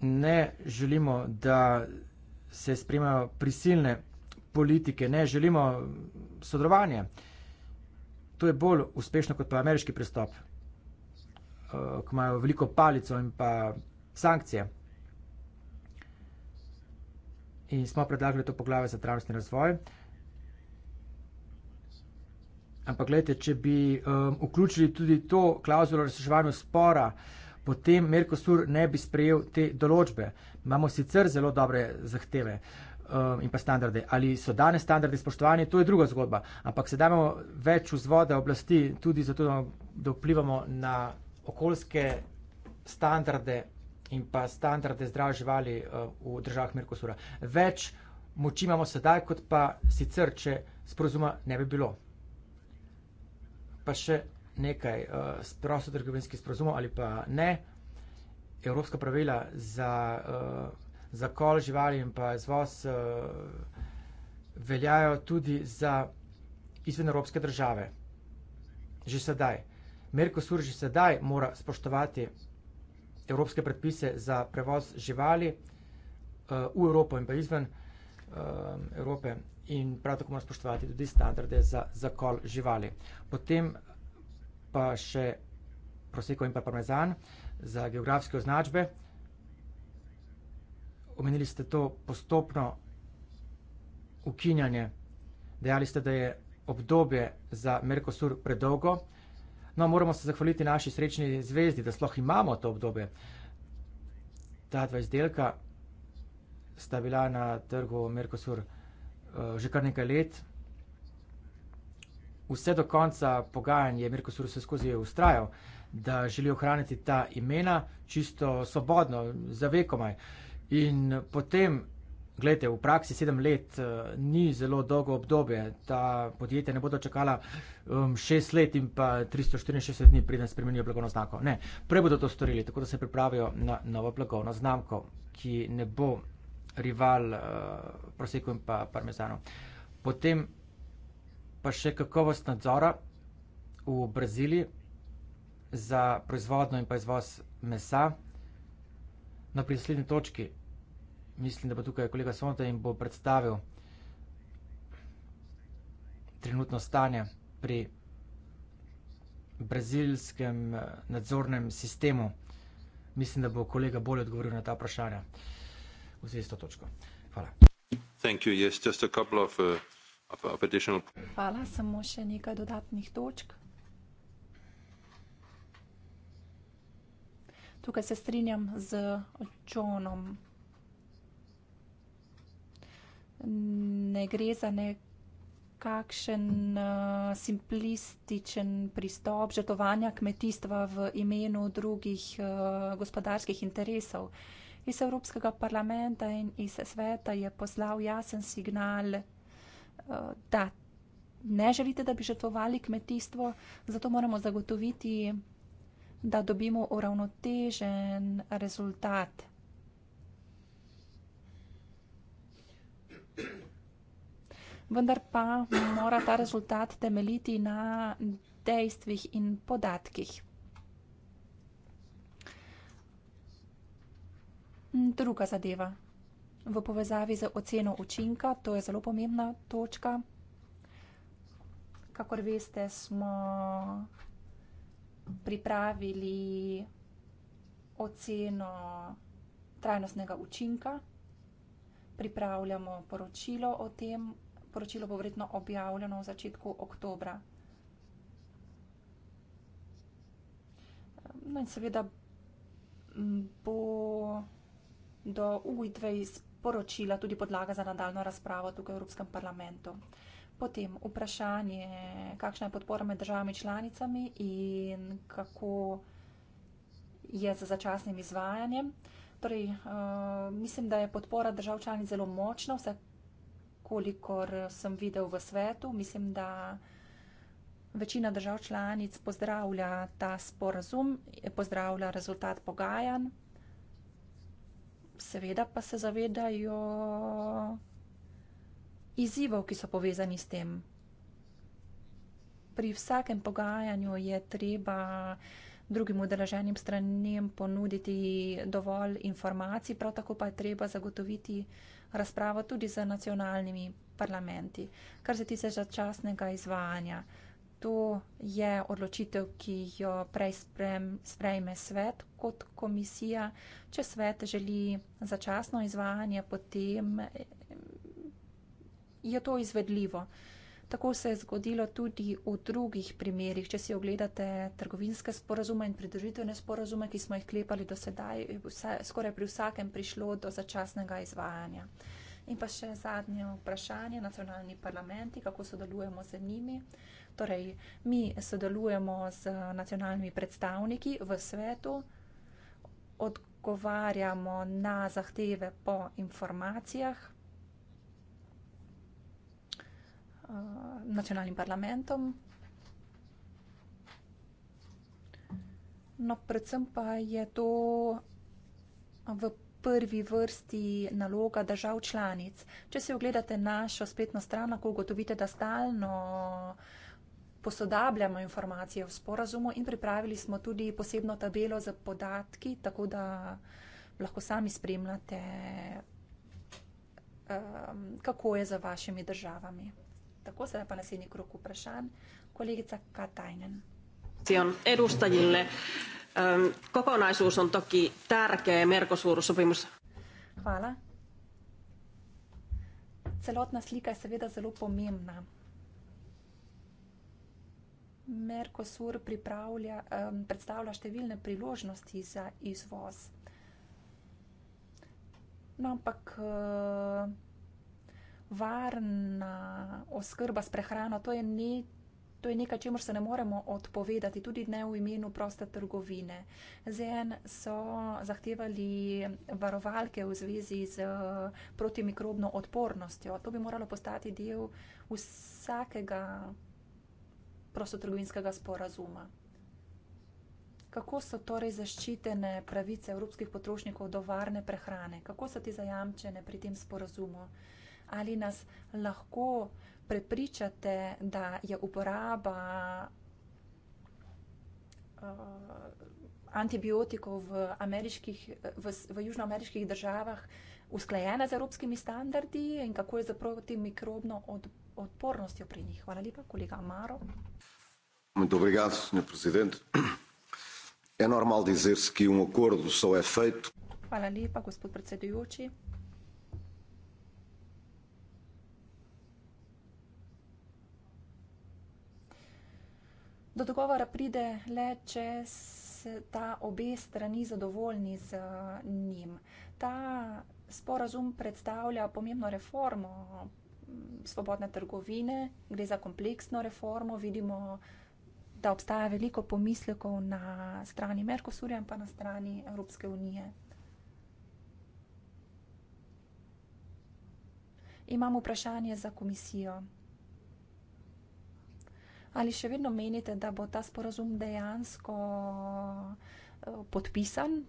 ne želimo, da se sprejmejo prisilne politike, ne želimo sodelovanja. To je bolj uspešno kot pa ameriški pristop, eh, ko imajo veliko palico in pa sankcije. In smo predlagali to poglavje za trajnostni razvoj. Ampak gledajte, če bi um, vključili tudi to klauzulo razreševanja spora, potem Merkosur ne bi sprejel te določbe. Imamo sicer zelo dobre zahteve um, in pa standarde. Ali so danes standardi spoštovani, to je druga zgodba. Ampak sedaj imamo več vzvode oblasti tudi zato, da vplivamo na okoljske standarde in pa standarde zdrav živali uh, v državah Merkosura. Več moči imamo sedaj, kot pa sicer, če sporozuma ne bi bilo pa še nekaj, uh, eh, prosto trgovinski sporozum ali pa ne, evropska pravila za, uh, za kol živali in pa izvoz uh, veljajo tudi za izven evropske države. Že sedaj. Merkosur že sedaj mora spoštovati evropske predpise za prevoz živali uh, v Evropo in pa izven uh, Evrope in prav tako mora spoštovati tudi standarde za zakol živali. Potem pa še proseko in pa parmezan za geografske označbe. Omenili ste to postopno ukinjanje. Dejali ste, da je obdobje za Merkosur predolgo. No, moramo se zahvaliti naši srečni zvezdi, da sploh imamo to obdobje. Ta dva izdelka sta bila na trgu Merkosur predolgo. Eh, že kar nekaj let. Vse do konca pogajanj je Mercosur vse skozi ustrajal, da želi ohraniti ta imena čisto svobodno, za vekomaj. In potem, gledajte, v praksi sedem let eh, ni zelo dolgo obdobje, ta podjetja ne bodo čakala um, šest let in pa 364 dni, preden spremenijo blagovno znamko. Ne, prej bodo to storili, tako da se pripravijo na novo blagovno znamko, ki ne bo rival uh, eh, Proseku in pa Parmezano. Potem pa še kakovost nadzora v Braziliji za proizvodno in pa izvoz mesa. Na no, prislednji točki mislim, da bo tukaj kolega Sonta in bo predstavil trenutno stanje pri brazilskem eh, nadzornem sistemu. Mislim, da bo kolega bolje odgovoril na ta vprašanja v zvezi s to točko. Hvala. Thank you. Yes, just a couple of, uh, of, of additional... Hvala, samo še nekaj dodatnih točk. Tukaj se strinjam z Johnom. Ne gre za nekakšen uh, simplističen pristop žrtovanja kmetijstva v imenu drugih uh, gospodarskih interesov. Uh, iz Evropskega parlamenta in iz sveta je poslal jasen signal, eh, da ne želite, da bi žrtvovali kmetijstvo, zato moramo zagotoviti, da dobimo uravnotežen rezultat. Vendar pa mora ta rezultat temeljiti na dejstvih in podatkih. Mm, druga zadeva. V povezavi z oceno učinka, to je zelo pomembna točka. Kakor veste, smo pripravili oceno trajnostnega učinka. Pripravljamo poročilo o tem. Poročilo bo vredno objavljeno v začetku oktobra. No in seveda mm, bo do ugotovitve iz poročila tudi podlaga za nadaljno razpravo tukaj v Evropskem parlamentu. Potem vprašanje, kakšna je podpora med državami članicami in kako je z začasnim izvajanjem. Torej, eh, mislim, da je podpora držav članic zelo močna, vse kolikor sem videl v svetu. Mislim, da večina držav članic pozdravlja ta sporazum, pozdravlja rezultat pogajanj seveda pa se zavedajo izzivov, ki so povezani s tem. Pri vsakem pogajanju je treba drugim udeleženim stranem ponuditi dovolj informacij, prav tako pa je treba zagotoviti razpravo tudi z nacionalnimi parlamenti, kar se tiče začasnega izvajanja to je odločitev, ki jo prej sprejme svet kot komisija. Če svet želi začasno izvajanje, potem je to izvedljivo. Tako se je zgodilo tudi v drugih primerjih. Če si ogledate trgovinske sporozume in pridružitvene sporozume, ki smo jih klepali do sedaj, je skoraj pri vsakem prišlo do začasnega izvajanja. In pa še zadnje vprašanje, nacionalni parlamenti, kako sodelujemo z njimi. Uh, Torej, mi sodelujemo z nacionalnimi predstavniki v svetu, odgovarjamo na zahteve po informacijah eh, nacionalnim parlamentom. No, predvsem pa je to v prvi vrsti naloga držav članic. Če si ogledate našo spletno stran, lahko ugotovite, da stalno uh, posodabljamo informacije v sporazumu in pripravili smo tudi posebno tabelo za podatki, tako da lahko sami spremljate, um, kako je za vašimi državami. Tako se je pa naslednji krok vprašanj. Kolegica Katajnen. Ehm, Hvala. Celotna slika je seveda zelo pomembna. Merkosur um, predstavlja številne priložnosti za izvoz. No, ampak uh, varna oskrba s prehrano, to je, ne, to je nekaj, čemu se ne moremo odpovedati, tudi ne v imenu proste trgovine. ZN so zahtevali varovalke v zvezi z eh, protimikrobno odpornostjo. To bi moralo postati del vsakega prostotrgovinskega sporazuma. Kako so torej zaščitene pravice evropskih potrošnikov do varne prehrane? Kako so ti zajamčene pri tem sporazumu? Ali nas lahko prepričate, da je uporaba uh, antibiotikov v, ameriških, v, v južnoameriških državah usklajena z evropskimi standardi in kako je zapravo ti mikrobno odporno? odpornostjo pri njih. Hvala lepa, kolega Amaro. Dobrega, senhor presidente. É normal dizer-se que um acordo só é feito. Hvala lepa, gospod predsedujoči. Do dogovora pride le, če se ta obe strani zadovoljni z njim. Ta sporazum predstavlja pomembno reformo svobodne trgovine, gre za kompleksno reformo, vidimo, da obstaja veliko pomislekov na strani Merkosurja in pa na strani Evropske unije. Imamo vprašanje za komisijo. Ali še vedno menite, da bo ta sporazum dejansko eh, podpisan?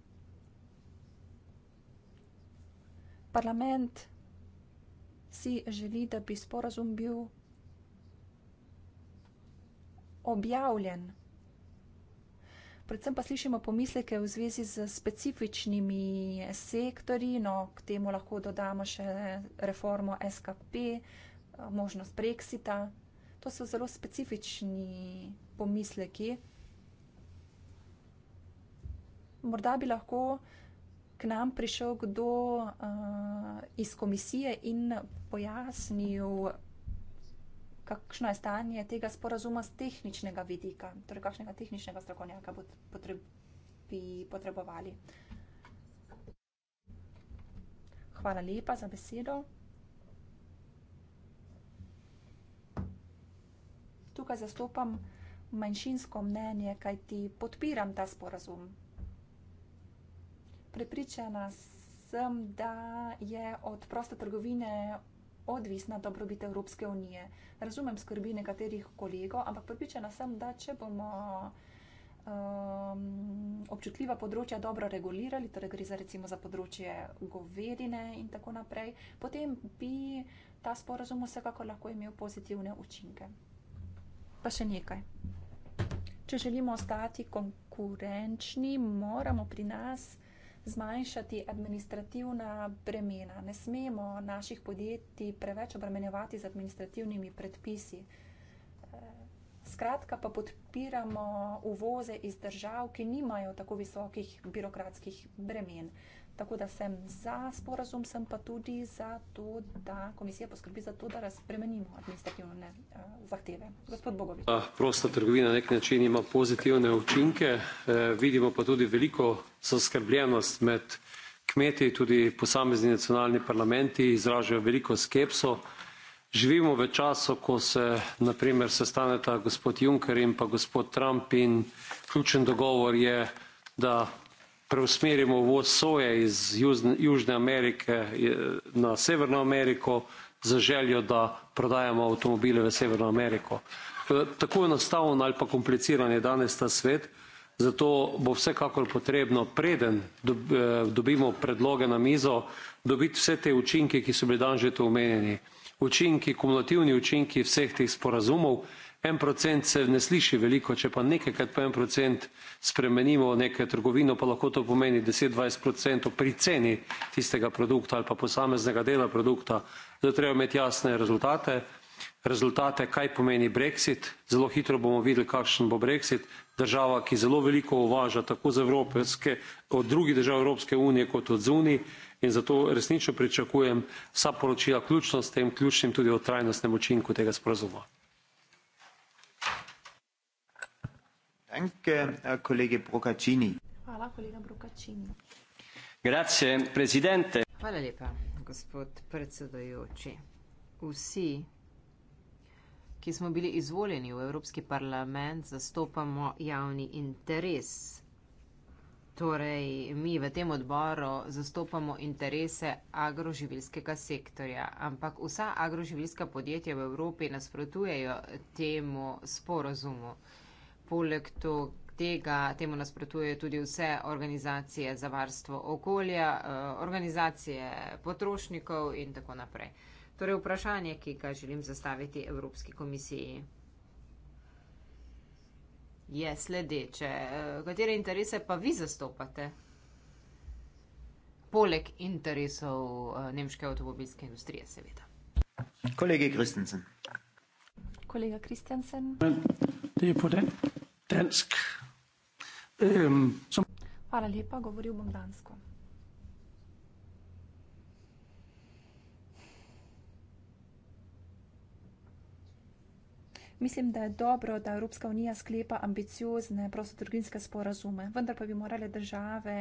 Parlament si želi, da bi sporazum bil objavljen. Predvsem pa slišimo pomisleke v zvezi z specifičnimi sektorji, no k temu lahko dodamo še reformo SKP, možnost Brexita. To so zelo specifični pomisleki. Morda bi lahko k nam prišel kdo uh, iz komisije in pojasnil, kakšno je stanje tega sporazuma z tehničnega vidika, torej kakšnega tehničnega strokovnjaka bi potrebovali. Hvala lepa za besedo. Tukaj zastopam manjšinsko mnenje, kajti podpiram ta sporazum. Prepričana sem, da je od proste trgovine odvisna dobrobit Evropske unije. Razumem skrbi nekaterih kolegov, ampak prepričana sem, da če bomo um, občutljiva področja dobro regulirali, torej gre za recimo za področje govedine in tako naprej, potem bi ta sporazum vsekako lahko imel pozitivne učinke. Pa še nekaj. Če želimo ostati konkurenčni, moramo pri nas zmanjšati administrativna bremena. Ne smemo naših podjetij preveč obremenjevati z administrativnimi predpisi. Eh, skratka pa podpiramo uvoze iz držav, ki nimajo tako visokih birokratskih bremen. Tako da sem za sporazum, sem pa tudi za to, da komisija poskrbi za to, da razpremenimo administrativne eh, zahteve. Gospod Bogovič. Ah, prosta trgovina na nek način ima pozitivne učinke. E, vidimo pa tudi veliko zaskrbljenost med kmeti, tudi posamezni nacionalni parlamenti izražajo veliko skepso. Živimo v času, ko se naprimer sestaneta gospod Juncker in pa gospod Trump in ključen dogovor je, da preusmerimo uvoz soje iz Južne Amerike na Severno Ameriko za željo, da prodajamo avtomobile v Severno Ameriko. Tako enostaven ali pa kompliciran je danes ta svet, zato bo vsekakor potrebno, preden eh, dobimo predloge na mizo, dobiti vse te učinke, ki so bili danes že tu omenjeni. Učinki, kumulativni učinki vseh teh sporazumov, en procent se ne sliši veliko, če pa nekajkrat po en procent spremenimo nekaj trgovino, pa lahko to pomeni deset, dvajset procentov pri ceni tistega produkta ali pa posameznega dela produkta. Zato treba imeti jasne rezultate, rezultate, kaj pomeni brexit, zelo hitro bomo videli, kakšen bo brexit, država, ki zelo veliko uvaža tako z evropske, od drugih držav Evropske unije kot od zunij in zato resnično pričakujem vsa poročila, vključno s tem ključnim tudi o trajnostnem učinku tega sporazuma. Hvala, kolega Brokačini. Grazie, presidente. Hvala lepa, gospod predsedujoči. Vsi, ki smo bili izvoljeni v Evropski parlament, zastopamo javni interes. Torej, mi v tem odboru zastopamo interese agroživilskega sektorja, ampak vsa agroživilska podjetja v Evropi nasprotujejo temu sporozumu poleg to, tega, temu nasprotuje tudi vse organizacije za varstvo okolja, eh, organizacije potrošnikov in tako naprej. Torej vprašanje, ki ga želim zastaviti Evropski komisiji, je sledeče. Eh, katere interese pa vi zastopate? Poleg interesov eh, nemške avtomobilske industrije, seveda. Kolega Kristensen. Kolega Kristensen. Te je podaj dansk. Øhm, som... Hvala lepa, govoril bom dansko. Mislim, da je dobro, da Evropska unija sklepa ambiciozne prostotrgovinske sporazume, vendar pa bi morale države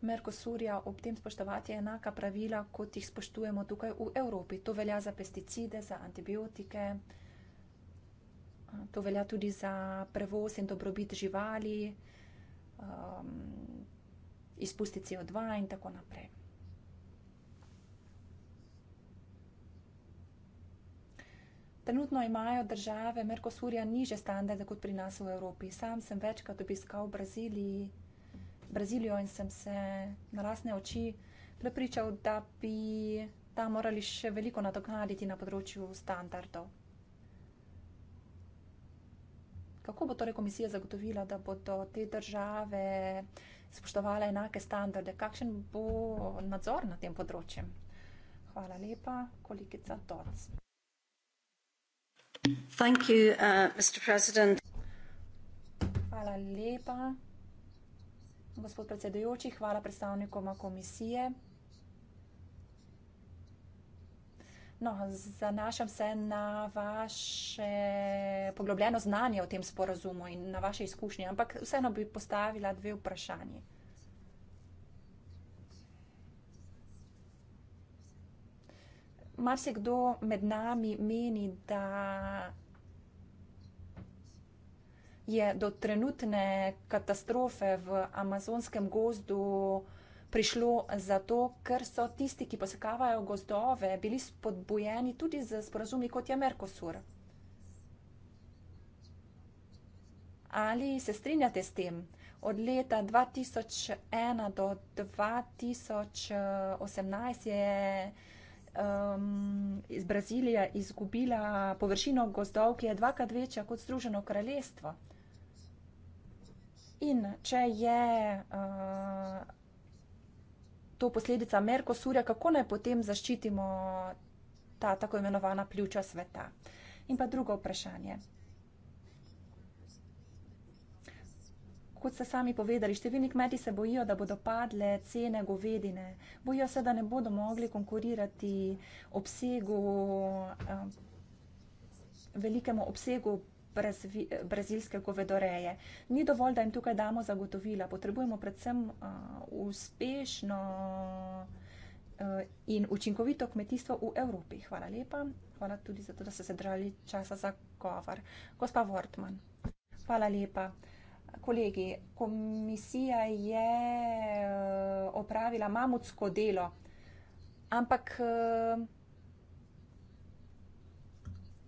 Merkosurja ob tem spoštovati enaka pravila, kot jih spoštujemo tukaj v Evropi. To velja za pesticide, za antibiotike. To velja tudi za prevoz in dobrobit živali, um, izpusti CO2 in tako naprej. Trenutno imajo države Merkosurja niže standarde kot pri nas v Evropi. Sam sem večkrat obiskal Braziliji, Brazilijo in sem se na lasne oči prepričal, da bi tam morali še veliko nadoknaditi na področju standardov. Kako bo torej komisija zagotovila, da bodo te države spoštovale enake standarde? Kakšen bo nadzor na tem področjem? Hvala lepa, kolikica Toc. Thank you, uh, Mr. President. Hvala lepa, gospod predsedujoči, hvala predstavnikoma komisije. no, zanašam se na vaše poglobljeno znanje o tem sporazumu in na vaše izkušnje, ampak vseeno bi postavila dve vprašanje. Marsikdo med nami meni, da je do trenutne katastrofe v amazonskem gozdu prišlo zato, ker so tisti, ki posekavajo gozdove, bili spodbujeni tudi z sporazumi kot je Merkosur. Ali se strinjate s tem? Od leta 2001 do 2018 je um, iz Brazilija izgubila površino gozdov, ki je dvakrat večja kot Združeno kraljestvo. In če je uh, to posledica Merkosurja, kako naj potem zaščitimo ta tako imenovana pljuča sveta. In pa drugo vprašanje. Kot ste sami povedali, številni kmeti se bojijo, da bodo padle cene govedine. Bojijo se, da ne bodo mogli konkurirati obsegu, um, velikemu obsegu brazvi, brazilske govedoreje. Ni dovolj, da jim tukaj damo zagotovila, potrebujemo predvsem uh, uspešno uh, in učinkovito kmetijstvo v Evropi. Hvala lepa. Hvala tudi za to, da ste se držali časa za govor. Gospa Wortman. Hvala lepa. Kolegi, komisija je opravila mamutsko delo, ampak. Uh,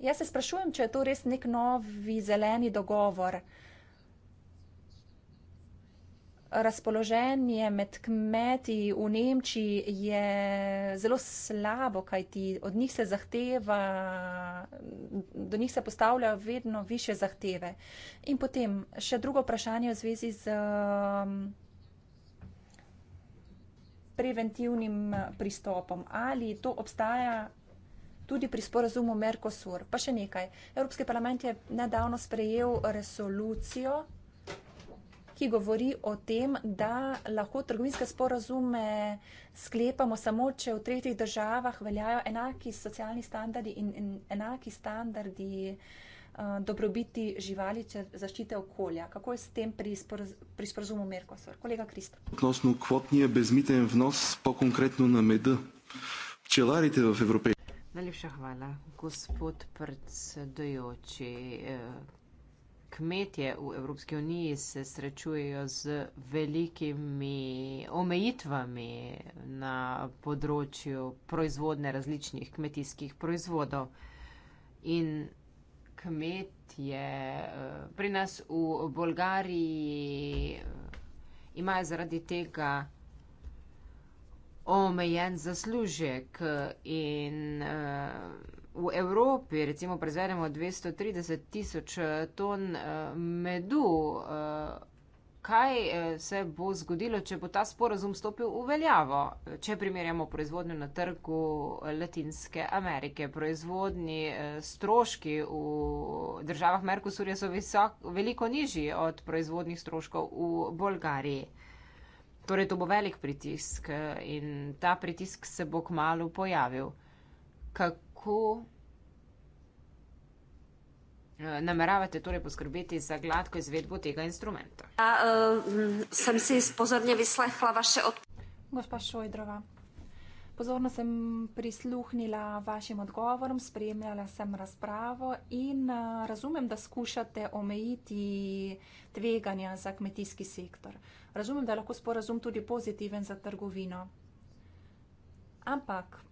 Jaz se sprašujem, če je to res nek novi zeleni dogovor. Razpoloženje med kmeti v Nemčiji je zelo slabo, kajti od njih se zahteva, do njih se postavljajo vedno više zahteve. In potem še drugo vprašanje v zvezi z um, preventivnim pristopom. Ali to obstaja tudi pri sporazumu Mercosur. Pa še nekaj. Evropski parlament je nedavno sprejel resolucijo, ki govori o tem, da lahko trgovinske sporazume sklepamo samo, če v tretjih državah veljajo enaki socialni standardi in, in enaki standardi eh, dobrobiti živali, če zaščite okolja. Kako je s tem pri, sporaz pri sporazumu Mercosur? Kolega Kristo. Odnosno kvotnije bezmiten vnos, pa konkretno na med pčelarite v Evropi. Najlepša hvala, gospod predsedujoči. Eh, kmetje v Evropski uniji se srečujejo z velikimi omejitvami na področju proizvodne različnih kmetijskih proizvodov. In kmetje eh, pri nas v Bolgariji eh, imajo zaradi tega omejen zaslužek in uh, v Evropi recimo prezveremo 230 tisoč eh, ton uh, medu. Uh, Kaj se bo zgodilo, če bo ta sporozum stopil v veljavo, če primerjamo proizvodnjo na trgu Latinske Amerike? Proizvodni stroški v državah Merkusurja so visok, veliko nižji od proizvodnih stroškov v Bolgariji. Torej, to bo velik pritisk eh, in ta pritisk se bo k malu pojavil. Kako eh, nameravate torej poskrbeti za gladko izvedbo tega instrumenta? Ja, uh, sem si pozorne vyslechla vaše odgovore. Gospa Šojdrova, Pozorno sem prisluhnila vašim odgovorom, spremljala sem razpravo in razumem, da skušate omejiti tveganja za kmetijski sektor. Razumem, da je lahko sporazum tudi pozitiven za trgovino. Ampak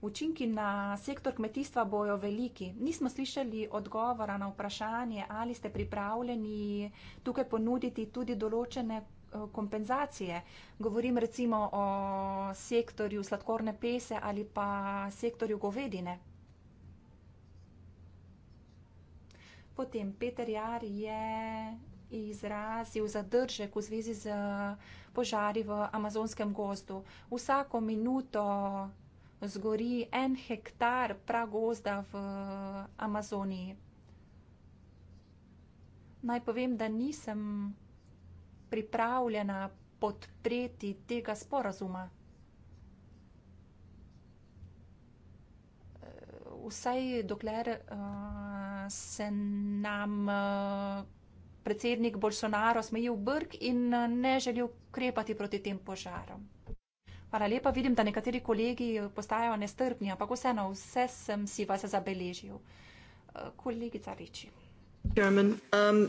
učinki na sektor kmetijstva bojo veliki. Nismo slišali odgovora na vprašanje, ali ste pripravljeni tukaj ponuditi tudi določene kompenzacije. Govorim recimo o sektorju sladkorne pese ali pa sektorju govedine. Potem Peter Jar je izrazil zadržek v zvezi z požari v amazonskem gozdu. Vsako minuto zgori en hektar pragozda v Amazoniji. Naj povem, da nisem pripravljena podpreti tega sporazuma? Vsaj dokler uh, se nam uh, predsednik Bolsonaro smejil brk in eh, ne želel krepati proti tem požarom. Hvala lepa, vidim, da nekateri kolegi postajajo nestrpni, ampak vseeno vse sem si vas zabeležil. Uh, kolegica Riči. German, um...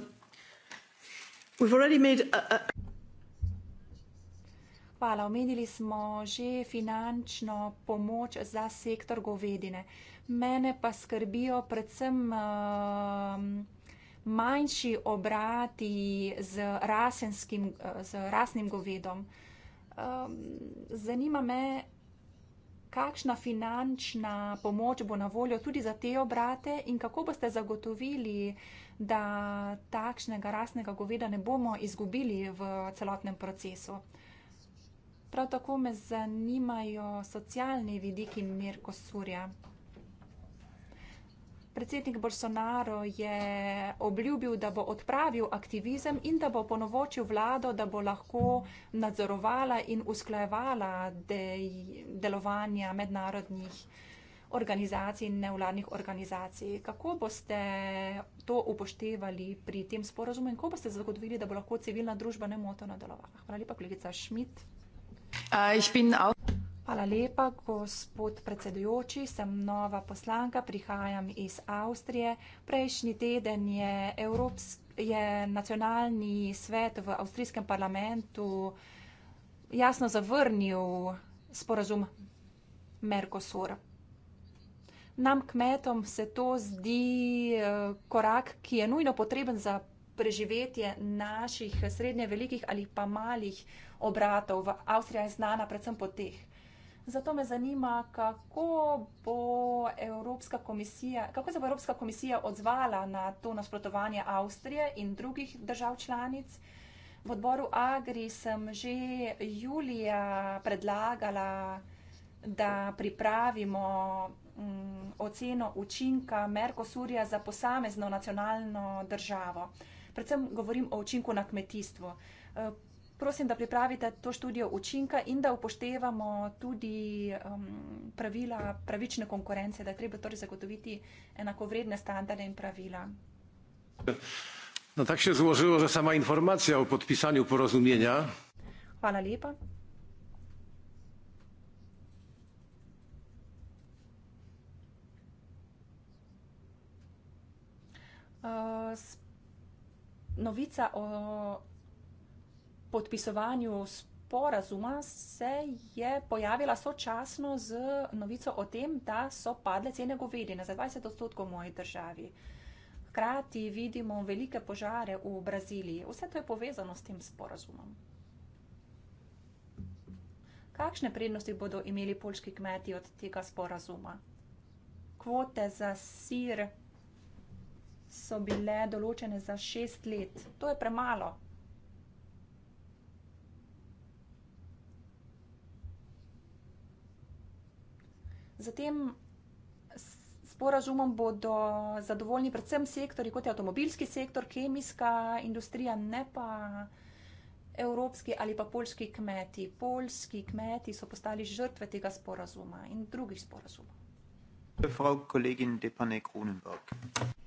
Hvala. Omenili smo že finančno pomoč za sektor govedine. Mene pa skrbijo predvsem ehm, manjši obrati z rasenskim, z rasnim govedom. Ehm, zanima me, kakšna finančna pomoč bo na voljo tudi za te obrate in kako boste zagotovili, da takšnega rasnega goveda ne bomo izgubili v celotnem procesu. Prav tako me zanimajo socialni vidiki Mirkosurja. Predsednik Bolsonaro je obljubil, da bo odpravil aktivizem in da bo ponovočil vlado, da bo lahko nadzorovala in usklajevala de delovanja mednarodnih organizacij in nevladnih organizacij. Kako boste to upoštevali pri tem sporozumu in kako boste zagotovili, da bo lahko civilna družba nemoteno delovala? Hvala lepa, kolegica Šmit. Uh, Hvala lepa, gospod predsedujoči. Sem nova poslanka, prihajam iz Avstrije. Prejšnji teden je, Evrops je nacionalni svet v avstrijskem parlamentu jasno zavrnil sporazum Mercosur. Nam kmetom se to zdi eh, korak, ki je nujno potreben za preživetje naših srednje velikih ali pa malih obratov. Avstrija je znana predvsem po teh. Zato me zanima, kako, bo kako se bo Evropska komisija odzvala na to nasprotovanje Avstrije in drugih držav članic. V odboru Agri sem že julija predlagala, da pripravimo mm, oceno učinka Merkosurja za posamezno nacionalno državo. Predvsem govorim o učinku na kmetijstvo prosim, da pripravite to študijo učinka in da upoštevamo tudi um, pravila pravične konkurence, da je treba torej zagotoviti enakovredne standarde in pravila. No, tak się złożyło, że sama informacja o podpisaniu porozumienia. Hvala lepa. Uh, novica o podpisovanju sporazuma se je pojavila sočasno z novico o tem, da so padle cene govedine za 20 odstotkov v moji državi. Hkrati vidimo velike požare v Braziliji. Vse to je povezano s tem sporazumom. Kakšne prednosti bodo imeli polski kmeti od tega sporazuma? Kvote za sir so bile določene za šest let. To je premalo. Zatem s porazumom bodo zadovoljni predvsem sektori, kot je avtomobilski sektor, kemijska industrija, ne pa evropski ali pa polski kmeti. Polski kmeti so postali žrtve tega sporazuma in drugih sporazumov. Frau kolegin Depane Kronenberg.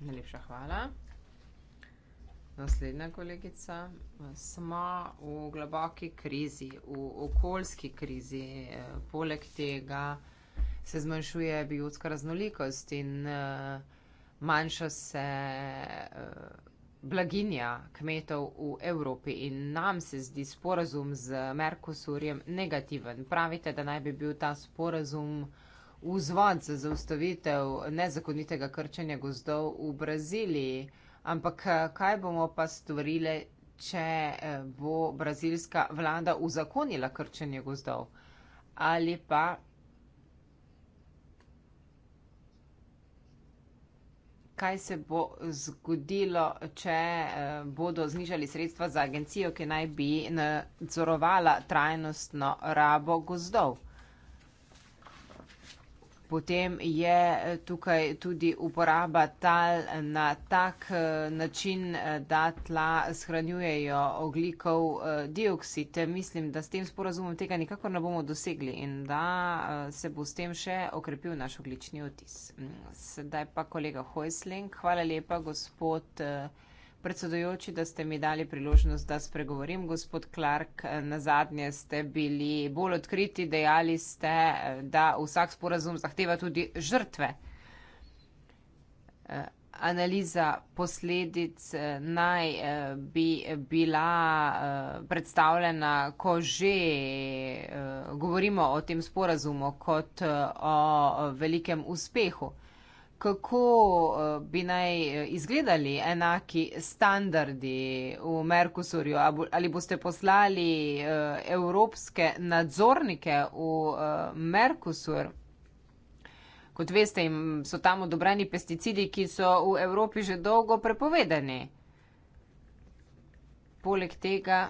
Najlepša hvala. Naslednja kolegica. Smo v globoki krizi, v okoljski krizi. Poleg tega se zmanjšuje biotska raznolikost in eh, manjša se eh, blaginja kmetov v Evropi. In nam se zdi sporazum z Merkosurjem negativen. Pravite, da naj bi bil ta sporazum vzvod za zaustavitev nezakonitega krčenja gozdov v Braziliji. Ampak eh, kaj bomo pa stvorile, če bo brazilska vlada uzakonila krčenje gozdov? Ali pa kaj se bo zgodilo, če eh, bodo znižali sredstva za agencijo, ki naj bi nadzorovala trajnostno rabo gozdov. Potem je eh, tukaj tudi uporaba tal na tak eh, način, eh, da tla shranjujejo oglikov dioksid. Mislim, da s tem sporazumom tega nikako ne bomo dosegli in da se bo s tem še okrepil naš oglični otis. Mm, sedaj pa kolega Hojsling. Hvala lepa, gospod predsedujoči, da ste mi dali priložnost, da spregovorim. Gospod Clark, na zadnje ste bili bolj odkriti, dejali ste, da vsak sporazum zahteva tudi žrtve. Analiza posledic naj bi bila predstavljena, ko že govorimo o tem sporazumu kot o velikem uspehu kako eh, bi naj eh, izgledali enaki standardi v Merkusorju. Ali boste poslali eh, evropske nadzornike v Merkusor? Kot veste, jim so tam odobreni pesticidi, ki so v Evropi že dolgo prepovedani. Poleg tega.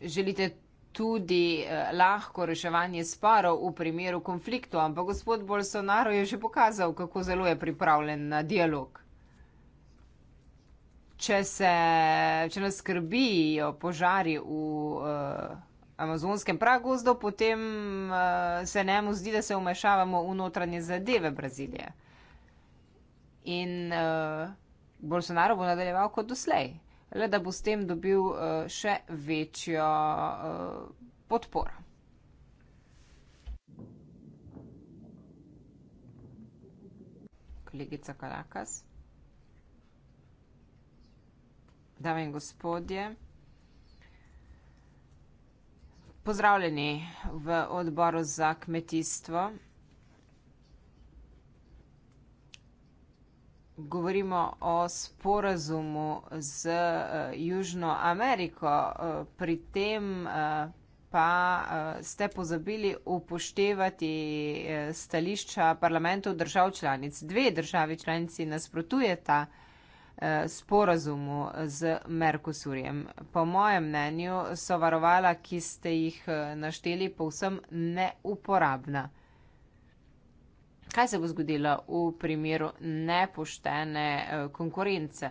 Želite tudi eh, lahko reševanje sporov v primeru konfliktu, ampak gospod Bolsonaro je že pokazal, kako zelo je pripravljen na dialog. Če, se, če nas skrbijo požari v uh, amazonskem pragozdu, potem uh, se nam zdi, da se umešavamo v notranje zadeve Brazilije. In uh, Bolsonaro bo nadaljeval kot doslej le da bo s tem dobil eh, še večjo eh, podporo. Kolegica Karakas. Dame in gospodje. Pozdravljeni v odboru za kmetijstvo. govorimo o sporazumu z eh, Južno Ameriko, eh, pri tem eh, pa ste pozabili upoštevati stališča parlamentov držav članic. Dve državi članici nasprotujeta sporazumu z Merkosurjem. Po mojem mnenju so varovala, ki ste jih našteli, povsem neuporabna kaj se bo zgodilo v primeru nepoštene eh, konkurence.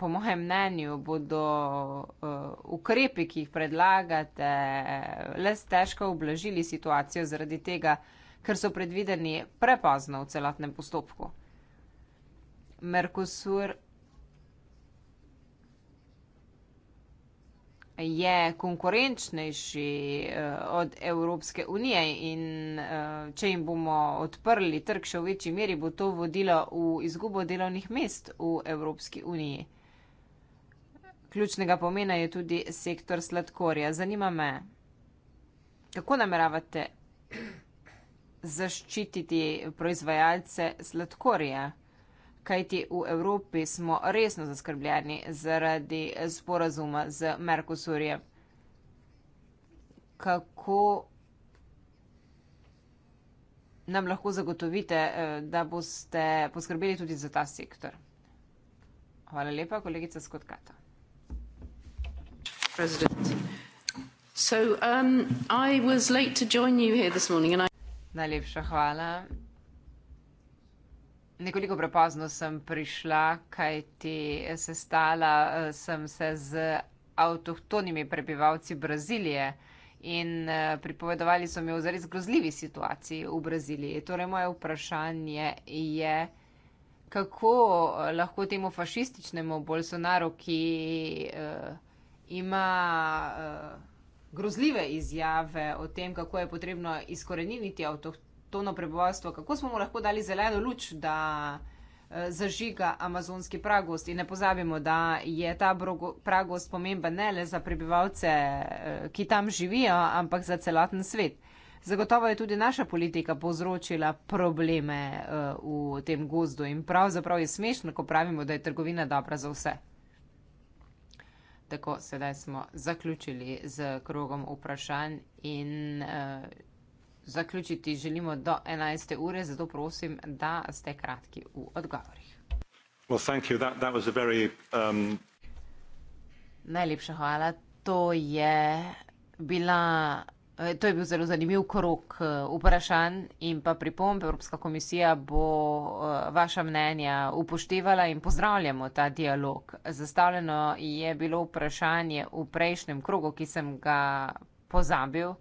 Po mojem mnenju bodo uh, ukrepi, ki jih predlagate, eh, le stežko oblažili situacijo zaradi tega, ker so predvideni prepozno v celotnem postopku. Merkosur je konkurenčnejši uh, od Evropske unije in uh, če jim bomo odprli trg še v večji meri, bo to vodilo v izgubo delovnih mest v Evropski uniji. Ključnega pomena je tudi sektor sladkorja. Zanima me, kako nameravate zaščititi proizvajalce sladkorja? kajti v Evropi smo resno zaskrbljeni zaradi sporazuma z Merkosurjem. Kako nam lahko zagotovite, eh, da boste poskrbeli tudi za ta sektor? Hvala lepa, kolegica Skotkata. So, um, I... Najlepša hvala. Nekoliko prepozno sem prišla, kaj ti se stala, eh, sem se z avtohtonimi prebivalci Brazilije in eh, pripovedovali so mi o zares grozljivi situaciji v Braziliji. Torej, moje vprašanje je, kako eh, lahko temu fašističnemu Bolsonaru, ki uh, ima. Uh, Grozljive izjave o tem, kako je potrebno izkoreniniti avtohtone tono prebivalstva, kako smo mu lahko dali zeleno luč, da uh, zažiga amazonski pragost. In ne pozabimo, da je ta brogo, pragost pomemben ne le za prebivalce, uh, ki tam živijo, ampak za celoten svet. Zagotovo je tudi naša politika povzročila probleme uh, v tem gozdu in pravzaprav je smešno, ko pravimo, da je trgovina dobra za vse. Tako, sedaj smo zaključili z krogom vprašanj in uh, zaključiti želimo do 11. ure, zato prosim, da ste kratki v odgovorih. Well, thank you. That, that was a very, um... Najlepša hvala. To je, bila, eh, to je bil zelo zanimiv krok eh, vprašanj in pa pripomp. Evropska komisija bo eh, vaša mnenja upoštevala in pozdravljamo ta dialog. Zastavljeno je bilo vprašanje v prejšnjem krogu, ki sem ga pozabil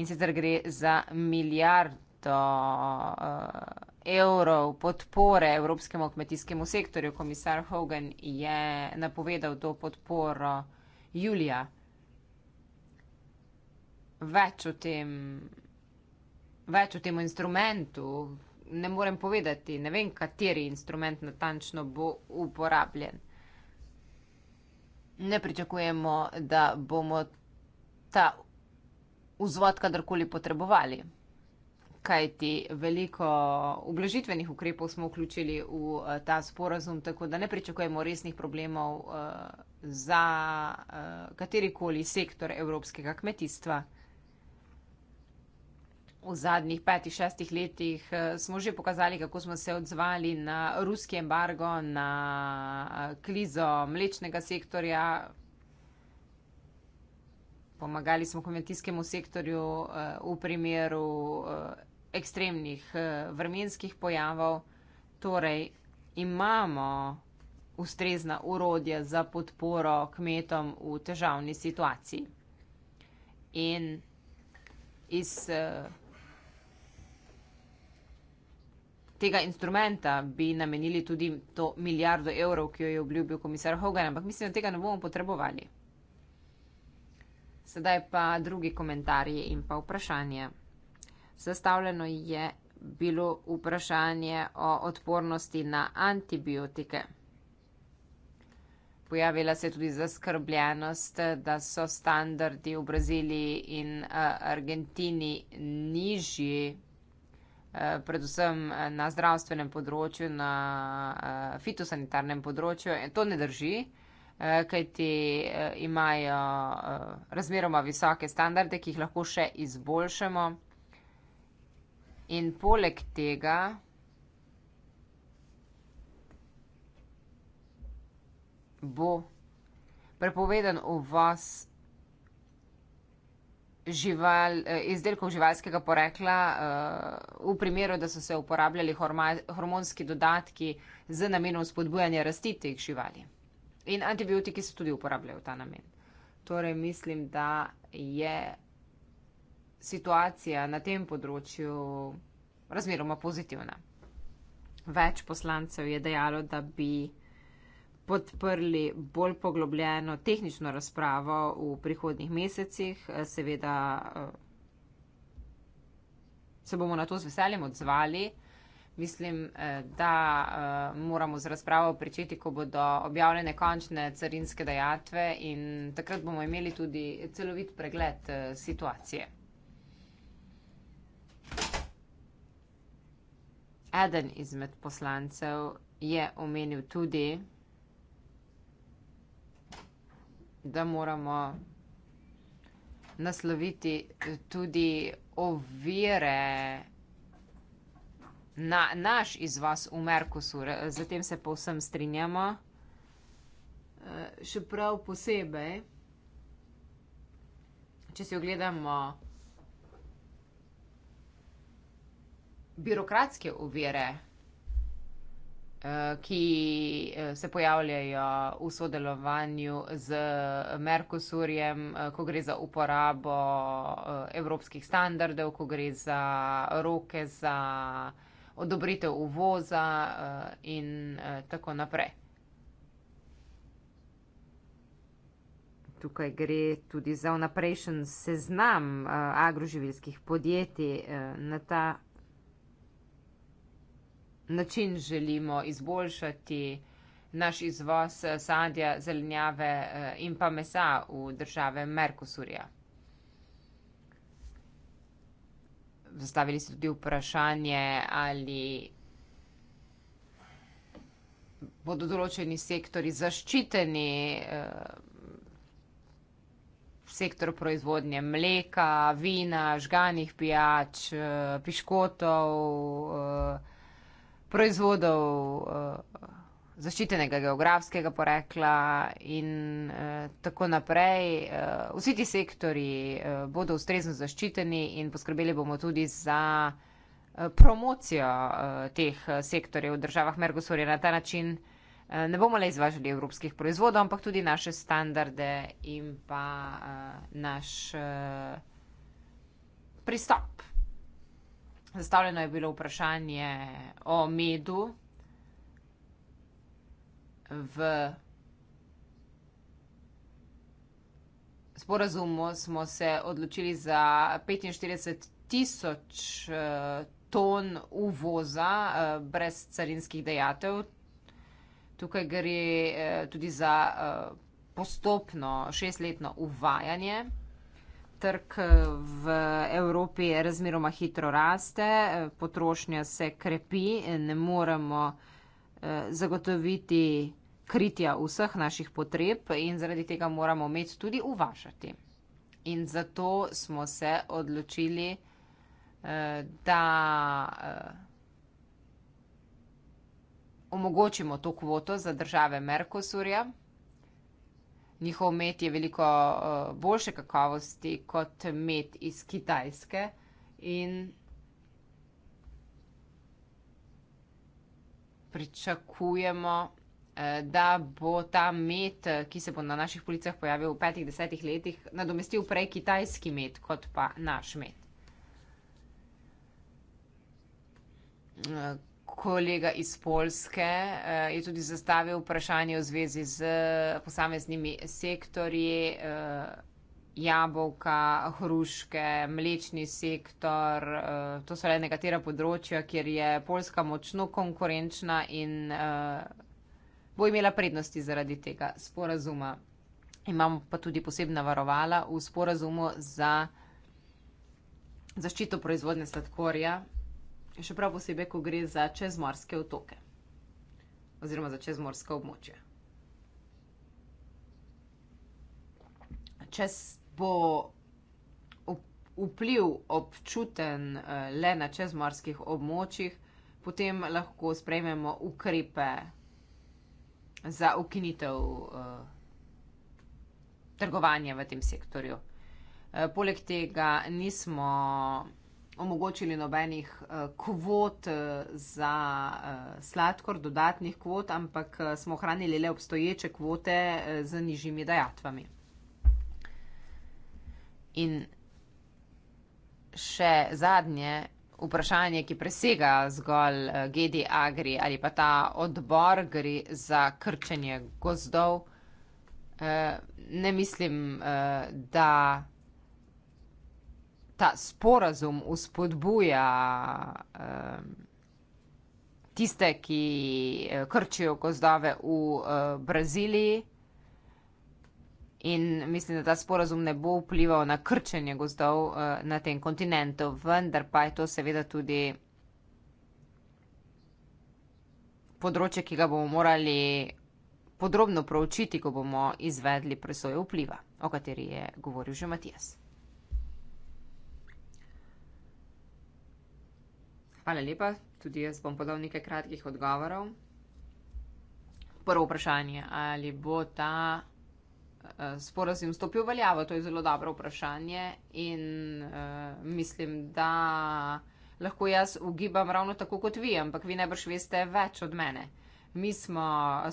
in sicer gre za milijardo uh, evrov podpore Evropskemu kmetijskemu sektorju. Komisar Hogan je napovedal to podporo julija. Več o tem, več o tem instrumentu. Ne morem povedati, ne vem, kateri instrument natančno bo uporabljen. Ne pričakujemo, da bomo ta vzvod, kadarkoli potrebovali. Kaj ti veliko obložitvenih ukrepov smo vključili v eh, ta sporazum, tako da ne pričakujemo resnih problemov eh, za eh, katerikoli sektor evropskega kmetijstva. V zadnjih petih, šestih letih smo že pokazali, kako smo se odzvali na ruski embargo, na krizo mlečnega sektorja, pomagali smo kmetijskemu sektorju eh, v primeru eh, ekstremnih eh, vremenskih pojavov. Torej, imamo ustrezna urodja za podporo kmetom v težavni situaciji. In iz tega instrumenta bi namenili tudi to milijardo evrov, ki jo je obljubil komisar Hogan, ampak mislim, da tega ne bomo potrebovali. Sedaj pa drugi komentarji in pa vprašanje. Sestavljeno je bilo vprašanje o odpornosti na antibiotike. Pojavila se je tudi zaskrbljenost, da so standardi v Braziliji in eh, Argentini nižji, eh, predvsem eh, na zdravstvenem področju, na fitosanitarnem področju. To ne drži. Eh, kajti eh, imajo eh, razmeroma visoke standarde, ki jih lahko še izboljšamo. In poleg tega bo prepovedan uvoz žival, izdelkov živalskega porekla v primeru, da so se uporabljali hormonski dodatki z namenom spodbujanja rasti teh živali. In antibiotiki se tudi uporabljajo v ta namen. Torej, mislim, da je situacija na tem področju razmeroma pozitivna. Več poslancev je dejalo, da bi podprli bolj poglobljeno tehnično razpravo v prihodnih mesecih. Seveda eh, se bomo na to z veseljem odzvali mislim, eh, da eh, moramo z razpravo pričeti, ko bodo objavljene končne carinske dejatve in takrat bomo imeli tudi celovit pregled eh, situacije. Eden izmed poslancev je omenil tudi, da moramo nasloviti tudi ovire na naš izvoz v Merkosur. Eh, Zatem se povsem strinjamo. Eh, še prav posebej, če si ogledamo birokratske uvire, eh, ki se pojavljajo v sodelovanju z Merkosurjem, ko gre za uporabo evropskih standardov, ko gre za roke za odobritev uvoza eh, in eh, tako naprej. Tukaj gre tudi za vnaprejšen seznam eh, agroživilskih podjetij. Na ta način želimo izboljšati naš izvoz sadja, zelenjave in pa mesa v države Merkosurja. zastavili ste tudi vprašanje, ali bodo določeni sektori zaščiteni, eh, sektor proizvodnje mleka, vina, žganih pijač, eh, piškotov, eh, proizvodov. Eh, zaščitenega geografskega porekla in eh, tako naprej. Eh, vsi ti sektori eh, bodo ustrezno zaščiteni in poskrbeli bomo tudi za eh, promocijo eh, teh eh, sektorjev v državah Mergosorja. Na ta način eh, ne bomo le izvažali evropskih proizvodov, ampak tudi naše standarde in pa eh, naš eh, pristop. Zastavljeno je bilo vprašanje o medu v sporazumu smo se odločili za 45 tisoč eh, ton uvoza eh, brez carinskih dejatev. Tukaj gre eh, tudi za postopno šestletno uvajanje. Trg v Evropi razmeroma hitro raste, potrošnja se krepi in ne moremo zagotoviti kritja vseh naših potreb in zaradi tega moramo med tudi uvažati. In zato smo se odločili, eh, da eh, omogočimo to kvoto za države Merkosurja. Njihov med je veliko eh, boljše kakovosti kot med iz Kitajske in pričakujemo, Eh, da bo ta med, eh, ki se bo na naših policah pojavil v petih, desetih letih, nadomestil prej kitajski med, kot pa naš med. Eh, kolega iz Polske je tudi zastavil vprašanje v zvezi z posameznimi sektorji, jabolka, hruške, mlečni sektor. To so le nekatera področja, kjer je Polska močno konkurenčna in bo imela prednosti zaradi tega sporazuma. Imamo pa tudi posebna varovala v sporazumu za zaščito proizvodne sladkorja, še prav posebej, ko gre za čezmorske otoke oziroma za čezmorska območja. Če bo vpliv občuten eh, le na čezmorskih območjih, potem lahko sprejmemo ukrepe za ukinitev uh, trgovanja v tem sektorju. Eh, poleg tega nismo omogočili nobenih eh, kvot za sladkor, dodatnih kvot, ampak smo ohranili le obstoječe kvote z nižjimi dajatvami. In še zadnje, vprašanje, ki presega zgolj eh, Gedi Agri ali pa ta odbor gre za krčenje gozdov. Eh, ne mislim, eh, da ta sporazum uspodbuja tiste, ki krčijo gozdove v Braziliji. In mislim, da ta sporazum ne bo vplival na krčenje gozdov uh, na tem kontinentu, vendar pa je to seveda tudi področje, ki ga bomo morali podrobno proučiti, ko bomo izvedli presojo vpliva, o kateri je govoril že Matijas. Hvala lepa, tudi jaz bom podal nekaj kratkih odgovorov. Prvo vprašanje, ali bo ta. Eh, sporazum stopil veljavo? To je zelo dobro vprašanje in uh, mislim, da lahko jaz ugibam ravno tako kot vi, ampak vi najbrž veste več od mene. Mi smo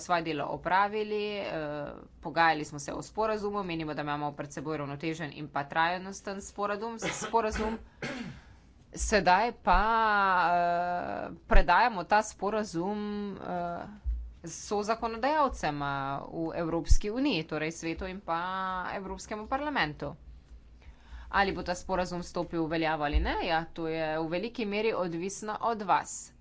svoje delo opravili, eh, pogajali smo se o sporazumu, menimo, da imamo pred seboj ravnotežen in pa trajnosten sporazum, sporazum. Sedaj pa predajamo ta sporazum so zakonodajalcem v Evropski uniji, torej svetu in pa Evropskemu parlamentu. Ali bo ta sporazum stopil v veljavo ali ne, ja, to je v veliki meri odvisno od vas.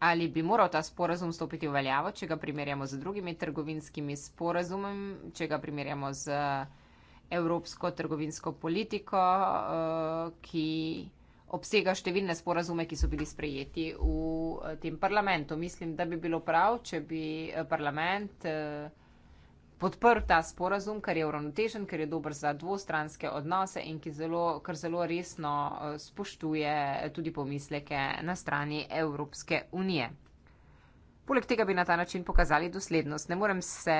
Ali bi moral ta sporazum stopiti v veljavo, če ga primerjamo z drugimi trgovinskimi sporazumem, če ga primerjamo z evropsko trgovinsko politiko, e, ki obsega številne sporazume, ki so bili sprejeti v eh, tem parlamentu. Mislim, da bi bilo prav, če bi eh, parlament eh, podprl ta sporazum, ker je uravnotežen, ker je dober za dvostranske odnose in ki zelo, kar zelo resno spoštuje tudi pomisleke na strani Evropske unije. Poleg tega bi na ta način pokazali doslednost. Ne morem se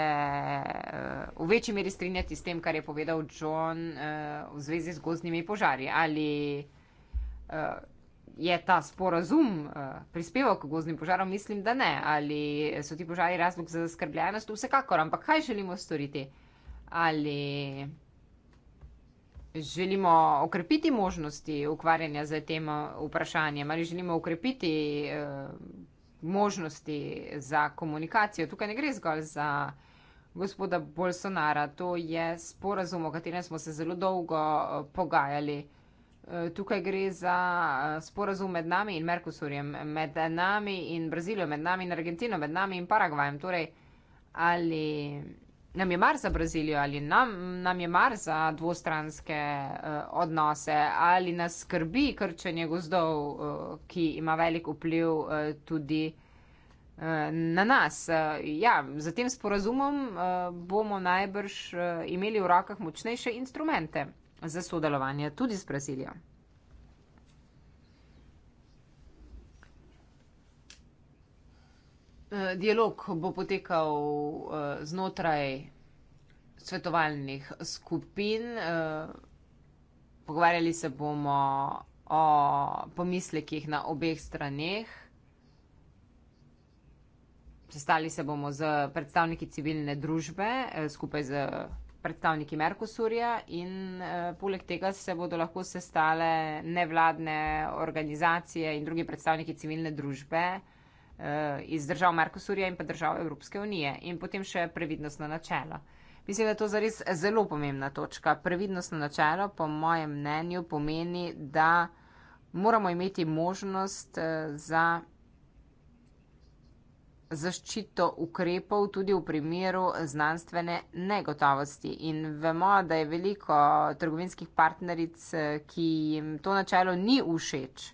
v večji meri strinjati s tem, kar je povedal John v zvezi z gozdnimi požari ali Eh, je ta sporazum eh, prispeval k gozdnim požarom? Mislim, da ne. Ali so ti požari razlog za zaskrbljenost? Vsekakor, ampak kaj želimo storiti? Ali želimo okrepiti možnosti ukvarjanja z tem eh, vprašanjem? Ali želimo okrepiti možnosti za komunikacijo? Tukaj ne gre zgolj za. Gospoda Bolsonara, to je sporazum, o katerem smo se zelo dolgo pogajali. Eh, tukaj gre za eh, sporazum med nami in Merkusurjem, med nami in Brazilijo, med nami in Argentino, med nami in Paragvajem. Torej, ali nam je mar za Brazilijo, ali nam, nam je mar za dvostranske uh, odnose, ali nas skrbi krčenje gozdov, uh, ki ima velik vpliv uh, tudi uh, na nas. Uh, ja, z tem sporazumom uh, bomo najbrž uh, imeli v rokah močnejše instrumente za sodelovanje tudi s Brazilijo. Eh, dialog bo potekal eh, znotraj svetovalnih skupin. Eh, pogovarjali se bomo o pomislekih na obeh straneh. Sestali se bomo z predstavniki civilne družbe skupaj z predstavniki Merkosurja in uh, poleg tega se bodo lahko sestale nevladne organizacije in drugi predstavniki civilne družbe uh, iz držav Merkosurja in pa držav Evropske unije in potem še previdnostno načelo. Mislim, da je to zares zelo pomembna točka. Previdnostno načelo, po mojem mnenju, pomeni, da moramo imeti možnost uh, za zaščito ukrepov tudi v primeru znanstvene negotovosti. In vemo, da je veliko trgovinskih partneric, eh, ki jim to načelo ni všeč.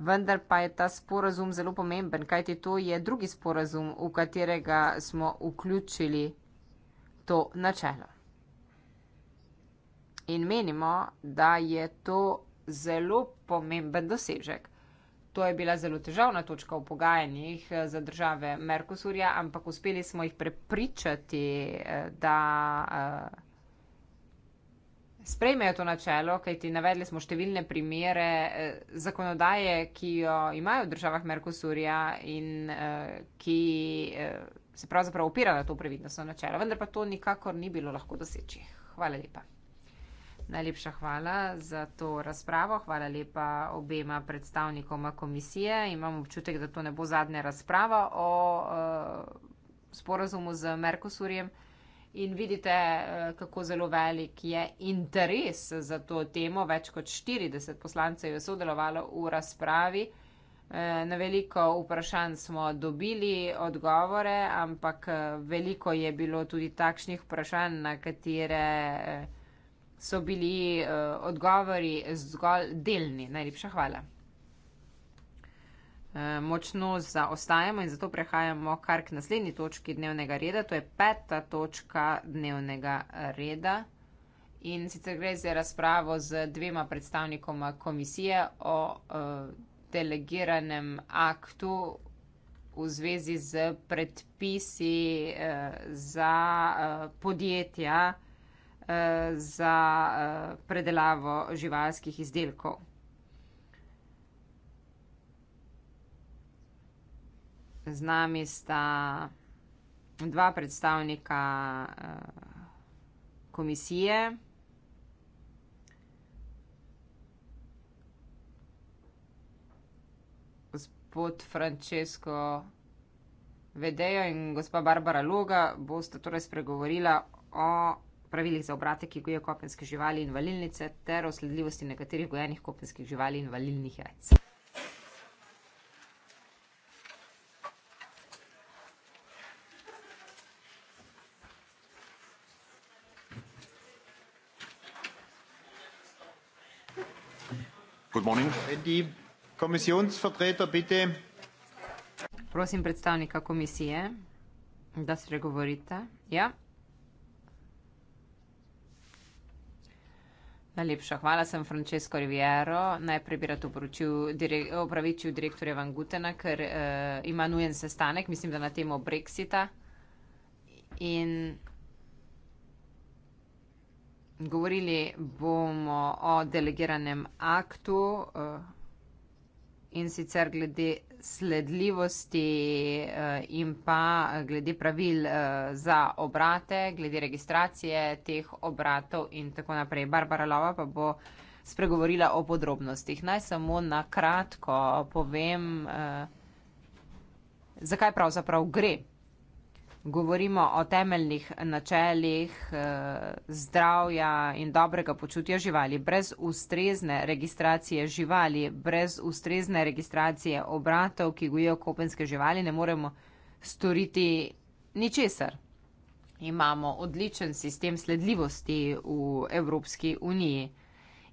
Vendar pa je ta sporazum zelo pomemben, kajti to je drugi sporazum, v katerega smo vključili to načelo. In menimo, da je to zelo pomemben dosežek. To je bila zelo težavna točka v pogajanjih eh, za države Merkosurja, ampak uspeli smo jih prepričati, eh, da eh, sprejmejo to načelo, kajti navedli smo številne primere zakonodaje, ki jo imajo v državah Merkosurja in ki se pravzaprav opira na to previdnostno načelo. Vendar pa to nikakor ni bilo lahko doseči. Hvala lepa. Najlepša hvala za to razpravo, hvala lepa obema predstavnikoma komisije. Imam občutek, da to ne bo zadnja razprava o uh, sporazumu z Merkosurjem in vidite, uh, kako zelo velik je interes za to temo. Več kot 40 poslancev je sodelovalo v razpravi. Eh, na veliko vprašanj smo dobili odgovore, ampak veliko je bilo tudi takšnih vprašanj, na katere. Uh, so bili uh, odgovori zgolj delni. Najlepša hvala. Uh, močno zaostajamo in zato prehajamo kar k naslednji točki dnevnega reda, to je peta točka dnevnega reda. In sicer gre za razpravo z dvema predstavnikoma komisije o uh, delegiranem aktu v zvezi z predpisi uh, za uh, podjetja. Eh, za eh, predelavo živalskih izdelkov. Z nami sta dva predstavnika eh, komisije. Gospod Francesco Vedejo in gospa Barbara Loga bosta torej spregovorila o pravilih za obrate, ki gojijo kopenske živali in valilnice, ter o sledljivosti nekaterih gojenih kopenskih živali in valilnih jajc. Prosim predstavnika komisije, da spregovorite. Ja, Najlepša hvala, sem Francesco Riviero. Najprej bi rad oporučil, direk, opravičil direktorja Van Gutena, ker uh, ima nujen sestanek, mislim, da na temo Brexita. In govorili bomo o delegiranem aktu. Uh, in sicer glede sledljivosti uh, in pa glede pravil uh, za obrate, glede registracije teh obratov in tako naprej. Barbara Lova pa bo spregovorila o podrobnostih. Naj samo na kratko povem, uh, zakaj pravzaprav gre govorimo o temeljnih načeljih eh, zdravja in dobrega počutja živali, brez ustrezne registracije živali, brez ustrezne registracije obratov, ki gojijo kopenske živali, ne moremo storiti ničesar. Imamo odličen sistem sledljivosti v Evropski uniji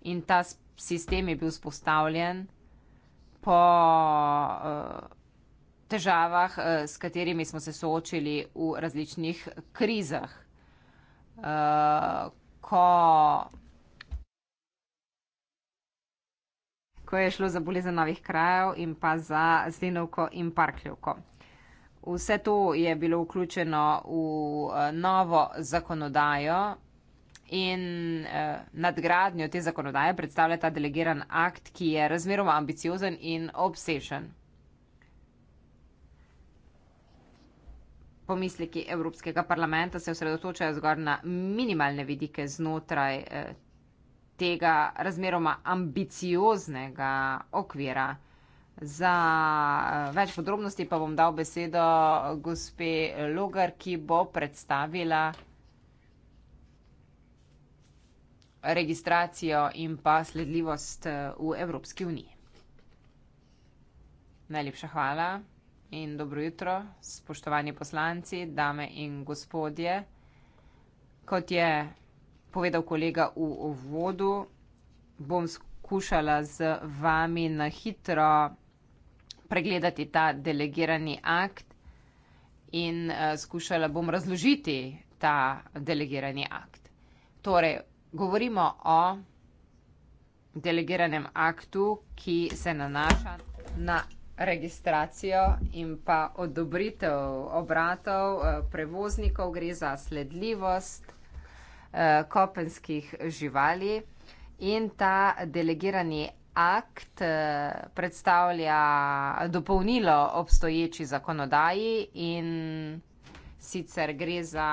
in ta sistem je bil spostavljen po uh, težavah, eh, s katerimi smo se soočili v različnih krizah, eh, ko, ko je šlo za bolezen novih krajev in pa za zdinovko in parkljivko. Vse to je bilo vključeno v eh, novo zakonodajo in nadgradnjo te zakonodaje predstavlja ta delegiran akt, ki je razmeroma ambiciozen in obsežen. pomisleki Evropskega parlamenta se osredotočajo zgolj na minimalne vidike znotraj eh, tega razmeroma ambicioznega okvira. Za eh, več podrobnosti pa bom dal besedo gospe Logar, ki bo predstavila registracijo in pa sledljivost eh, v Evropski uniji. Najlepša hvala in dobro jutro, spoštovani poslanci, dame in gospodje. Kot je povedal kolega v uvodu, bom skušala z vami na hitro pregledati ta delegirani akt in eh, skušala bom razložiti ta delegirani akt. Torej, govorimo o delegiranem aktu, ki se nanaša na registracijo in pa odobritev obratov eh, prevoznikov, gre za sledljivost eh, kopenskih živali in ta delegirani akt eh, predstavlja dopolnilo obstoječi zakonodaji in sicer gre za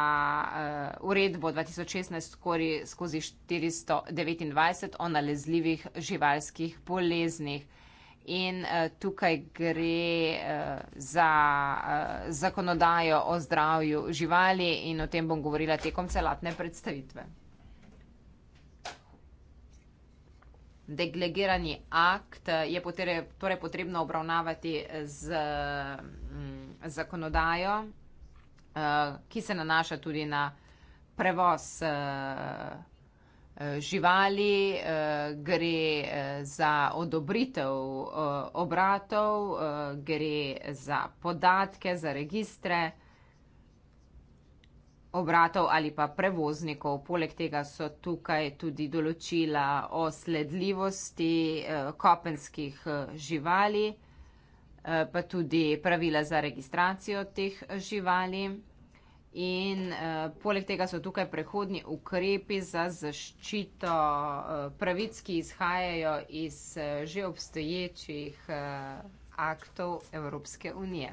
uredbo 2016 skozi 429 o nalezljivih živalskih boleznih. In uh, tukaj gre uh, za uh, zakonodajo o zdravju živali in o tem bom govorila tekom celotne predstavitve. Deglegirani akt je potere, torej potrebno obravnavati z m, mm, zakonodajo, uh, ki se nanaša tudi na prevoz. Uh, Eh, živali, eh, gre eh, za odobritev obratov, gre za podatke, za registre obratov ali pa prevoznikov. Poleg tega so tukaj tudi določila o sledljivosti kopenskih živali, pa tudi pravila za registracijo teh živali. In eh, poleg tega so tukaj prehodni ukrepi za zaščito eh, pravic, ki izhajajo iz eh, že obstoječih eh, aktov Evropske unije.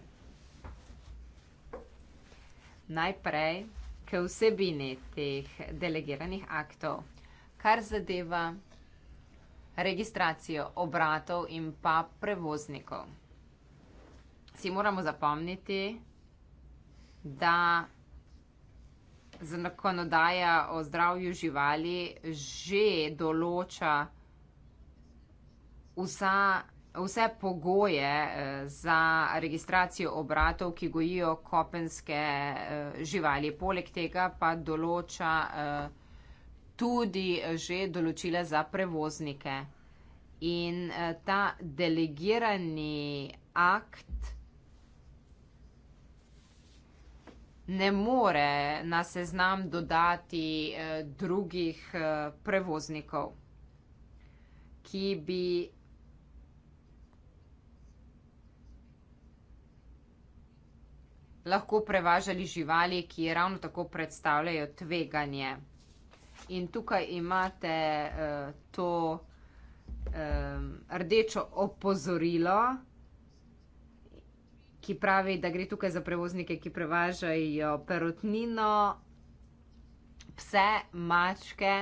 Najprej k vsebini teh delegiranih aktov, kar zadeva registracijo obratov in pa prevoznikov. Si moramo zapomniti, da zakonodaja o zdravju živali že določa vsa, vse pogoje eh, za registracijo obratov, ki gojijo kopenske eh, živali. Poleg tega pa določa eh, tudi že določila za prevoznike. In ta delegirani akt, ne more na seznam dodati eh, drugih eh, prevoznikov, ki bi lahko prevažali živali, ki ravno tako predstavljajo tveganje. In tukaj imate eh, to eh, rdečo opozorilo ki pravi, da gre tukaj za prevoznike, ki prevažajo perotnino, pse, mačke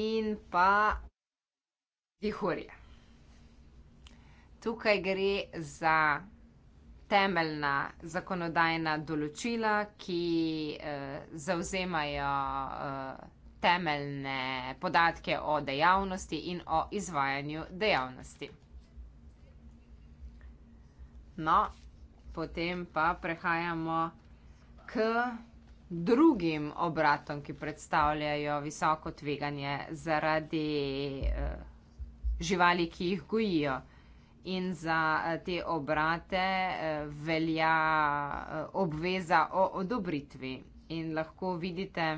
in pa vihurje. Tukaj gre za temeljna zakonodajna določila, ki eh, zauzemajo eh, temeljne podatke o dejavnosti in o izvajanju dejavnosti. No, potem pa prehajamo k drugim obratom, ki predstavljajo visoko tveganje zaradi eh, živali, ki jih gojijo. In za eh, te obrate eh, velja eh, obveza o odobritvi. In lahko vidite,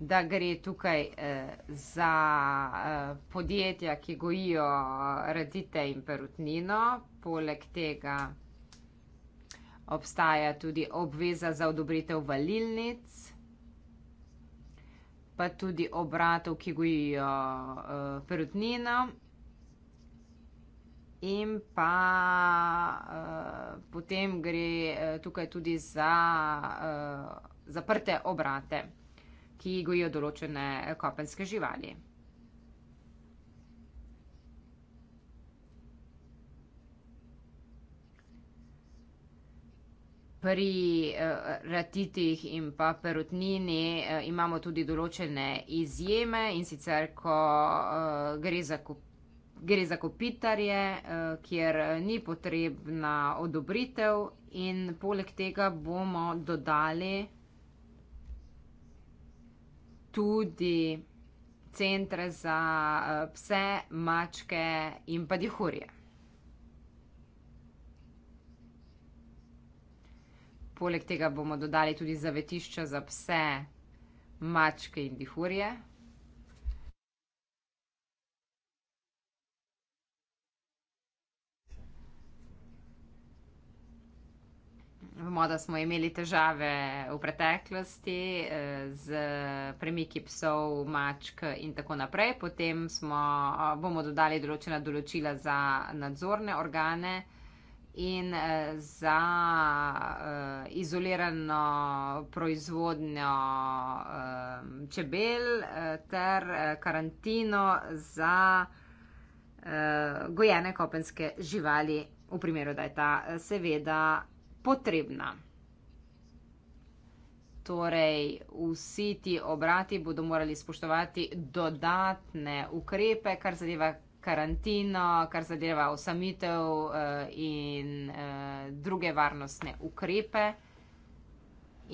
da gre tukaj eh, za eh, podjetja, ki gojijo eh, radite in perutnino. Poleg tega obstaja tudi obveza za odobritev valilnic, pa tudi obratov, ki gojijo eh, perutnino. In pa eh, potem gre eh, tukaj tudi za eh, zaprte obrate ki jih gojijo določene kopenske živali. Pri eh, ratitih in pa perutnini eh, imamo tudi določene izjeme in sicer, ko eh, gre za, gre za kopitarje, kjer ni potrebna odobritev in poleg tega bomo dodali tudi centre za eh, pse, mačke in pa dihurje. Poleg tega bomo dodali tudi zavetišča za pse, mačke in dihurje. Vemo, da smo imeli težave v preteklosti eh, z premiki psov, mačk in tako naprej. Potem smo, eh, bomo dodali določena določila za nadzorne organe in eh, za izolirano proizvodnjo čebel ter karantino za gojene kopenske živali v primeru, da je ta seveda potrebna. Torej, vsi ti obrati bodo morali spoštovati dodatne ukrepe, kar zadeva karantino, kar zadeva osamitev eh, in eh, druge varnostne ukrepe.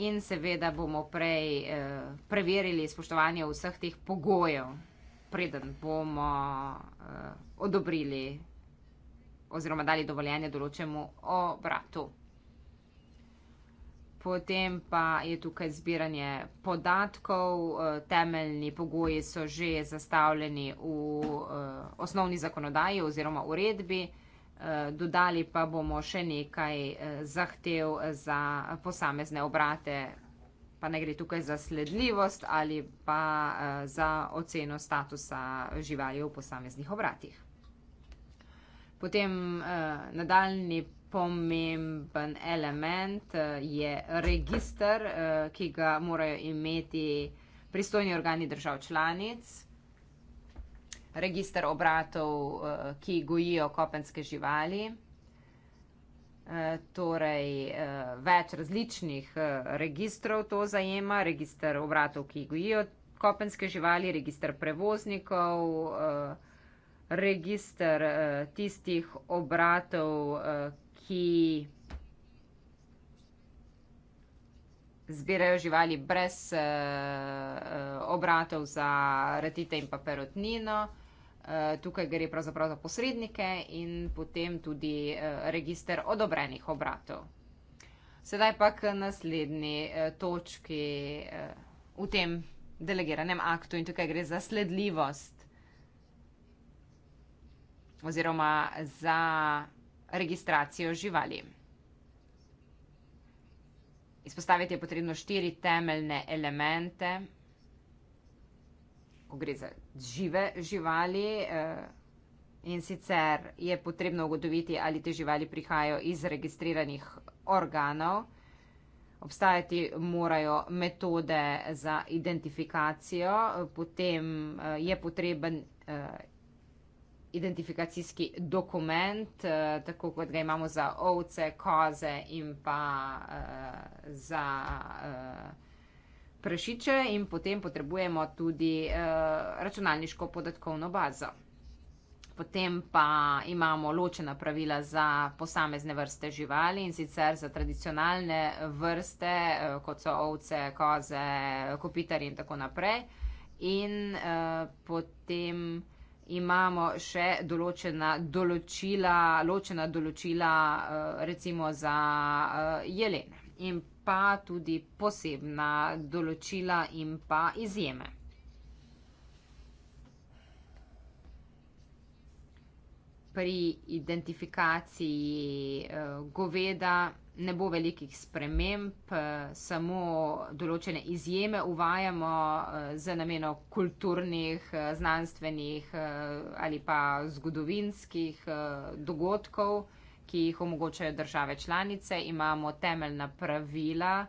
In seveda bomo prej eh, preverili spoštovanje vseh teh pogojev, preden bomo odobrili oziroma dali dovoljenje določemu obratu. Potem pa je tukaj zbiranje podatkov, eh, temeljni pogoji so že zastavljeni v eh, osnovni zakonodaji oziroma uredbi, eh, dodali pa bomo še nekaj zahtev za posamezne obrate, pa ne gre tukaj za sledljivost ali pa za oceno statusa živali v posameznih obratih. Potem nadaljni pogoji pomemben element eh, je registr, eh, ki ga morajo imeti pristojni organi držav članic. Eh, torej, registr obratov, ki gojijo kopenske živali. Torej, več različnih registrov to zajema. Registr obratov, ki gojijo kopenske živali, registr prevoznikov, registr tistih obratov, ki zbirajo živali brez uh, obratov za retite in pa perotnino. Eh, tukaj gre pravzaprav za posrednike in potem tudi register odobrenih obratov. Sedaj pa k naslednji točki v tem delegiranem aktu in tukaj gre za sledljivost oziroma za registracijo živali. Izpostaviti je potrebno štiri temeljne elemente, ko gre za žive živali. Eh, in sicer je potrebno ugotoviti, ali te živali prihajajo iz registriranih organov. Obstajati morajo metode za identifikacijo, potem eh, je potreben eh, identifikacijski dokument, eh, tako kot ga imamo za ovce, koze in pa uh, za uh, prašiče, in potem potrebujemo tudi uh, računalniško podatkovno bazo. Potem pa imamo ločena pravila za posamezne vrste živali in sicer za tradicionalne vrste, kot so ovce, koze, kopitari in tako naprej. In uh, potem imamo še določena določila, ločena določila eh, recimo za eh, jelene in pa tudi posebna določila in pa izjeme. Pri identifikaciji eh, goveda ne bo velikih sprememb, eh, samo določene izjeme uvajamo eh, za nameno kulturnih, eh, znanstvenih ali pa zgodovinskih dogodkov, ki jih omogočajo države članice. Imamo temeljna pravila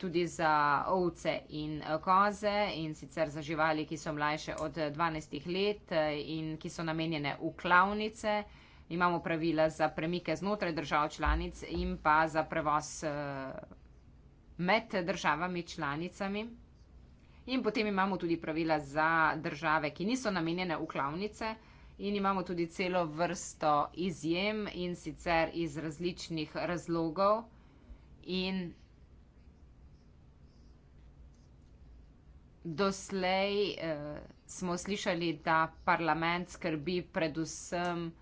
tudi za ovce in koze in sicer za živali, ki so mlajše od 12 let in ki so namenjene v klavnice imamo pravila za premike znotraj držav članic in pa za prevoz eh, med državami članicami. In potem imamo tudi pravila za države, ki niso namenjene v klavnice. In imamo tudi celo vrsto izjem in sicer iz različnih razlogov. In doslej eh, smo slišali, da parlament skrbi predvsem za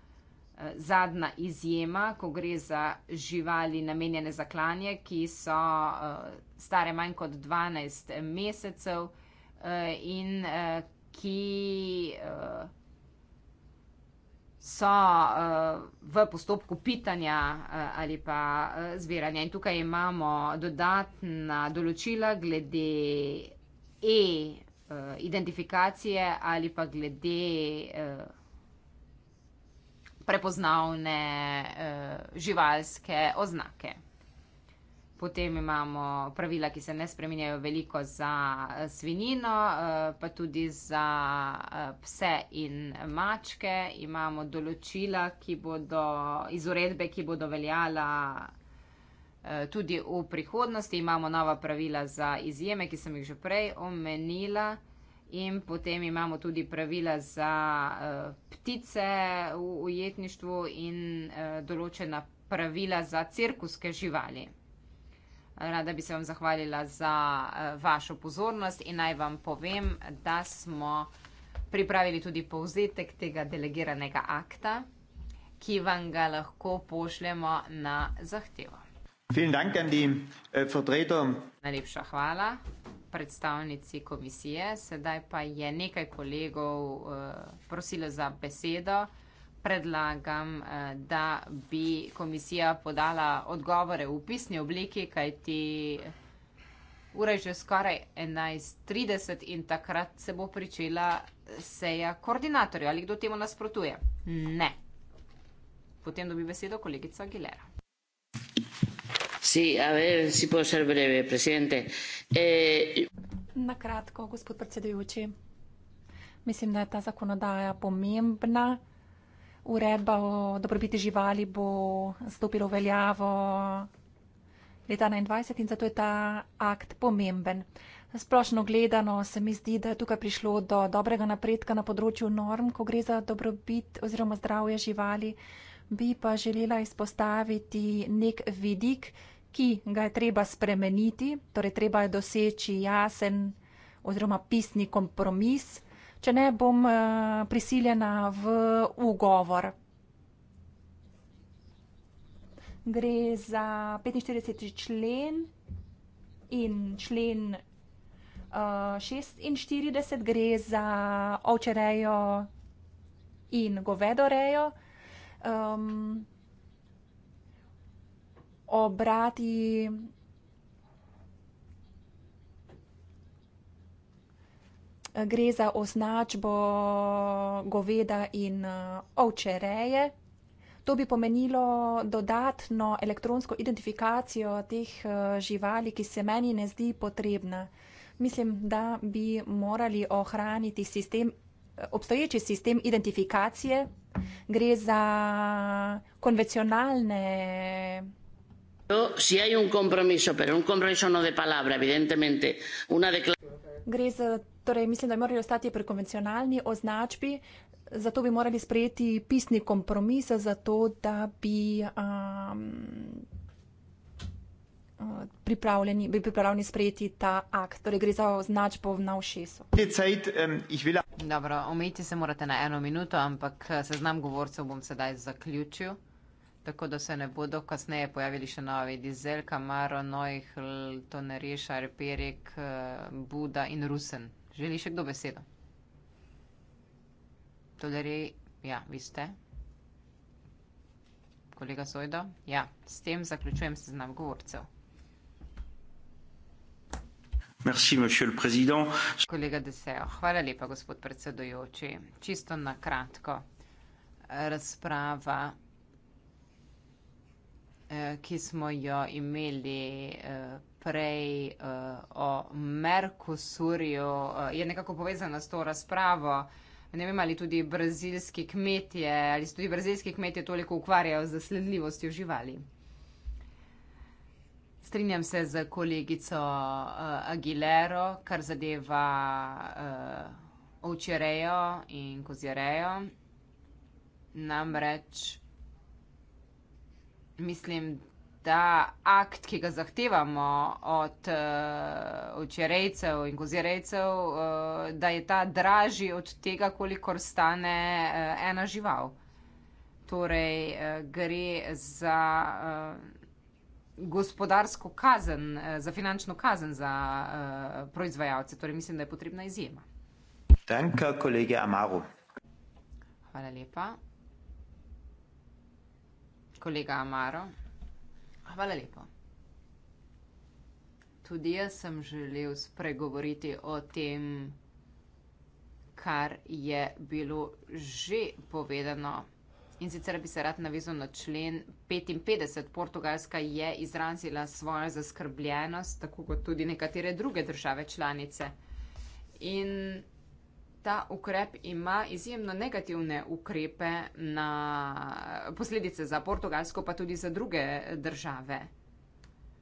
zadnja izjema, ko gre za živali namenjene za klanje, ki so eh, stare manj kot 12 eh, mesecev eh, in ki so v postopku pitanja ali pa zbiranja. In tukaj imamo dodatna določila glede e-identifikacije ali pa glede prepoznavne uh, živalske oznake. Potem imamo pravila, ki se ne spreminjajo veliko za eh, svinino, eh, pa tudi za pse in mačke. Imamo določila bodo, iz uredbe, ki bodo veljala tudi v prihodnosti. Imamo nova pravila za izjeme, ki sem jih že prej omenila. In potem imamo tudi pravila za uh, ptice v ujetništvu in uh, določena pravila za cirkuske živali. Rada bi se vam zahvalila za uh, vašo pozornost in naj vam povem, da smo pripravili tudi povzetek tega delegiranega akta, ki vam ga lahko pošljemo na zahtevo. Äh, Najlepša hvala predstavnici komisije, sedaj pa je nekaj kolegov uh, prosilo za besedo. Predlagam, uh, da bi komisija podala odgovore v pisni obliki, kajti ura je že skoraj 11.30 in takrat se bo pričela seja koordinatorja. Ali kdo temu nasprotuje? Ne. Potem dobi besedo kolegica Gilera. Sí, a ver si puedo ser breve, presidente. Eh... Na kratko, gospod predsedujoči. Mislim, da je ta zakonodaja pomembna. Uredba o dobrobiti živali bo stopila v veljavo leta 2021 in zato je ta akt pomemben. Splošno gledano se mi zdi, da je tukaj prišlo do dobrega napredka na področju norm, ko gre za dobrobit oziroma zdravje živali bi pa želela izpostaviti nek vidik, ki ga je treba spremeniti, torej treba je doseči jasen oziroma pisni kompromis, če ne bom eh, prisiljena v ugovor. Gre za 45. člen in člen uh, eh, 46 gre za ovčerejo in govedorejo um, obrati gre za označbo goveda in uh, ovče reje. To bi pomenilo dodatno elektronsko identifikacijo teh uh, živali, ki se meni ne zdi potrebna. Mislim, da bi morali ohraniti sistem obstoječi sistem identifikacije, gre za konvencionalne. Si hay un compromiso, pero un compromiso no de palabra, evidentemente. Una Gre za, torej, mislim, da morajo ostati pri konvencionalni označbi, zato bi morali sprejeti pisni kompromis, zato da bi. Um, Eh, pripravljeni, bili pripravljeni sprejeti ta akt. Torej gre za označbo na všesu. Dobro, omejiti se morate na eno minuto, ampak eh, seznam govorcev bom sedaj zaključil, tako da se ne bodo kasneje pojavili še novi dizel, kamaro, nojih, tonereša, reperik, eh, buda in rusen. Želi še kdo besedo? Tolerej, ja, vi ste. Kolega Sojdo, ja, s tem zaključujem seznam govorcev. Kolega Deseo, hvala lepa, gospod predsedujoči. Čisto na kratko. Razprava, eh, ki smo jo imeli eh, prej eh, o Merkusurju, je nekako povezana s to razpravo. Ne vem, ali tudi brazilski kmetje, ali se tudi brazilski kmetje toliko ukvarjajo z zasledljivostjo živali. Strinjam se z kolegico uh, Aguilero, kar zadeva uh, ovčerejo in kozjerejo. Namreč mislim, da akt, ki ga zahtevamo od uh, ovčerejcev in kozjerejcev, uh, da je ta dražji od tega, kolikor stane uh, ena žival. Torej, uh, gre za. Uh, gospodarsko kazen, eh, za finančno kazen za uh, proizvajalce. Torej, mislim, da je potrebna izjema. Danke, kolege Amaru. Hvala lepa. Kolega Amaro, hvala lepa. Tudi jaz sem želel spregovoriti o tem, kar je bilo že povedano. In sicer bi se rad navezal na člen 55. Portugalska je izrazila svojo zaskrbljenost, tako kot tudi nekatere druge države članice. In ta ukrep ima izjemno negativne ukrepe na posledice za Portugalsko, pa tudi za druge države.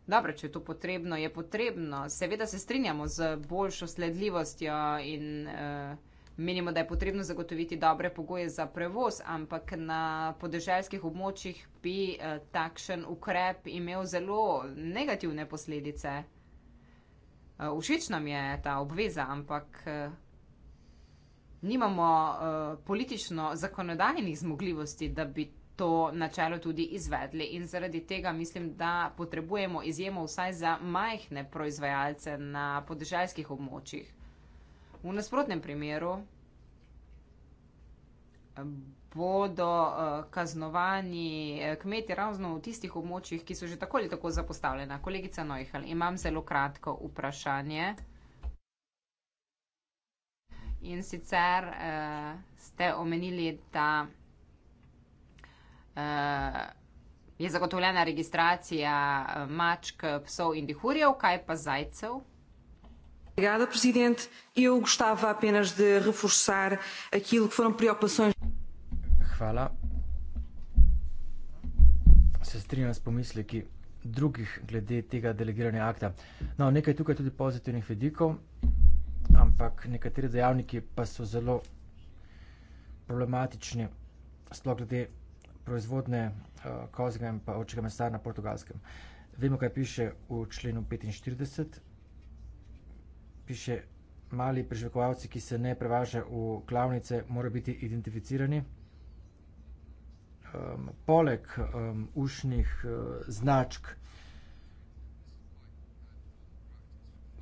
Dobro, če je to potrebno, je potrebno. Seveda se strinjamo z boljšo sledljivostjo in. Uh, menimo, da je potrebno zagotoviti dobre pogoje za prevoz, ampak na podeželskih območjih bi eh, takšen ukrep imel zelo negativne posledice. Eh, všeč nam je ta obveza, ampak eh, nimamo politično zakonodajnih zmogljivosti, da bi to načelo tudi izvedli. In zaradi tega mislim, da potrebujemo izjemo vsaj za majhne proizvajalce na podeželskih območjih. V nasprotnem primeru eh, bodo eh, kaznovani eh, kmeti ravno v tistih območjih, ki so že tako ali tako zapostavljena. Kolegica Neuhal, imam zelo kratko vprašanje. In sicer eh, ste omenili, da eh, je zagotovljena registracija mačk, psov in dihurjev, kaj pa zajcev? Obrigada, Presidente. Eu gostava apenas de reforçar aquilo que foram preocupações. Hvala. Se strinjam s pomisleki drugih glede tega delegiranja akta. No, nekaj tukaj tudi pozitivnih vidikov, ampak nekateri dejavniki pa so zelo problematični, sploh glede proizvodne uh, eh, kozga in pa očega mesta na portugalskem. Vemo, kaj piše v členu 45 piše, mali prežvekovalci, ki se ne prevažajo v klavnice, morajo biti identificirani. Um, poleg um, ušnih uh, značk,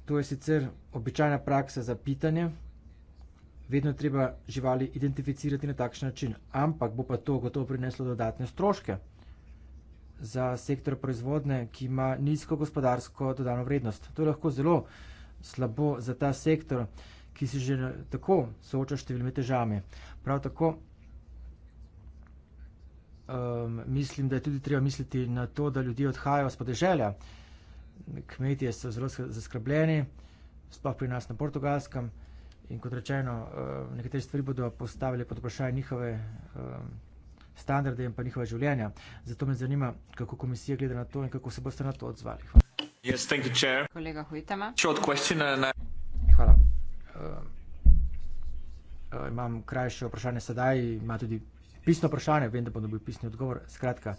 to je sicer običajna praksa za pitanje, vedno treba živali identificirati na takšen način, ampak bo pa to gotovo prineslo dodatne stroške za sektor proizvodne, ki ima nizko gospodarsko dodano vrednost. To je lahko zelo uh, slabo za ta sektor, ki se že tako sooča s številnimi težavami. Prav tako um, mislim, da je tudi treba misliti na to, da ljudje odhajajo z podeželja. Kmetije so zelo zaskrbljeni, sploh pri nas na portugalskem. In kot rečeno, um, nekatere stvari bodo postavili pod vprašanje njihove um, standarde in pa njihove življenja. Zato me zanima, kako komisija gleda na to in kako se boste na to odzvali. Hvala. Yes, thank you, chair. Kolega Huitema. Short question uh, and I... Hvala. Uh, uh, imam krajše vprašanje sedaj, ima tudi pisno vprašanje, vem, da bom dobil pisni odgovor. Skratka,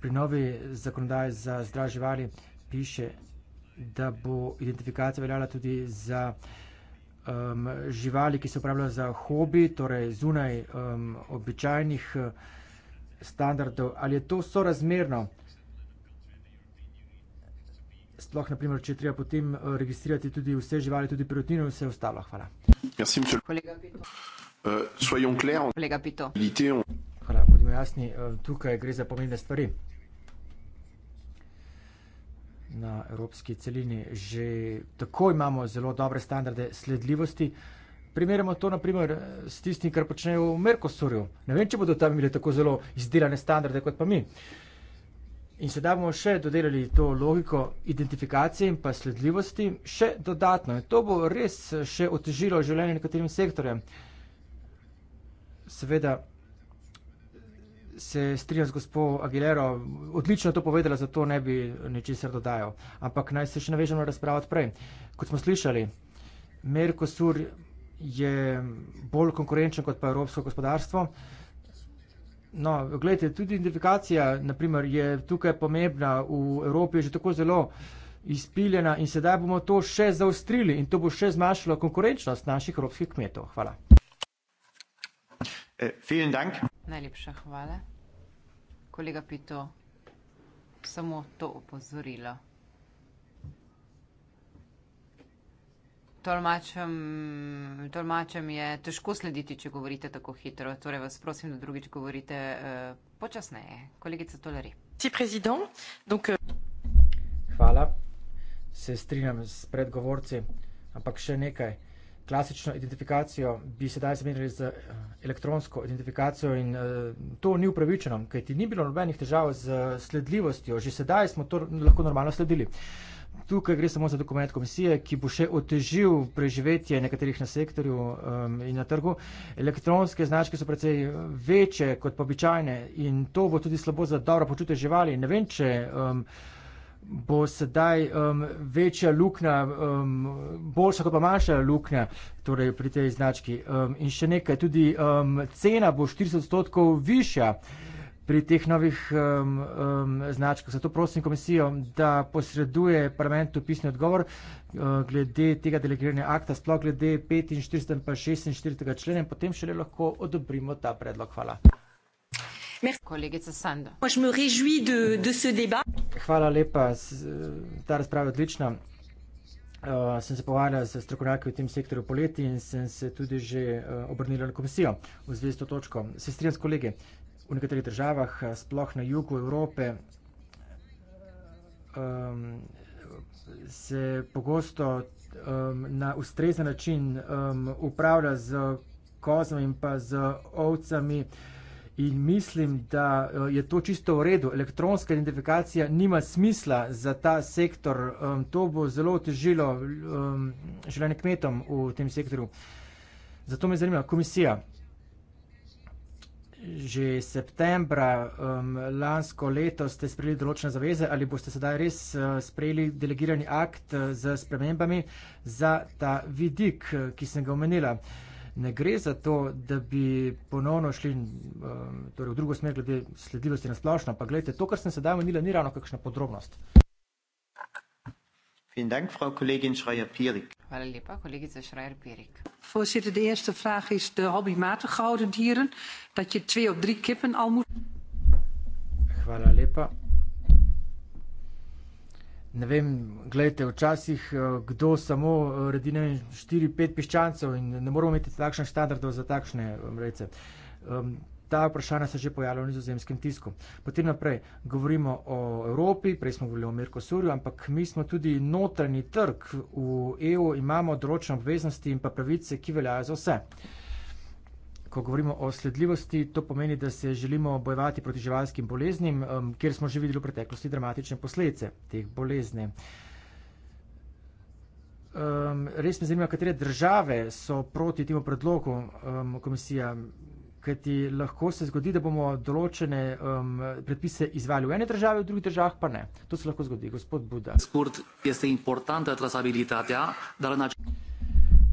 pri novi zakonodaji za zdrave živali piše, da bo identifikacija veljala tudi za um, živali, ki se uporabljajo za hobi, torej zunaj um, običajnih uh, standardov. Ali je to sorazmerno? sploh, naprimer, če treba potem eh, registrirati tudi vse živali, tudi prirodnino in vse ostalo. Hvala. Merci, Kolega Pito. Uh, clair. Kolega Pito. Hvala, bodimo jasni, eh, tukaj gre za pomembne stvari. Na evropski celini že tako imamo zelo dobre standarde sledljivosti. Primerjamo to naprimer s tistim, kar počnejo v Merkosurju. Ne vem, če bodo tam imeli tako zelo izdelane standarde kot pa mi. In sedaj bomo še dodelali to logiko identifikacije in pa sledljivosti še dodatno. In to bo res eh, še otežilo življenje nekaterim sektorjem. Seveda se strinja z gospod Aguilero, odlično to povedala, zato ne bi ničesar dodajal. Ampak naj se še navežemo na razpravo odprej. Kot smo slišali, Mercosur je bolj konkurenčen kot pa evropsko gospodarstvo. No, gledajte, tudi identifikacija naprimer, je tukaj pomembna, v Evropi je že tako zelo izpiljena in sedaj bomo to še zaostrili in to bo še zmanjšalo konkurenčnost naših evropskih kmetov. Hvala. Eh, Najlepša hvala. Kolega Pito, samo to opozorilo. Tolmačem, tolmačem je težko slediti, če govorite tako hitro. Torej vas prosim, da drugič govorite uh, počasneje. Kolegica Tolari. Euh, Hvala. Se strinjam s predgovorci, ampak še nekaj. Klasično identifikacijo bi sedaj zamenjali z eh, elektronsko identifikacijo in uh, to ni upravičeno, kajti ni bilo nobenih težav z sledljivostjo. Že sedaj smo to lahko normalno sledili. Uh, Tukaj gre samo za dokument komisije, ki bo še otežil preživetje nekaterih na sektorju um, in na trgu. Elektronske značke so precej večje kot običajne in to bo tudi slabo za dobro počutje živali. Ne vem, če um, bo sedaj um, večja luknja, um, boljša kot pa manjša luknja torej pri tej znački. Um, in še nekaj, tudi um, cena bo 40 odstotkov višja pri teh novih um, um, značkah. Zato prosim komisijo, da posreduje parlamentu pisni odgovor uh, glede tega delegiranja akta, sploh glede 45 in pa 46 člena, potem šele lahko odobrimo ta predlog. Hvala. Hvala lepa, ta razprava je odlična. Uh, sem se povarjal z strokovnjaki v tem sektorju poleti in sem se tudi že uh, eh, obrnil na komisijo v zvezi s to točko. Se strinjam s kolegi. Uh, v nekaterih državah, eh, sploh na jugu Evrope, um, se pogosto um, na ustrezen način um, upravlja z kozami in pa z ovcami. In mislim, da eh, je to čisto v redu. Elektronska identifikacija nima smisla za ta sektor. Um, to bo zelo otežilo um, življenje kmetom v tem sektorju. Zato me zanima komisija že septembra um, lansko leto ste sprejeli določene zaveze ali boste sedaj res uh, sprejeli delegirani akt uh, z spremembami za ta vidik, uh, ki sem ga omenila. Ne gre za to, da bi ponovno šli um, torej v drugo smer glede sledljivosti na splošno, pa gledajte, to, kar sem sedaj omenila, ni ravno kakšna podrobnost. Uh, Voorzitter, de eerste vraag is de hobbymatig gehouden dieren. Dat je twee of drie kippen al moet. Hvala Ne vem, gledajte, včasih eh, kdo samo eh, redi 4-5 piščancev in ne moramo imeti takšnih standardov za takšne vrece. Eh, Ta vprašanja se že pojavljajo v nizozemskem tisku. Potem naprej govorimo o Evropi, prej smo govorili o Merkosurju, ampak mi smo tudi notranji trg v EU, imamo določene obveznosti in pa pravice, ki veljajo za vse. Ko govorimo o sledljivosti, to pomeni, da se želimo bojevati proti živalskim boleznim, kjer smo že videli v preteklosti dramatične posledice teh bolezni. Um, res me zanima, katere države so proti temu predlogu um, komisija. Kajti lahko se zgodi, da bomo določene um, predpise izvali v eni državi, v drugih državah pa ne. To se lahko zgodi, gospod Buda.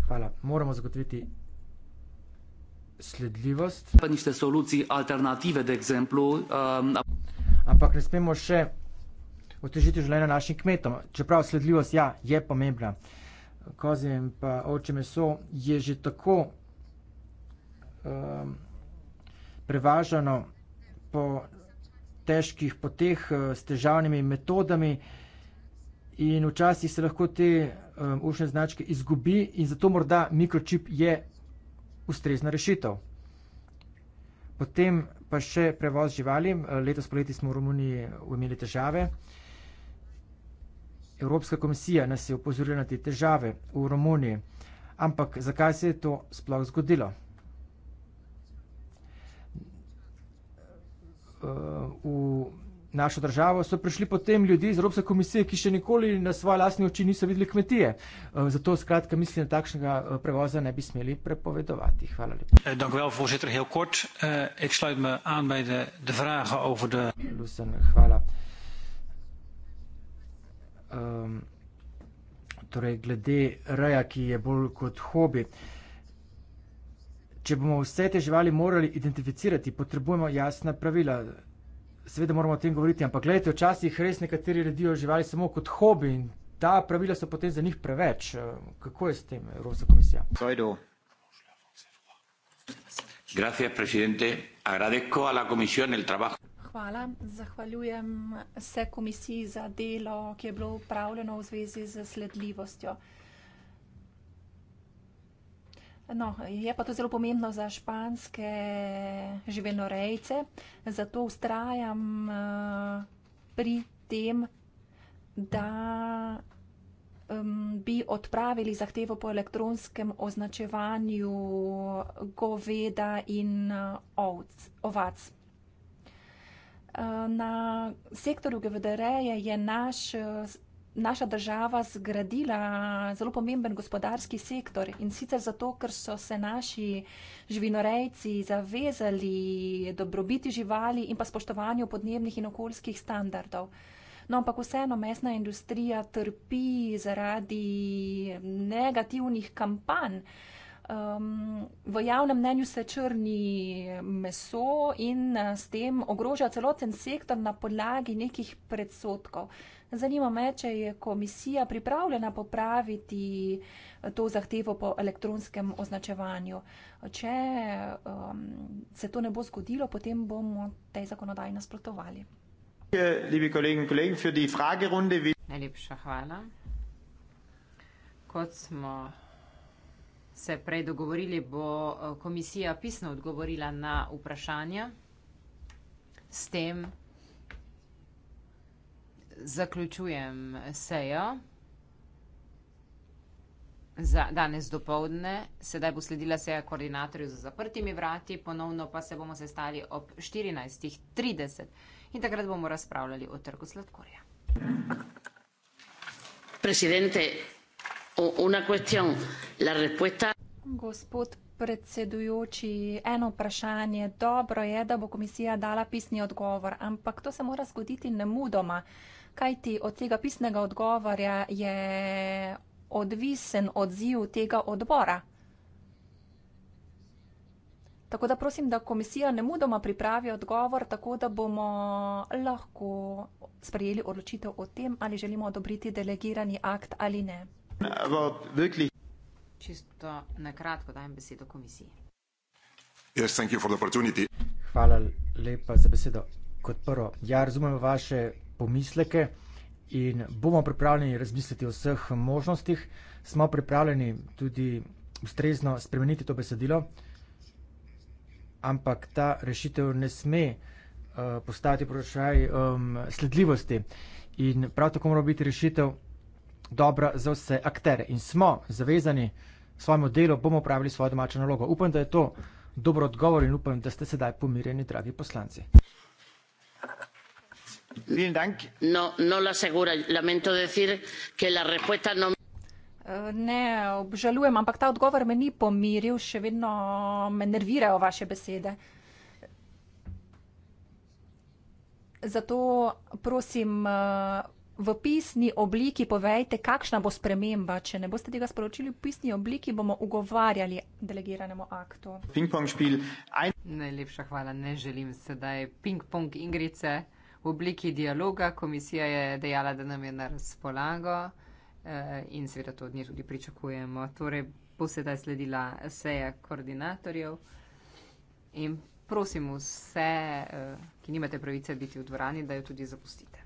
Hvala. Moramo zagotoviti sledljivost. Um, Ampak ne smemo še otežiti življenja našim kmetom. Čeprav sledljivost, ja, je pomembna. Kozje in pa oče meso je že tako. Um, prevažano po težkih poteh eh, s težavnimi metodami in včasih se lahko te eh, ušne značke izgubi in zato morda mikročip je ustrezna rešitev. Potem pa še prevoz živali. Eh, letos poleti smo v Romuniji imeli težave. Evropska komisija nas je upozorila na te težave v Romuniji. Ampak zakaj se je to sploh zgodilo? Eh, v našo državo, so prišli potem ljudje iz Evropske komisije, ki še nikoli na svoje lastne oči niso videli kmetije. Eh, zato, skratka, mislim, da takšnega eh, prevoza ne bi smeli prepovedovati. Hvala lepa. Dank wel, voorzitter. Heel kort. Ik sluit me aan bij de, de vragen over de... Lusen, hvala. Um, torej, glede reja, ki je bolj kot hobi. Uh, Če bomo vse te živali morali identificirati, potrebujemo jasna pravila. Seveda moramo o tem govoriti, ampak gledajte, včasih res nekateri redijo živali samo kot hobi in ta pravila so potem za njih preveč. Kako je s tem Evropska komisija? Hvala, zahvaljujem se komisiji za delo, ki je bilo upravljeno v zvezi z sledljivostjo. No, je pa to zelo pomembno za španske živenorejce, zato ustrajam eh, pri tem, da bi odpravili zahtevo po elektronskem označevanju goveda in eh, ovc, ovac. Eh, na sektorju GVDR je naš naša država zgradila zelo pomemben gospodarski sektor in sicer zato, ker so se naši živinorejci zavezali dobrobiti živali in pa spoštovanju podnebnih in okoljskih standardov. No, ampak vseeno mesna industrija trpi zaradi negativnih kampanj. Um, v javnem mnenju se črni meso in eh, s tem ogroža celoten sektor na podlagi nekih predsotkov. Uh, Zanima me, če je komisija pripravljena popraviti eh, to zahtevo po elektronskem označevanju. Če um, se to ne bo zgodilo, potem bomo tej zakonodaji nasprotovali. Najlepša hvala. Kot smo se prej dogovorili, bo eh, komisija pisno odgovorila na vprašanja s tem, zaključujem sejo za danes dopoldne. Sedaj bo sledila seja koordinatorjev za zaprtimi vrati, ponovno pa se bomo sestali ob 14.30 in takrat bomo razpravljali o trgu sladkorja. Presidente, una cuestión, la respuesta. Gospod predsedujoči, eno vprašanje. Dobro je, da bo komisija dala pisni odgovor, ampak to se mora zgoditi nemudoma. mudoma kajti od tega pisnega odgovora je odvisen odziv tega odbora. Tako da prosim, da komisija ne mudoma pripravi odgovor, tako da bomo lahko sprejeli odločitev o tem, ali želimo odobriti delegirani akt ali ne. Čisto na kratko dajem besedo komisiji. Yes, thank you for the opportunity. Hvala lepa za besedo. Kot prvo, ja, razumem vaše pomisleke in bomo pripravljeni razmisliti o vseh možnostih. Smo pripravljeni tudi ustrezno spremeniti to besedilo, ampak ta rešitev ne sme uh, postati vprašaj um, sledljivosti. In prav tako mora biti rešitev dobra za vse aktere. In smo zavezani svojemu delu, bomo upravili svojo domačo nalogo. Upam, da je to dober odgovor in upam, da ste sedaj pomirjeni, dragi poslanci. No, no no eh, ne obžalujem, ampak ta odgovor me ni pomiril, še vedno me nervirajo vaše besede. Zato prosim, eh, v pisni obliki povejte, kakšna bo sprememba. Če ne boste tega sporočili v pisni obliki, bomo ugovarjali delegiranemu aktu. Najlepša hvala, ne želim sedaj ping-pong ingrice v obliki dialoga. Komisija je dejala, da nam je na razpolago eh, in seveda to od nje tudi pričakujemo. Torej, bo sedaj sledila seja koordinatorjev in prosim vse, eh, ki nimate pravice biti v dvorani, da jo tudi zapustite.